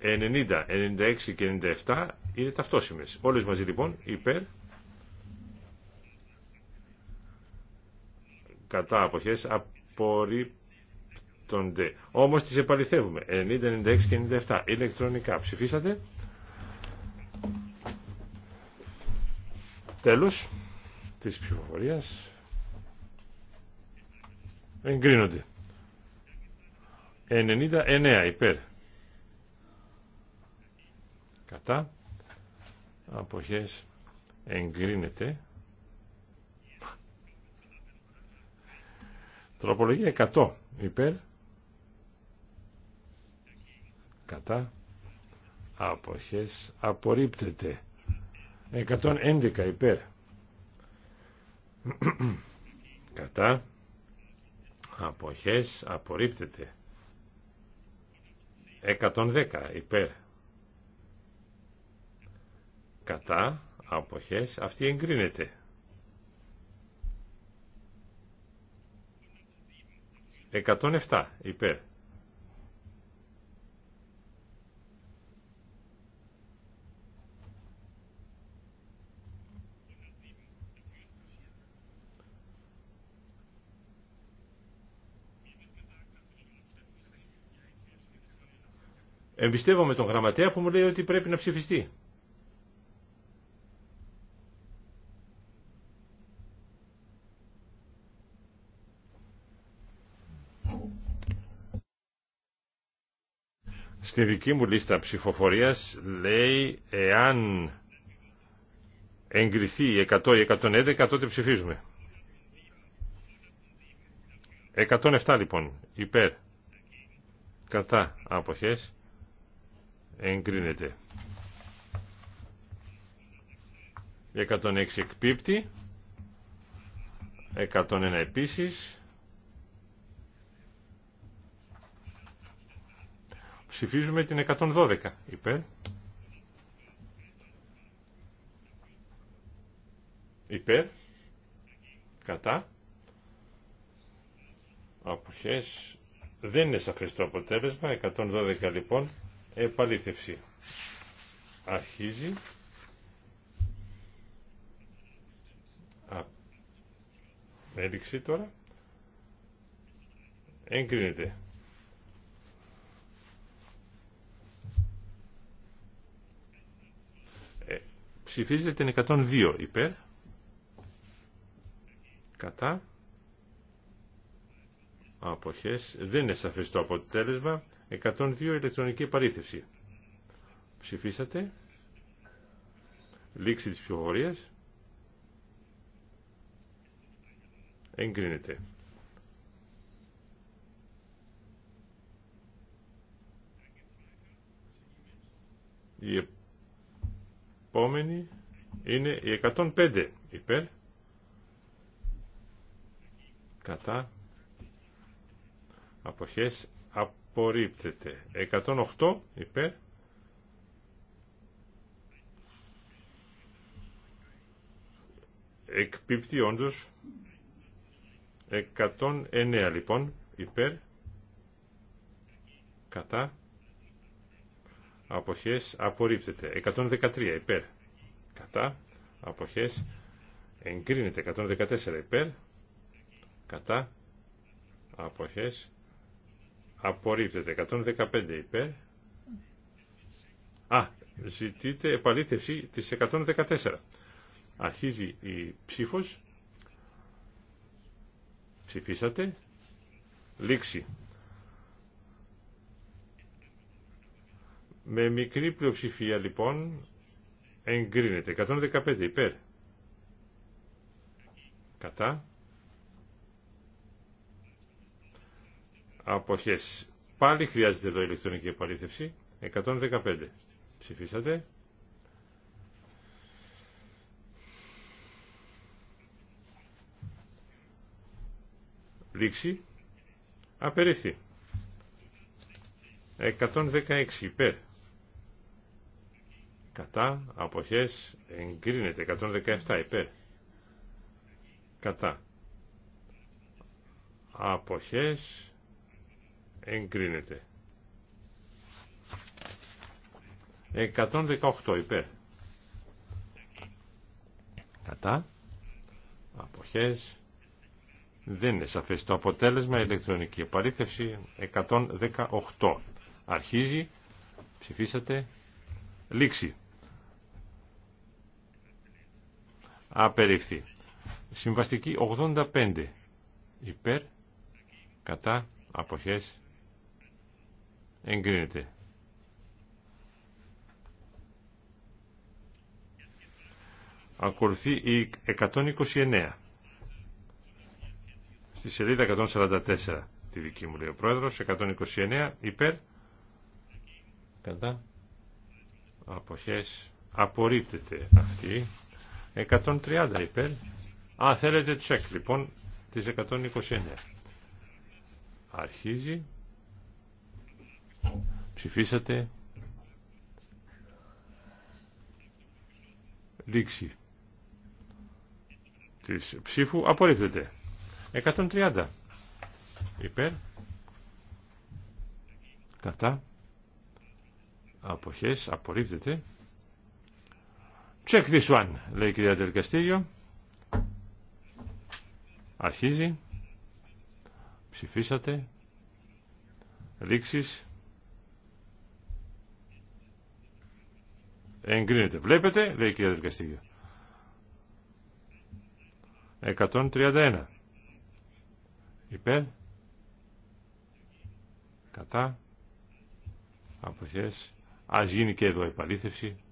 90, 96 και 97 είναι ταυτόσιμες. Όλες μαζί λοιπόν υπέρ κατά αποχές απορρίπτονται. Όμως τις επαληθεύουμε. 90, 96 και 97 ηλεκτρονικά. Ψηφίσατε. Τέλος της ψηφοφορίας. Εγκρίνονται. 99 υπέρ κατά αποχές εγκρίνεται τροπολογία 100 υπέρ κατά αποχές απορρίπτεται 111 υπέρ κατά αποχές απορρίπτεται 110 υπέρ κατά αποχές αυτή εγκρίνεται. Εκατόν εφτά υπέρ. Εμπιστεύομαι τον γραμματέα που μου λέει ότι πρέπει να ψηφιστεί. Στη δική μου λίστα ψηφοφορίας λέει εάν εγκριθεί 100 ή 111 τότε ψηφίζουμε. 107 λοιπόν υπέρ κατά αποχές εγκρίνεται. 106 εκπίπτει. 101 επίσης. Ψηφίζουμε την 112 υπέρ. Υπέρ. Κατά. Αποχές. Δεν είναι σαφές το αποτέλεσμα. 112 λοιπόν. Επαλήθευση. Αρχίζει. έληξη τώρα. Εγκρίνεται. Ψηφίζετε την 102 υπέρ. Κατά. Αποχές. Δεν είναι σαφές το αποτέλεσμα. 102 ηλεκτρονική παρήθευση. Ψηφίσατε. Λήξη της ψηφοφορίας. Εγκρίνεται. Η επόμενη είναι η 105 υπέρ κατά αποχές απορρίπτεται 108 υπέρ εκπίπτει όντως 109 λοιπόν υπέρ κατά αποχές απορρίπτεται 113 υπέρ κατά αποχές εγκρίνεται 114 υπέρ κατά αποχές απορρίπτεται 115 υπέρ α ζητείτε επαλήθευση της 114 αρχίζει η ψήφος ψηφίσατε λήξη Με μικρή πλειοψηφία λοιπόν εγκρίνεται. 115 υπέρ. Κατά. Αποχές. Πάλι χρειάζεται εδώ ηλεκτρονική επαλήθευση. 115. Ψηφίσατε. Λήξη. Απερίφθη. 116 υπέρ κατά αποχές εγκρίνεται 117 υπέρ κατά αποχές εγκρίνεται 118 υπέρ κατά αποχές δεν είναι σαφές το αποτέλεσμα ηλεκτρονική επαλήθευση 118 αρχίζει ψηφίσατε λήξη Απερίφθη. Συμβαστική 85. Υπέρ. Κατά. Αποχές. Εγκρίνεται. Ακολουθεί η 129. Στη σελίδα 144. Τη δική μου λέει ο πρόεδρος. 129. Υπέρ. Κατά. Αποχές. Απορρίπτεται αυτή. 130 υπέρ. Α, θέλετε τσεκ λοιπόν της 129. Αρχίζει. Ψηφίσατε. Λήξη της ψήφου απορρίπτεται. 130 υπέρ. Κατά. Αποχές απορρίπτεται. Check this one, λέει η κυρία Τελκαστήγιο. Αρχίζει. Ψηφίσατε. Λήξεις. Εγκρίνεται. Βλέπετε, λέει η κυρία Τελκαστήγιο. 131. Υπέρ. Κατά. Αποχές. Ας γίνει και εδώ η επαλήθευση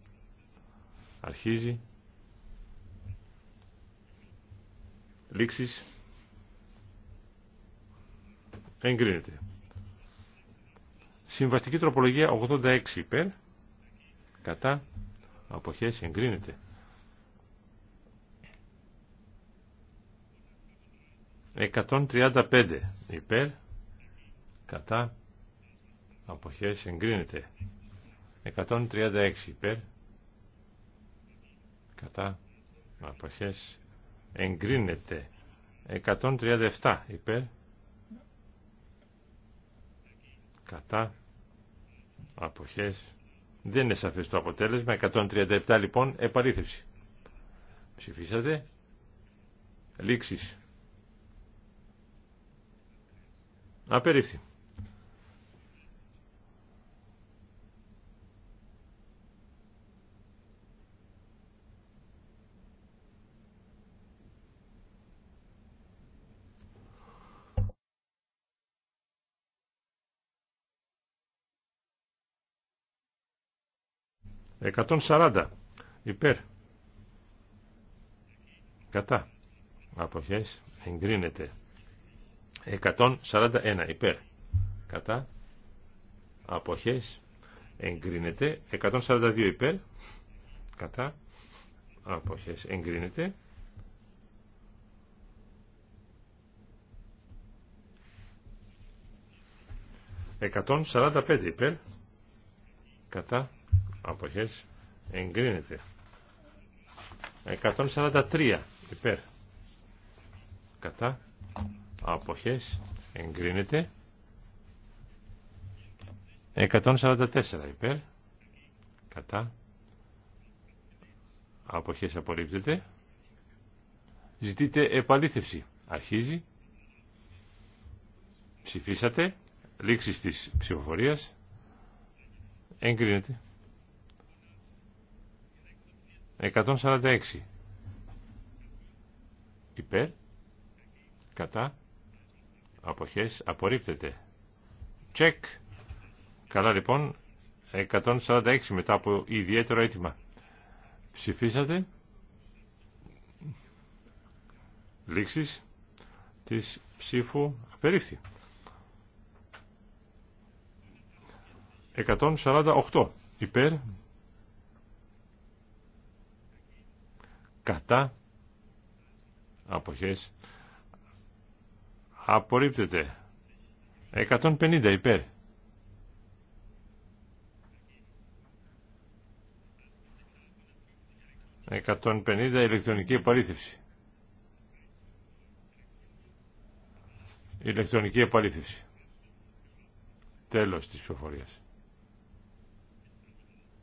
αρχίζει λήξεις εγκρίνεται συμβαστική τροπολογία 86 υπέρ κατά αποχές εγκρίνεται 135 υπέρ κατά αποχές εγκρίνεται 136 υπέρ κατά αποχές εγκρίνεται 137 υπέρ κατά αποχές δεν είναι σαφές το αποτέλεσμα 137 λοιπόν επαλήθευση ψηφίσατε λήξεις απερίφθη 140 υπέρ κατά αποχές εγκρίνεται 141 υπέρ κατά αποχές εγκρίνεται 142 υπέρ κατά αποχές εγκρίνεται 145 υπέρ κατά αποχές εγκρίνεται 143 υπέρ κατά αποχές εγκρίνεται 144 υπέρ κατά αποχές απορρίπτεται ζητείτε επαλήθευση αρχίζει ψηφίσατε λήξη της ψηφοφορίας εγκρίνεται 146 υπέρ κατά αποχές απορρίπτεται τσεκ καλά λοιπόν 146 μετά από ιδιαίτερο αίτημα ψηφίσατε λήξεις της ψήφου απερίφθη 148 υπέρ κατά αποχές απορρίπτεται 150 υπέρ 150 ηλεκτρονική επαλήθευση. Ηλεκτρονική επαλήθευση. Τέλος της ψηφοφορίας.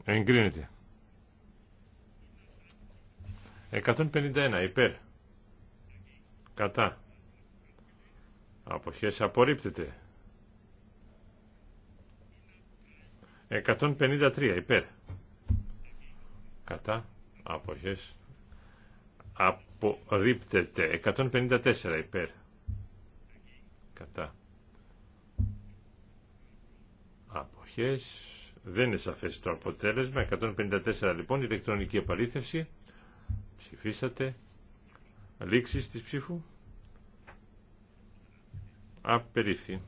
Εγκρίνεται. 151 υπέρ. Κατά. Αποχές απορρίπτεται. 153 υπέρ. Κατά. Αποχές απορρίπτεται. 154 υπέρ. Κατά. Αποχές. Δεν είναι σαφές το αποτέλεσμα. 154 λοιπόν ηλεκτρονική επαλήθευση. Ψηφίσατε. Λήξεις της ψήφου. Απερίφθη.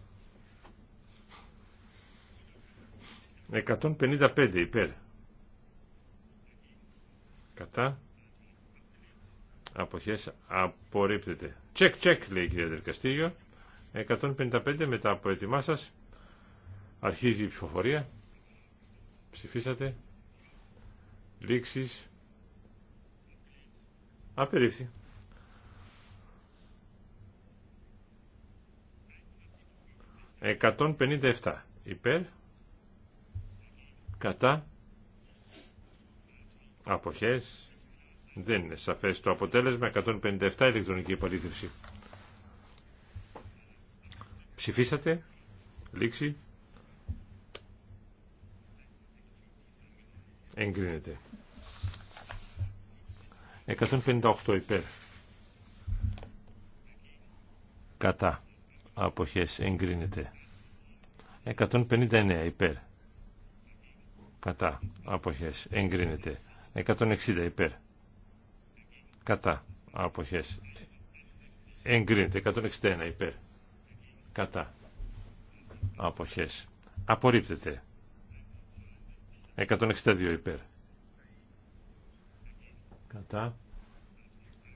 155 υπέρ. Κατά. Αποχές απορρίπτεται. Τσεκ, τσεκ, λέει η κυρία Δελκαστήγιο. 155 μετά από έτοιμά σα. Αρχίζει η ψηφοφορία. Ψηφίσατε. Λήξεις. Απερίφθη. 157 υπέρ κατά αποχές δεν είναι σαφές το αποτέλεσμα 157 ηλεκτρονική υπολήθευση ψηφίσατε λήξη εγκρίνεται 158 υπέρ. Κατά. Αποχές εγκρίνεται. 159 υπέρ. Κατά. Αποχές εγκρίνεται. 160 υπέρ. Κατά. Αποχές εγκρίνεται. 161 υπέρ. Κατά. Αποχές. Απορρίπτεται. 162 υπέρ κατά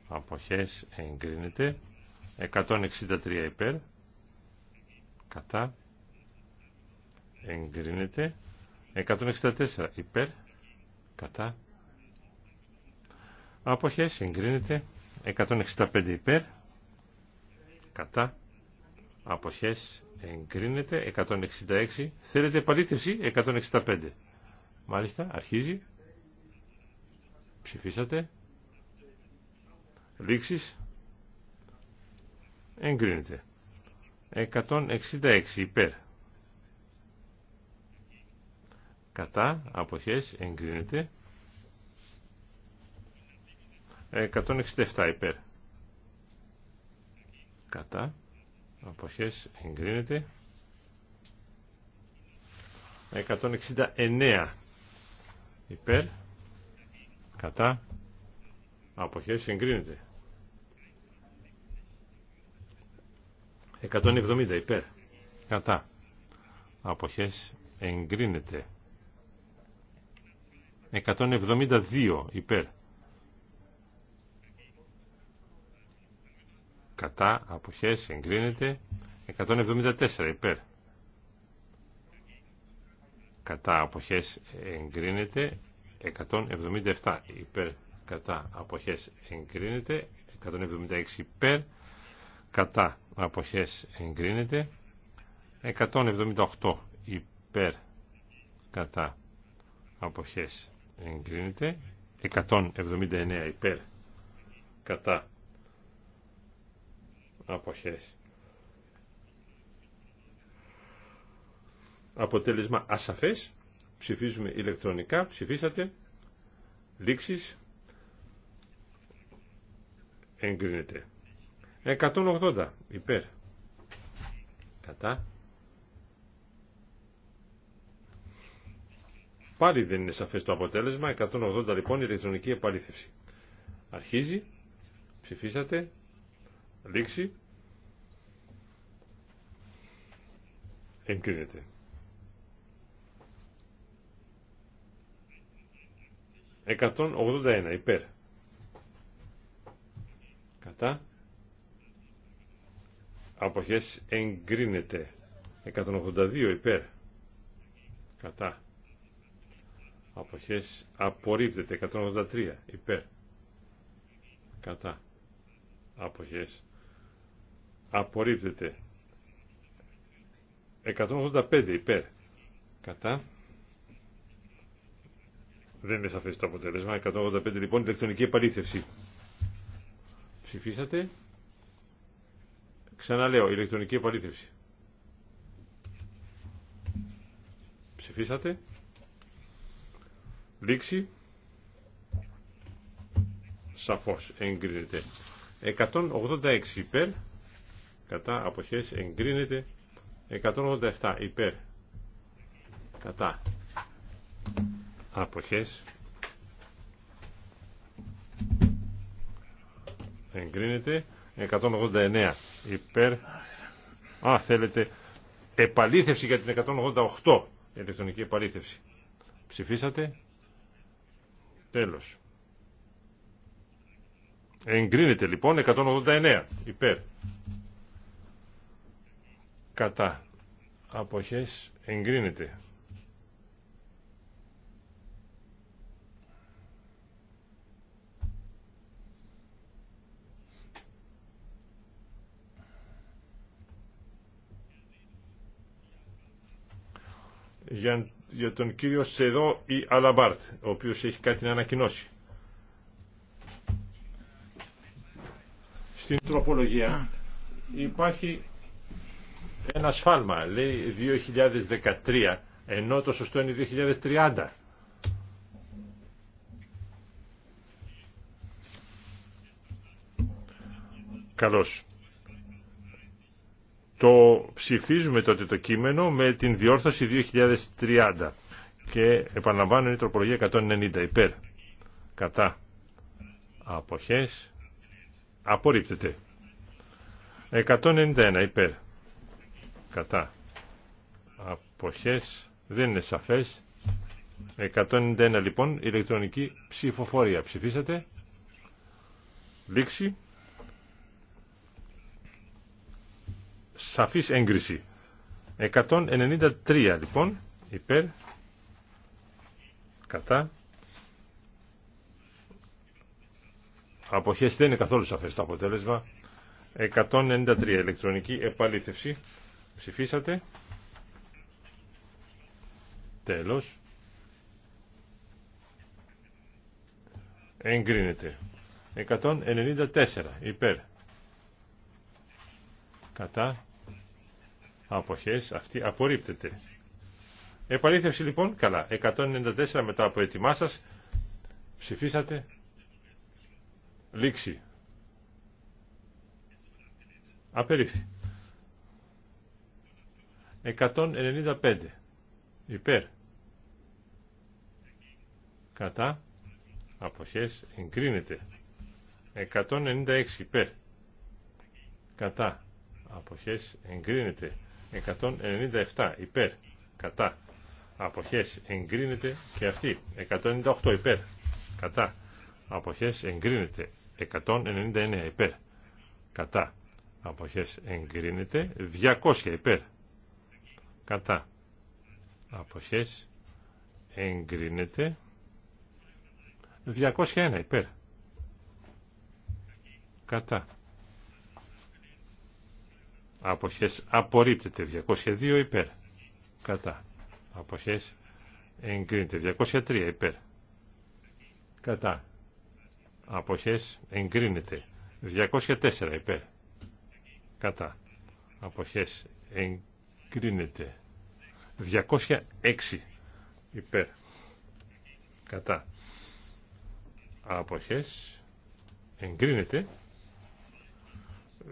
αποχές εγκρίνεται 163 υπέρ κατά εγκρίνεται 164 υπέρ κατά αποχές εγκρίνεται 165 υπέρ κατά αποχές εγκρίνεται 166 θέλετε επαλήθευση 165 μάλιστα αρχίζει Ψηφίσατε. Λήξεις. Εγκρίνεται. 166 υπέρ. Κατά αποχές εγκρίνεται. 167 υπέρ. Κατά αποχές εγκρίνεται. 169 υπέρ κατά αποχές συγκρίνεται 170 υπέρ κατά αποχές εγκρίνεται 172 υπέρ κατά αποχές εγκρίνεται 174 υπέρ κατά αποχές εγκρίνεται 177 υπέρ κατά αποχές εγκρίνεται 176 υπέρ κατά αποχές εγκρίνεται 178 υπέρ κατά αποχές εγκρίνεται 179 υπέρ κατά αποχές αποτέλεσμα ασαφές Ψηφίζουμε ηλεκτρονικά. Ψηφίσατε. Λήξεις. Εγκρίνεται. 180 υπέρ. Κατά. Πάλι δεν είναι σαφές το αποτέλεσμα. 180 λοιπόν ηλεκτρονική επαλήθευση. Αρχίζει. Ψηφίσατε. Λήξη. Εγκρίνεται. 181 υπέρ. Κατά. Αποχές εγκρίνεται. 182 υπέρ. Κατά. Αποχές απορρίπτεται. 183 υπέρ. Κατά. Αποχές απορρίπτεται. 185 υπέρ. Κατά. Δεν είναι σαφές το αποτέλεσμα. 185 λοιπόν ηλεκτρονική επαλήθευση. Ψηφίσατε. Ξαναλέω, ηλεκτρονική επαλήθευση. Ψηφίσατε. Λήξη. Σαφώς εγκρίνεται. 186 υπέρ. Κατά αποχές εγκρίνεται. 187 υπέρ. Κατά αποχές εγκρίνεται 189 υπέρ α θέλετε επαλήθευση για την 188 ηλεκτρονική επαλήθευση ψηφίσατε τέλος εγκρίνεται λοιπόν 189 υπέρ κατά αποχές εγκρίνεται για, τον κύριο Σεδό ή Αλαμπάρτ, ο οποίος έχει κάτι να ανακοινώσει. Στην τροπολογία υπάρχει ένα σφάλμα, λέει 2013, ενώ το σωστό είναι 2030. Καλώς το ψηφίζουμε τότε το κείμενο με την διόρθωση 2030 και επαναλαμβάνω είναι η τροπολογία 190 υπέρ κατά αποχές απορρίπτεται 191 υπέρ κατά αποχές δεν είναι σαφές 191 λοιπόν ηλεκτρονική ψηφοφορία ψηφίσατε λήξη σαφής έγκριση. 193 λοιπόν υπέρ κατά αποχές δεν είναι καθόλου σαφές το αποτέλεσμα 193 ηλεκτρονική επαλήθευση ψηφίσατε τέλος εγκρίνεται 194 υπέρ κατά αποχές αυτή απορρίπτεται. Επαλήθευση λοιπόν, καλά, 194 μετά από έτοιμά σα ψηφίσατε, λήξη, απερίφθη. 195 υπέρ, κατά, αποχές, εγκρίνεται. 196 υπέρ, κατά, αποχές, εγκρίνεται. 197 υπέρ κατά αποχές εγκρίνεται και αυτή 198 υπέρ κατά αποχές εγκρίνεται 199 υπέρ κατά αποχές εγκρίνεται 200 υπέρ κατά αποχές εγκρίνεται 201 υπέρ κατά αποχές απορρίπτεται 202 υπέρ κατά αποχές εγκρίνεται 203 υπέρ κατά αποχές εγκρίνεται 204 υπέρ κατά αποχές εγκρίνεται 206 υπέρ κατά αποχές εγκρίνεται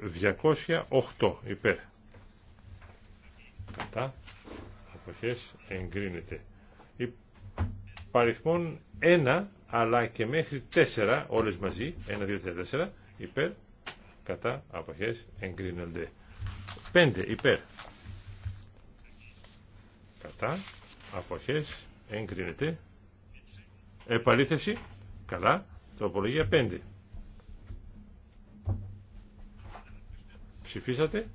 208 υπέρ. Κατά. Αποχές εγκρίνεται. υπαριθμών 1 αλλά και μέχρι 4 όλες μαζί. 1, 2, 3, 4 υπέρ. Κατά. Αποχές εγκρίνονται. 5 υπέρ. Κατά. Αποχές εγκρίνεται. Επαλήθευση. Καλά. Τροπολογία 5. Ψηφίσατε.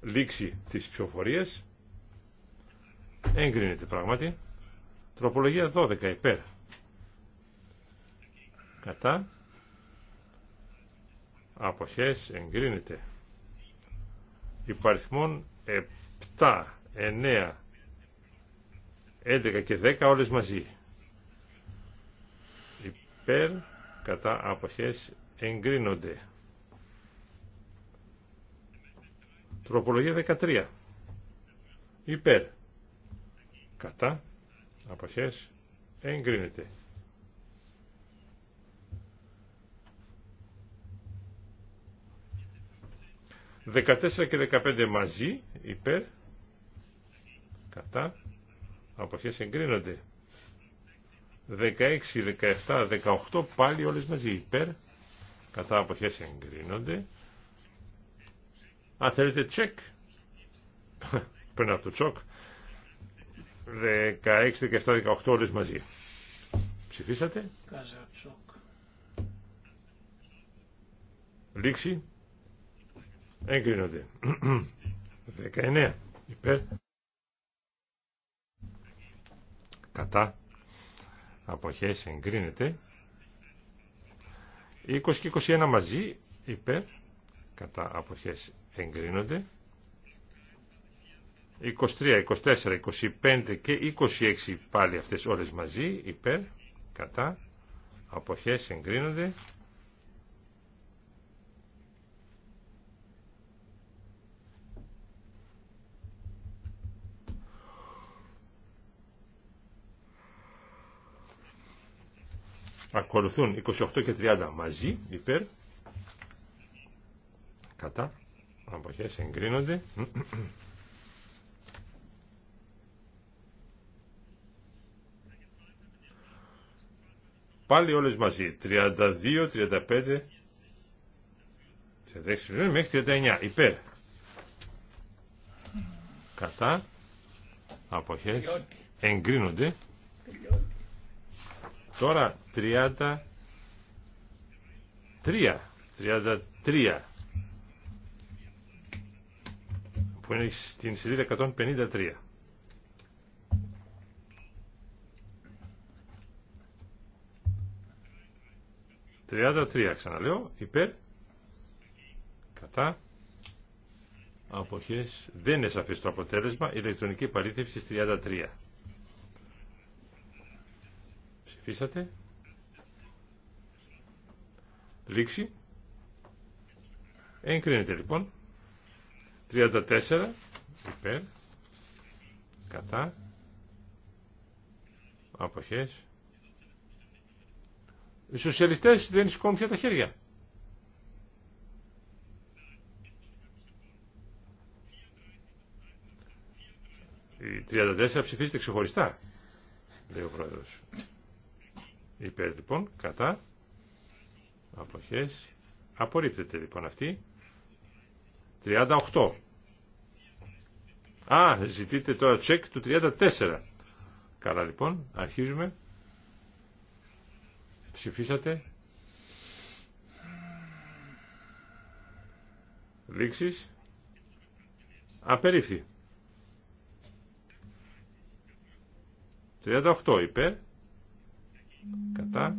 Λήξη της ψηφοφορίας. Εγκρίνεται πράγματι. Τροπολογία 12 υπέρ. Κατά. Αποχές εγκρίνεται. Υπαριθμών 7, 9, 11 και 10 όλες μαζί. Υπέρ κατά αποχές εγκρίνονται. Προπολογία 13. Υπέρ. Κατά. Αποχές. Εγκρίνεται. 14 και 15 μαζί. Υπέρ. Κατά. Αποχές εγκρίνονται. 16, 17, 18 πάλι όλες μαζί υπέρ. Κατά αποχές εγκρίνονται. Αν θέλετε τσεκ, πριν από το τσοκ, 16, 17, 18 όλες μαζί. Ψηφίσατε. Λήξη. Εγκρίνονται. 19. Υπέρ. Κατά. Αποχές εγκρίνεται. 20 και 21 μαζί. Υπέρ. Κατά αποχές εγκρίνονται. 23, 24, 25 και 26 πάλι αυτές όλες μαζί, υπέρ, κατά, αποχές εγκρίνονται. Ακολουθούν 28 και 30 μαζί, υπέρ, κατά, αποχές εγκρίνονται. πάλι όλες μαζί. 32, 35, 36, μέχρι 39. Υπέρ. Κατά. Αποχές. Εγκρίνονται. Τώρα 33. 33. που είναι στην σελίδα 153. 33 ξαναλέω, υπέρ, κατά, αποχές, δεν είναι το αποτέλεσμα, ηλεκτρονική παρήθευση 33. Ψηφίσατε. Λήξη. Εγκρίνεται λοιπόν. 34 υπέρ κατά αποχές οι σοσιαλιστές δεν σηκώνουν πια τα χέρια οι 34 ψηφίστε ξεχωριστά λέει ο πρόεδρος υπέρ λοιπόν κατά αποχές απορρίπτεται λοιπόν αυτή 38. Α, ζητείτε τώρα τσεκ του 34. Καλά λοιπόν, αρχίζουμε. Ψηφίσατε. Λήξεις. Απερίφθη. 38 υπέρ. Κατά.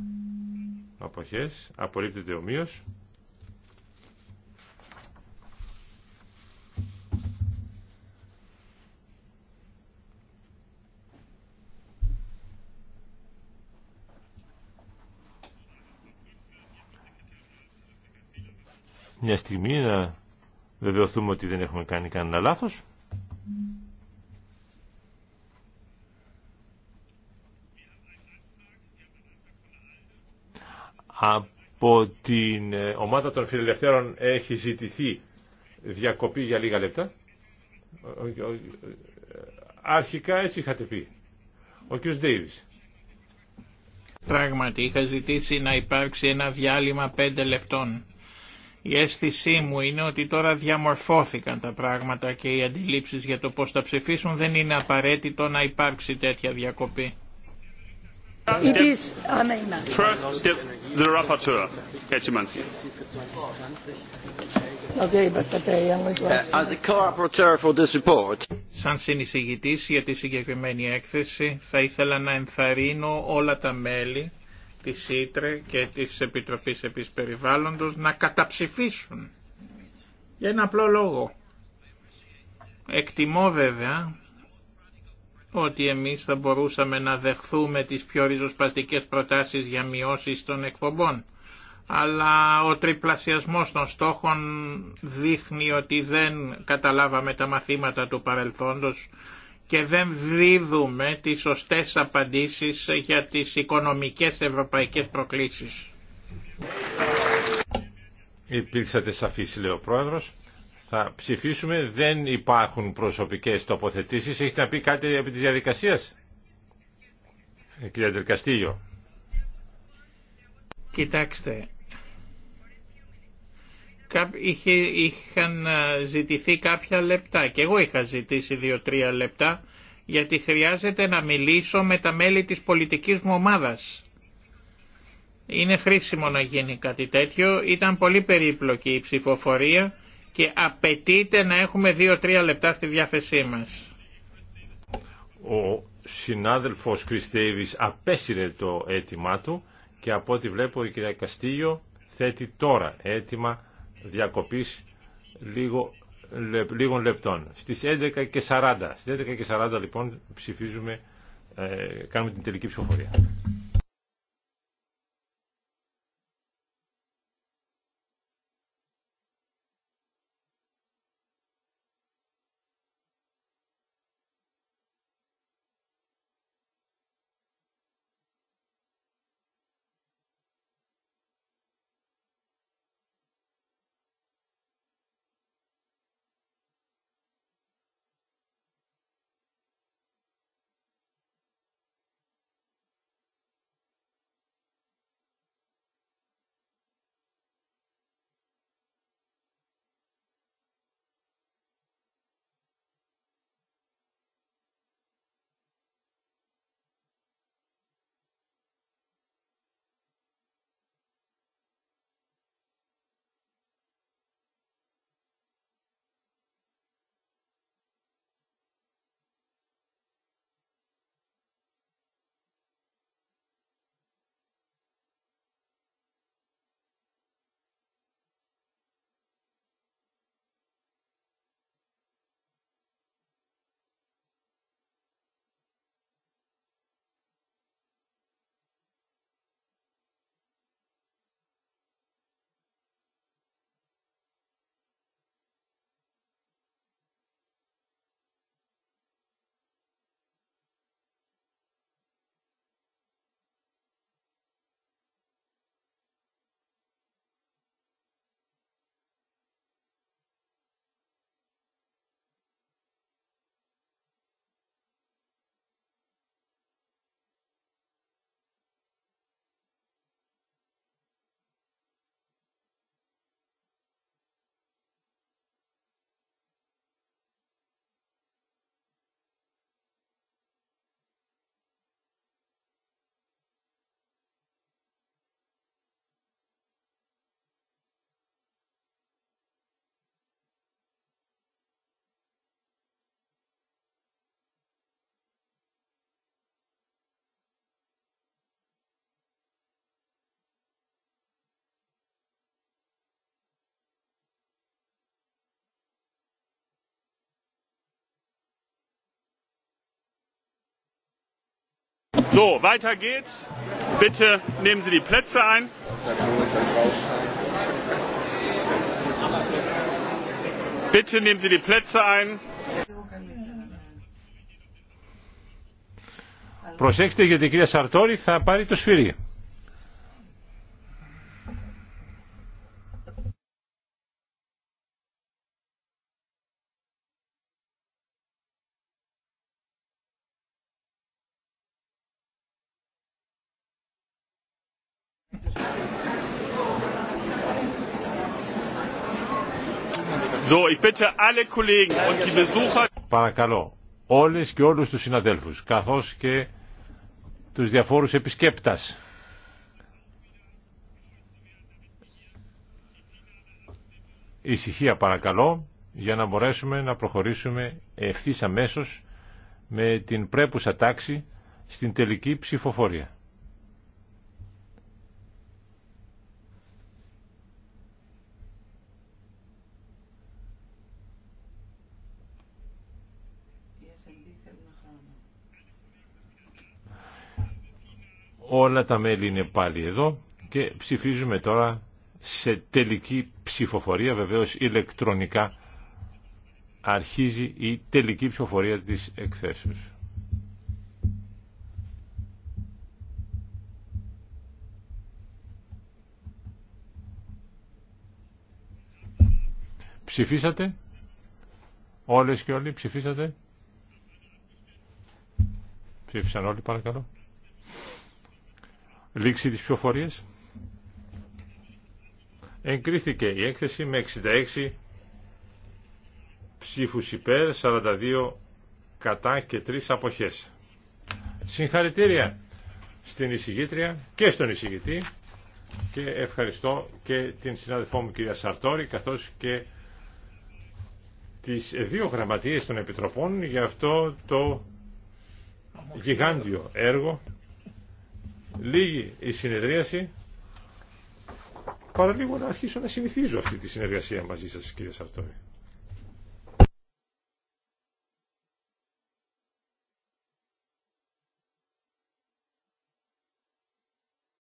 Αποχές. Απορρίπτεται ομοίως. μια στιγμή να βεβαιωθούμε ότι δεν έχουμε κάνει κανένα λάθος. Από την ε, ομάδα των φιλελευθέρων έχει ζητηθεί διακοπή για λίγα λεπτά. Αρχικά έτσι είχατε πει. Ο κ. Ντέιβις. Πράγματι είχα ζητήσει να υπάρξει ένα διάλειμμα πέντε λεπτών η αίσθησή μου είναι ότι τώρα διαμορφώθηκαν τα πράγματα και οι αντιλήψεις για το πώς θα ψηφίσουν δεν είναι απαραίτητο να υπάρξει τέτοια διακοπή. Σαν συνεισηγητής για τη συγκεκριμένη έκθεση θα ήθελα να ενθαρρύνω όλα τα μέλη ...τη ΣΥΤΡΕ και της Επιτροπής Επισπεριβάλλοντος να καταψηφίσουν. Για ένα απλό λόγο. Εκτιμώ βέβαια ότι εμείς θα μπορούσαμε να δεχθούμε τις πιο ριζοσπαστικές προτάσεις για μειώσεις των εκπομπών. Αλλά ο τριπλασιασμός των στόχων δείχνει ότι δεν καταλάβαμε τα μαθήματα του παρελθόντος και δεν δίδουμε τις σωστές απαντήσεις για τις οικονομικές ευρωπαϊκές προκλήσεις. Υπήρξατε σαφής, λέει ο Πρόεδρος. Θα ψηφίσουμε. Δεν υπάρχουν προσωπικές τοποθετήσεις. Έχετε να πει κάτι επί της διαδικασίας. Ε, κύριε Τερκαστήγιο. Κοιτάξτε, είχαν ε, ζητηθεί κάποια λεπτά και εγώ είχα ζητήσει δύο-τρία λεπτά γιατί χρειάζεται να μιλήσω με τα μέλη της πολιτικής μου ομάδας. Είναι χρήσιμο να γίνει κάτι τέτοιο, ήταν πολύ περίπλοκη η ψηφοφορία και απαιτείται να έχουμε δύο-τρία λεπτά στη διάθεσή μας. Ο συνάδελφος Κριστέιβης απέσυρε το αίτημά του και από ό,τι βλέπω η κυρία Καστίγιο θέτει τώρα αίτημα διακοπής λίγο, λίγων λεπτών. Στις 11 και 40. Στις 11 και 40 λοιπόν ψηφίζουμε, ε, κάνουμε την τελική ψηφοφορία. So, weiter geht's. Bitte nehmen Sie die Plätze ein. Bitte nehmen Sie die Plätze ein. Προσέξτε γιατί η κυρία Σαρτόρη θα πάρει το σφυρί. Παρακαλώ όλες και όλους τους συναδέλφους καθώς και τους διαφόρους επισκέπτας. Ησυχία παρακαλώ για να μπορέσουμε να προχωρήσουμε ευθύς αμέσως με την πρέπουσα τάξη στην τελική ψηφοφορία. Όλα τα μέλη είναι πάλι εδώ και ψηφίζουμε τώρα σε τελική ψηφοφορία, βεβαίως ηλεκτρονικά αρχίζει η τελική ψηφοφορία της εκθέσεως. Ψηφίσατε, όλες και όλοι ψηφίσατε. Ψήφισαν όλοι παρακαλώ. Λήξη της ψηφοφορίας. Εγκρίθηκε η έκθεση με 66 ψήφους υπέρ, 42 κατά και 3 αποχές. Συγχαρητήρια στην εισηγήτρια και στον εισηγητή και ευχαριστώ και την συνάδελφό μου κυρία Σαρτόρη καθώς και τις δύο γραμματείες των Επιτροπών για αυτό το γιγάντιο έργο Λίγη η συνεδρίαση. Παραλίγο να αρχίσω να συνηθίζω αυτή τη συνεργασία μαζί σας κύριε Σαρτόρη.